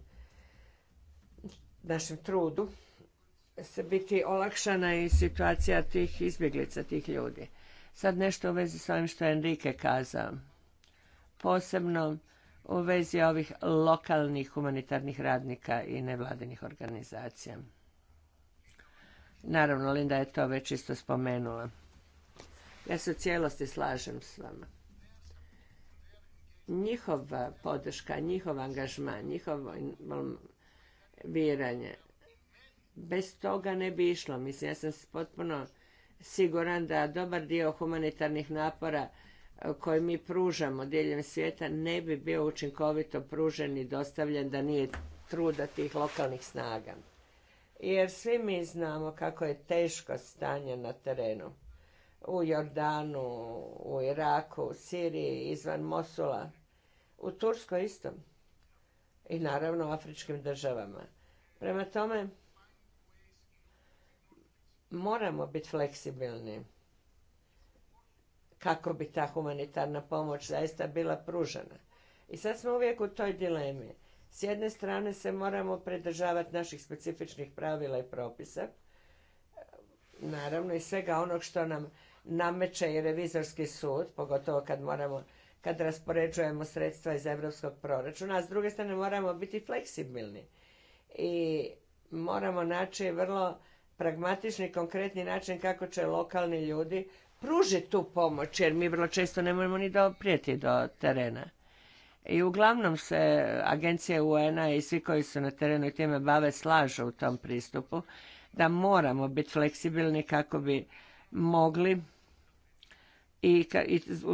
našem trudu se biti olakšana i situacija tih izbjeglica, tih ljudi. Sad nešto u vezi s ovim što je Enrique kazao. Posebno u vezi ovih lokalnih humanitarnih radnika i nevladinih organizacija. Naravno, Linda je to već isto spomenula. Ja se u cijelosti slažem s vama. Njihova eh, podrška, njihov angažman, njihovo biranje, bez toga ne bi išlo. Mislim, ja sam potpuno siguran da dobar dio humanitarnih napora eh, koje mi pružamo diljem svijeta ne bi bio učinkovito pružen i dostavljen da nije truda tih lokalnih snaga. Jer svi mi znamo kako je teško stanje na terenu u Jordanu, u Iraku, u Siriji, izvan Mosula, u Turskoj isto i naravno u afričkim državama. Prema tome, moramo biti fleksibilni kako bi ta humanitarna pomoć zaista bila pružena. I sad smo uvijek u toj dilemi. S jedne strane se moramo pridržavati naših specifičnih pravila i propisa, naravno i svega onog što nam nameće i revizorski sud, pogotovo kad moramo kad raspoređujemo sredstva iz europskog proračuna, a s druge strane moramo biti fleksibilni i moramo naći vrlo pragmatični, konkretni način kako će lokalni ljudi pružiti tu pomoć, jer mi vrlo često ne možemo ni doprijeti do terena. I uglavnom se agencije UN-a i svi koji su na terenu i time bave slažu u tom pristupu da moramo biti fleksibilni kako bi mogli i,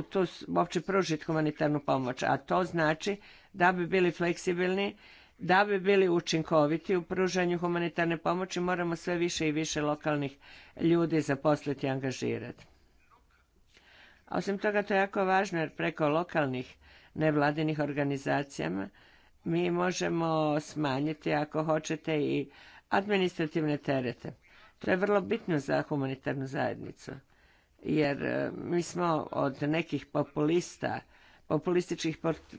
tu uopće pružiti humanitarnu pomoć. A to znači da bi bili fleksibilni, da bi bili učinkoviti u pružanju humanitarne pomoći moramo sve više i više lokalnih ljudi zaposliti i angažirati. osim toga to je jako važno jer preko lokalnih nevladinih organizacijama mi možemo smanjiti ako hoćete i administrativne terete. To je vrlo bitno za humanitarnu zajednicu jer e, mi smo od nekih populista, populističkih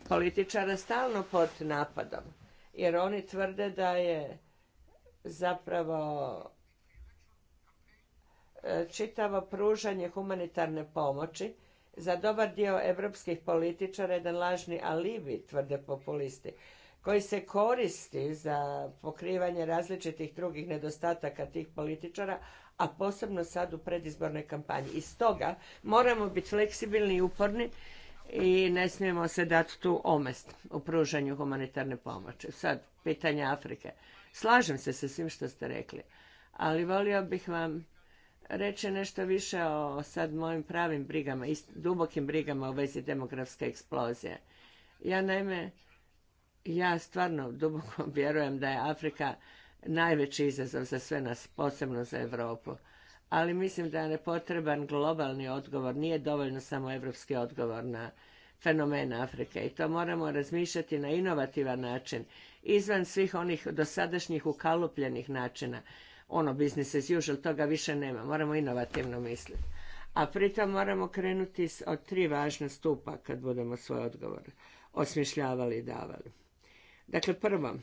političara stalno pod napadom, jer oni tvrde da je zapravo e, čitavo pružanje humanitarne pomoći za dobar dio evropskih političara jedan lažni alibi, tvrde populisti, koji se koristi za pokrivanje različitih drugih nedostataka tih političara, a posebno sad u predizbornoj kampanji. I stoga moramo biti fleksibilni i uporni i ne smijemo se dati tu omest u pružanju humanitarne pomoći. Sad, pitanje Afrike. Slažem se sa svim što ste rekli, ali volio bih vam reći nešto više o sad mojim pravim brigama, i dubokim brigama u vezi demografske eksplozije. Ja naime, ja stvarno duboko vjerujem da je Afrika najveći izazov za sve nas, posebno za Europu. Ali mislim da je potreban globalni odgovor, nije dovoljno samo evropski odgovor na fenomen Afrike i to moramo razmišljati na inovativan način, izvan svih onih dosadašnjih ukalupljenih načina. Ono business as usual, toga više nema, moramo inovativno misliti. A pritom moramo krenuti od tri važna stupa kad budemo svoj odgovor osmišljavali i davali. Dakle, prvo,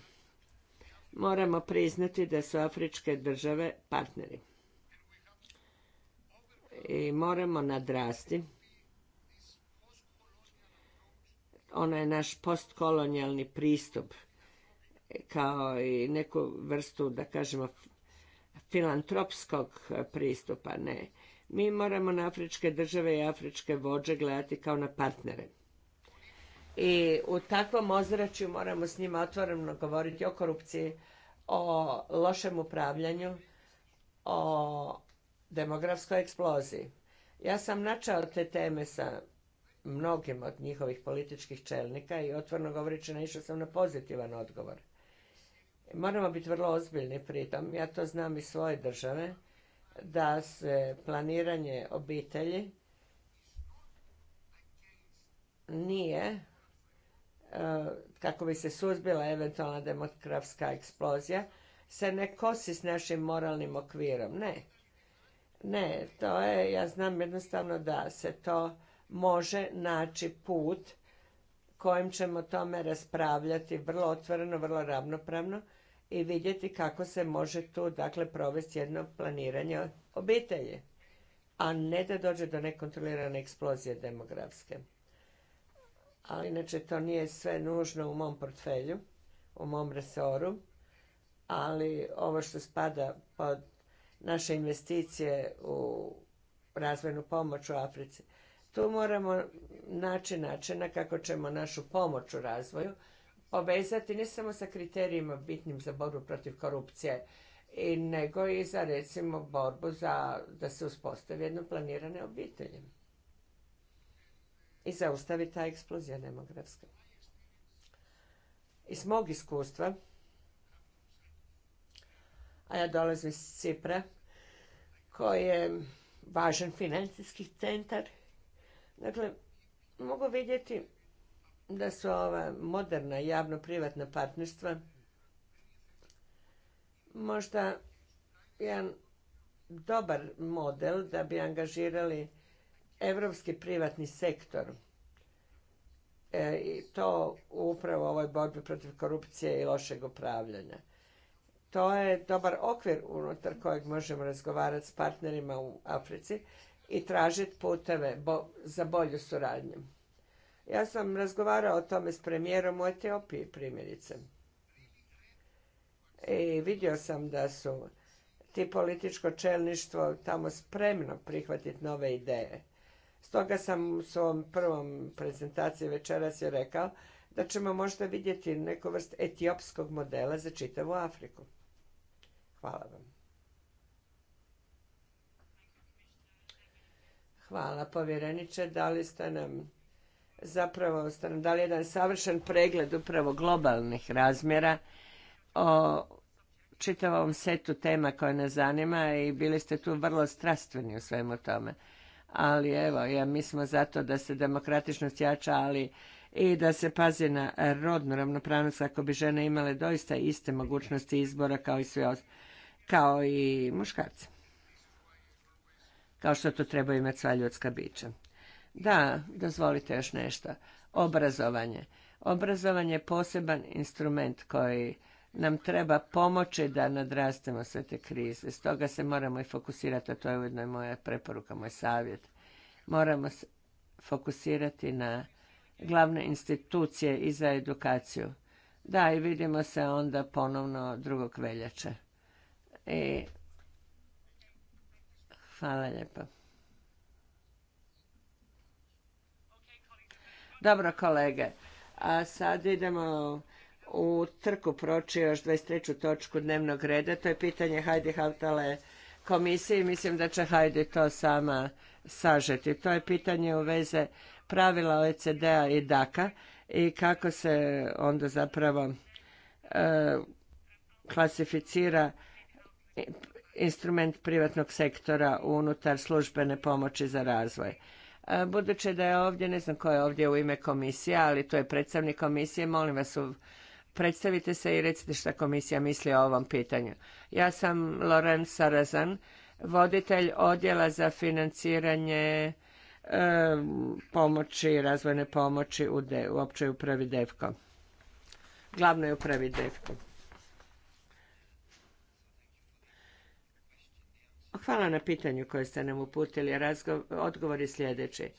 moramo priznati da su afričke države partneri. I moramo nadrasti ono je naš postkolonijalni pristup kao i neku vrstu, da kažemo, filantropskog pristupa. Ne. Mi moramo na afričke države i afričke vođe gledati kao na partnere. I u takvom ozračju moramo s njima otvoreno govoriti o korupciji, o lošem upravljanju, o demografskoj eksploziji. Ja sam načao te teme sa mnogim od njihovih političkih čelnika i otvorno govoreći naišao sam na pozitivan odgovor. Moramo biti vrlo ozbiljni pritom, ja to znam iz svoje države, da se planiranje obitelji nije Eh, kako bi se suzbila eventualna demografska eksplozija, se ne kosi s našim moralnim okvirom. Ne. Ne, to je, ja znam jednostavno da se to može naći put kojim ćemo tome raspravljati vrlo otvoreno, vrlo ravnopravno i vidjeti kako se može tu dakle provesti jedno planiranje obitelji, a ne da dođe do nekontrolirane eksplozije demografske ali inače to nije sve nužno u mom portfelju, u mom resoru, ali ovo što spada pod naše investicije u razvojnu pomoć u Africi, tu moramo naći načina kako ćemo našu pomoć u razvoju povezati ne samo sa kriterijima bitnim za borbu protiv korupcije, i nego i za recimo borbu za, da se uspostavi jedno planirane obitelji i zaustavi ta eksplozija demografska. Iz mog iskustva, a ja dolazim iz Cipra, koji je važan financijski centar. Dakle, mogu vidjeti da su ova moderna javno-privatna partnerstva možda jedan dobar model da bi angažirali evropski privatni sektor e, i to upravo ovoj borbi protiv korupcije i lošeg upravljanja. To je dobar okvir unutar kojeg možemo razgovarati s partnerima u Africi i tražiti puteve za bolju suradnju. Ja sam razgovarao o tome s premijerom u Etiopiji primjerice. I vidio sam da su ti političko čelništvo tamo spremno prihvatiti nove ideje. Stoga sam u svom prvom prezentaciji večeras je rekao da ćemo možda vidjeti neku vrst etiopskog modela za čitavu Afriku. Hvala vam. Hvala povjereniče, dali ste nam zapravo ste nam dali jedan savršen pregled upravo globalnih razmjera o čitavom setu tema koje nas zanima i bili ste tu vrlo strastveni u svemu tome ali evo, ja, mi smo zato da se demokratičnost jača, ali i da se pazi na rodnu ravnopravnost kako bi žene imale doista iste mogućnosti izbora kao i svi kao i muškarci. Kao što to treba imati sva ljudska bića. Da, dozvolite još nešto. Obrazovanje. Obrazovanje je poseban instrument koji nam treba pomoći da nadrastemo sve te krize. Stoga se moramo i fokusirati, a to je ujedno i moja preporuka, moj savjet. Moramo se fokusirati na glavne institucije i za edukaciju. Da, i vidimo se onda ponovno drugog veljače. I e, hvala lijepo. Dobro, kolege. A sad idemo u trku proći još 23. točku dnevnog reda. To je pitanje Heidi Hautale komisiji. Mislim da će Heidi to sama sažeti. To je pitanje u veze pravila OECD-a i DAKA i kako se onda zapravo e, klasificira instrument privatnog sektora unutar službene pomoći za razvoj. E, budući da je ovdje, ne znam ko je ovdje u ime komisije, ali to je predstavnik komisije, molim vas u predstavite se i recite šta komisija misli o ovom pitanju. Ja sam Loren Sarazan, voditelj odjela za financiranje e, pomoći, razvojne pomoći u, de, u općoj upravi DEVKO. Glavnoj upravi DEVKO. Hvala na pitanju koje ste nam uputili. Razgo, odgovor je sljedeći.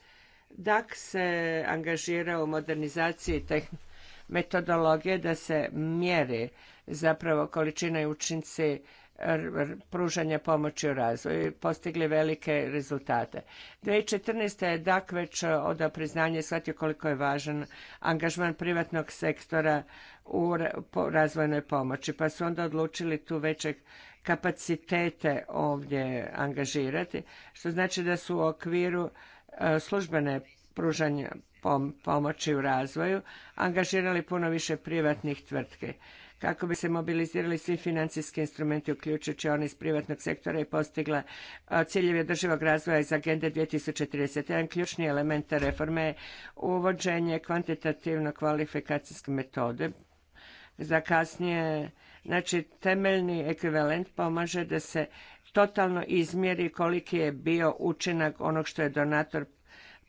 DAK se angažira u modernizaciji tehnologije metodologije da se mjeri zapravo količina i učinci pružanja pomoći u razvoju i postigli velike rezultate. 2014. je DAK već odao priznanje shvatio koliko je važan angažman privatnog sektora u razvojnoj pomoći, pa su onda odlučili tu veće kapacitete ovdje angažirati, što znači da su u okviru e, službene pružanja pomoći u razvoju, angažirali puno više privatnih tvrtke kako bi se mobilizirali svi financijski instrumenti uključujući one iz privatnog sektora i postigla ciljevi održivog razvoja iz agende 2030. Jedan ključni element reforme je uvođenje kvantitativno kvalifikacijske metode za kasnije, znači temeljni ekvivalent pomaže da se totalno izmjeri koliki je bio učinak onog što je donator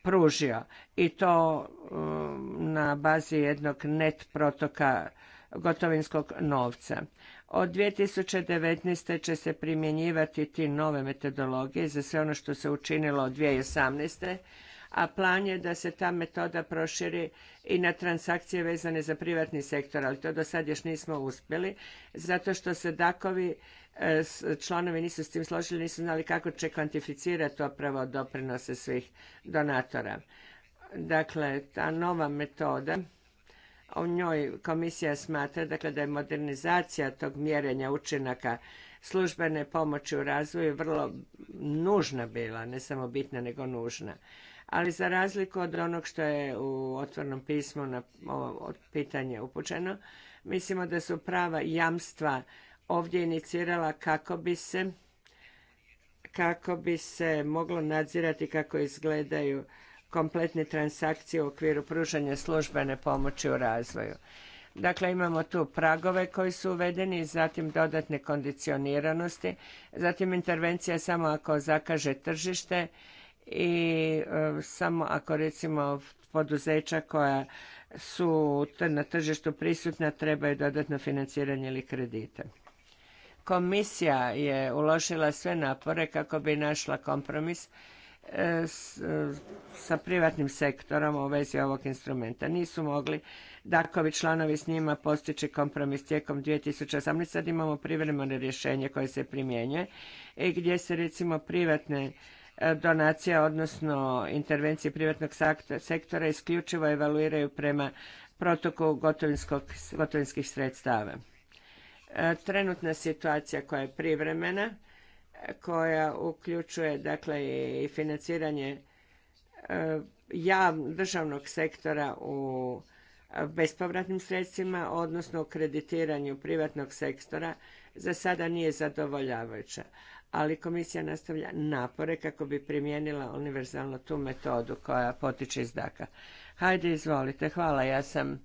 pružio i to um, na bazi jednog net protoka gotovinskog novca. Od 2019. će se primjenjivati ti nove metodologije za sve ono što se učinilo od 2018. a plan je da se ta metoda proširi i na transakcije vezane za privatni sektor, ali to do sad još nismo uspjeli, zato što se dakovi članovi nisu s tim složili, nisu znali kako će kvantificirati opravo doprinose svih donatora. Dakle, ta nova metoda, u njoj komisija smatra dakle, da je modernizacija tog mjerenja učinaka službene pomoći u razvoju vrlo nužna bila, ne samo bitna, nego nužna. Ali za razliku od onog što je u otvornom pismu na ovo pitanje upućeno, mislimo da su prava jamstva ovdje inicirala kako bi se kako bi se moglo nadzirati kako izgledaju kompletne transakcije u okviru pružanja službene pomoći u razvoju. Dakle, imamo tu pragove koji su uvedeni, zatim dodatne kondicioniranosti, zatim intervencija samo ako zakaže tržište i e, samo ako recimo poduzeća koja su na tržištu prisutna trebaju dodatno financiranje ili kredite. Komisija je uložila sve napore kako bi našla kompromis e, e, sa privatnim sektorom u vezi ovog instrumenta. Nisu mogli Dakovi članovi s njima postići kompromis tijekom 2018. Sad imamo privremeno rješenje koje se primjenjuje i gdje se recimo privatne e, donacije, odnosno intervencije privatnog sektora isključivo evaluiraju prema protoku gotovinskih sredstava trenutna situacija koja je privremena, koja uključuje dakle i financiranje e, državnog sektora u bespovratnim sredstvima, odnosno u kreditiranju privatnog sektora, za sada nije zadovoljavajuća. Ali komisija nastavlja napore kako bi primijenila univerzalno tu metodu koja potiče iz Daka. Hajde, izvolite. Hvala, ja sam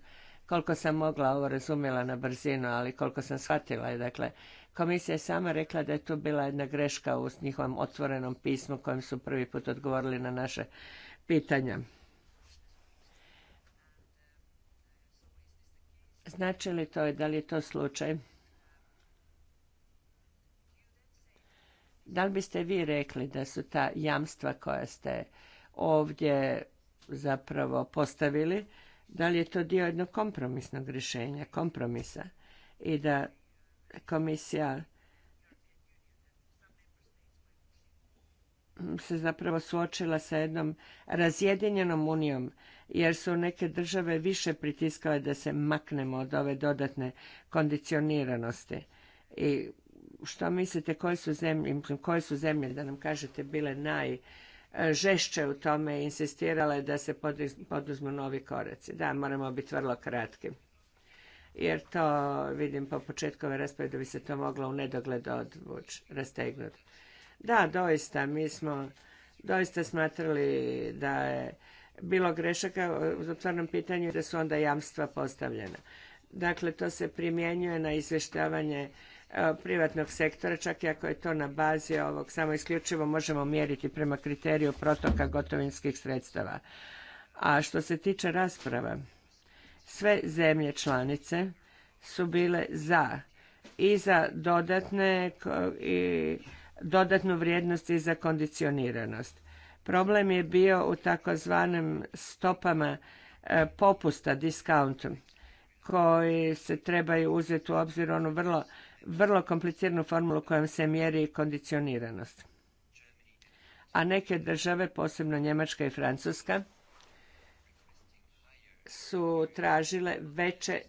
koliko sam mogla ovo razumjela na brzinu, ali koliko sam shvatila je, dakle, komisija je sama rekla da je tu bila jedna greška u njihovom otvorenom pismu kojem su prvi put odgovorili na naše pitanja. Znači li to, da li je to slučaj? Da li biste vi rekli da su ta jamstva koja ste ovdje zapravo postavili, da li je to dio jednog kompromisnog rješenja, kompromisa i da komisija se zapravo suočila sa jednom razjedinjenom unijom, jer su neke države više pritiskale da se maknemo od ove dodatne kondicioniranosti. I što mislite, koje su zemlje, koje su zemlje da nam kažete, bile naj žešće u tome i insistirala da se poduzmu novi koraci. Da, moramo biti vrlo kratki. Jer to vidim po početku ove rasprave da bi se to moglo u nedogled odvuć rastegnuti. Da, doista, mi smo doista smatrali da je bilo grešaka u otvornom pitanju da su onda jamstva postavljena. Dakle, to se primjenjuje na izvještavanje privatnog sektora, čak i ako je to na bazi ovog samo isključivo možemo mjeriti prema kriteriju protoka gotovinskih sredstava. A što se tiče rasprava, sve zemlje članice su bile za i za dodatne i dodatnu vrijednost i za kondicioniranost. Problem je bio u takozvanim stopama e, popusta, diskauntu, koji se trebaju uzeti u obzir onu vrlo vrlo kompliciranu formulu kojom se mjeri kondicioniranost. A neke države, posebno Njemačka i Francuska, su tražile veće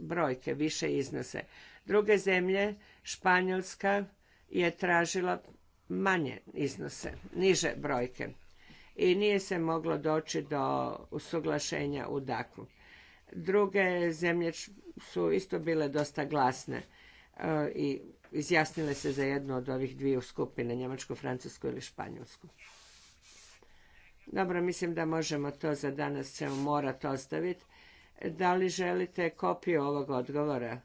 brojke, više iznose. Druge zemlje, Španjolska je tražila manje iznose, niže brojke. I nije se moglo doći do usuglašenja u Daku. Druge zemlje su isto bile dosta glasne i izjasnile se za jednu od ovih dviju skupine, Njemačku, Francusku ili Španjolsku. Dobro, mislim da možemo to za danas ćemo morati ostaviti. Da li želite kopiju ovog odgovora?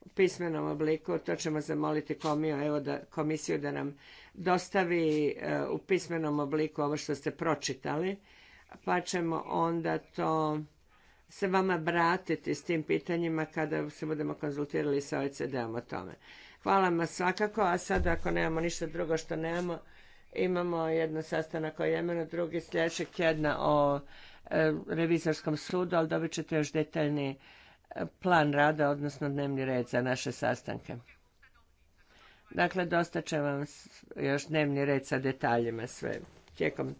U pismenom obliku, to ćemo zamoliti da, komisiju da nam dostavi e, u pismenom obliku ovo što ste pročitali, pa ćemo onda to se vama vratiti s tim pitanjima kada se budemo konzultirali sa OECD-om o tome. Hvala vam svakako, a sada ako nemamo ništa drugo što nemamo, imamo jedno sastanak o Jemenu, drugi sljedećeg tjedna o e, revizorskom sudu, ali dobit ćete još detaljni e, plan rada, odnosno dnevni red za naše sastanke. Dakle, dosta će vam još dnevni red sa detaljima sve tijekom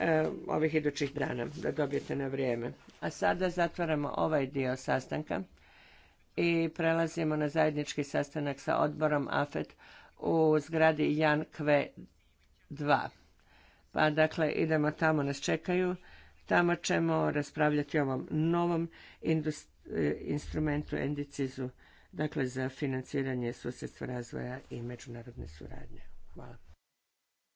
E, ovih idućih dana, da dobijete na vrijeme. A sada zatvaramo ovaj dio sastanka i prelazimo na zajednički sastanak sa odborom AFET u zgradi Jan Kve 2. Pa dakle, idemo tamo, nas čekaju. Tamo ćemo raspravljati o ovom novom e, instrumentu Endicizu, dakle za financiranje susjedstva razvoja i međunarodne suradnje. Hvala.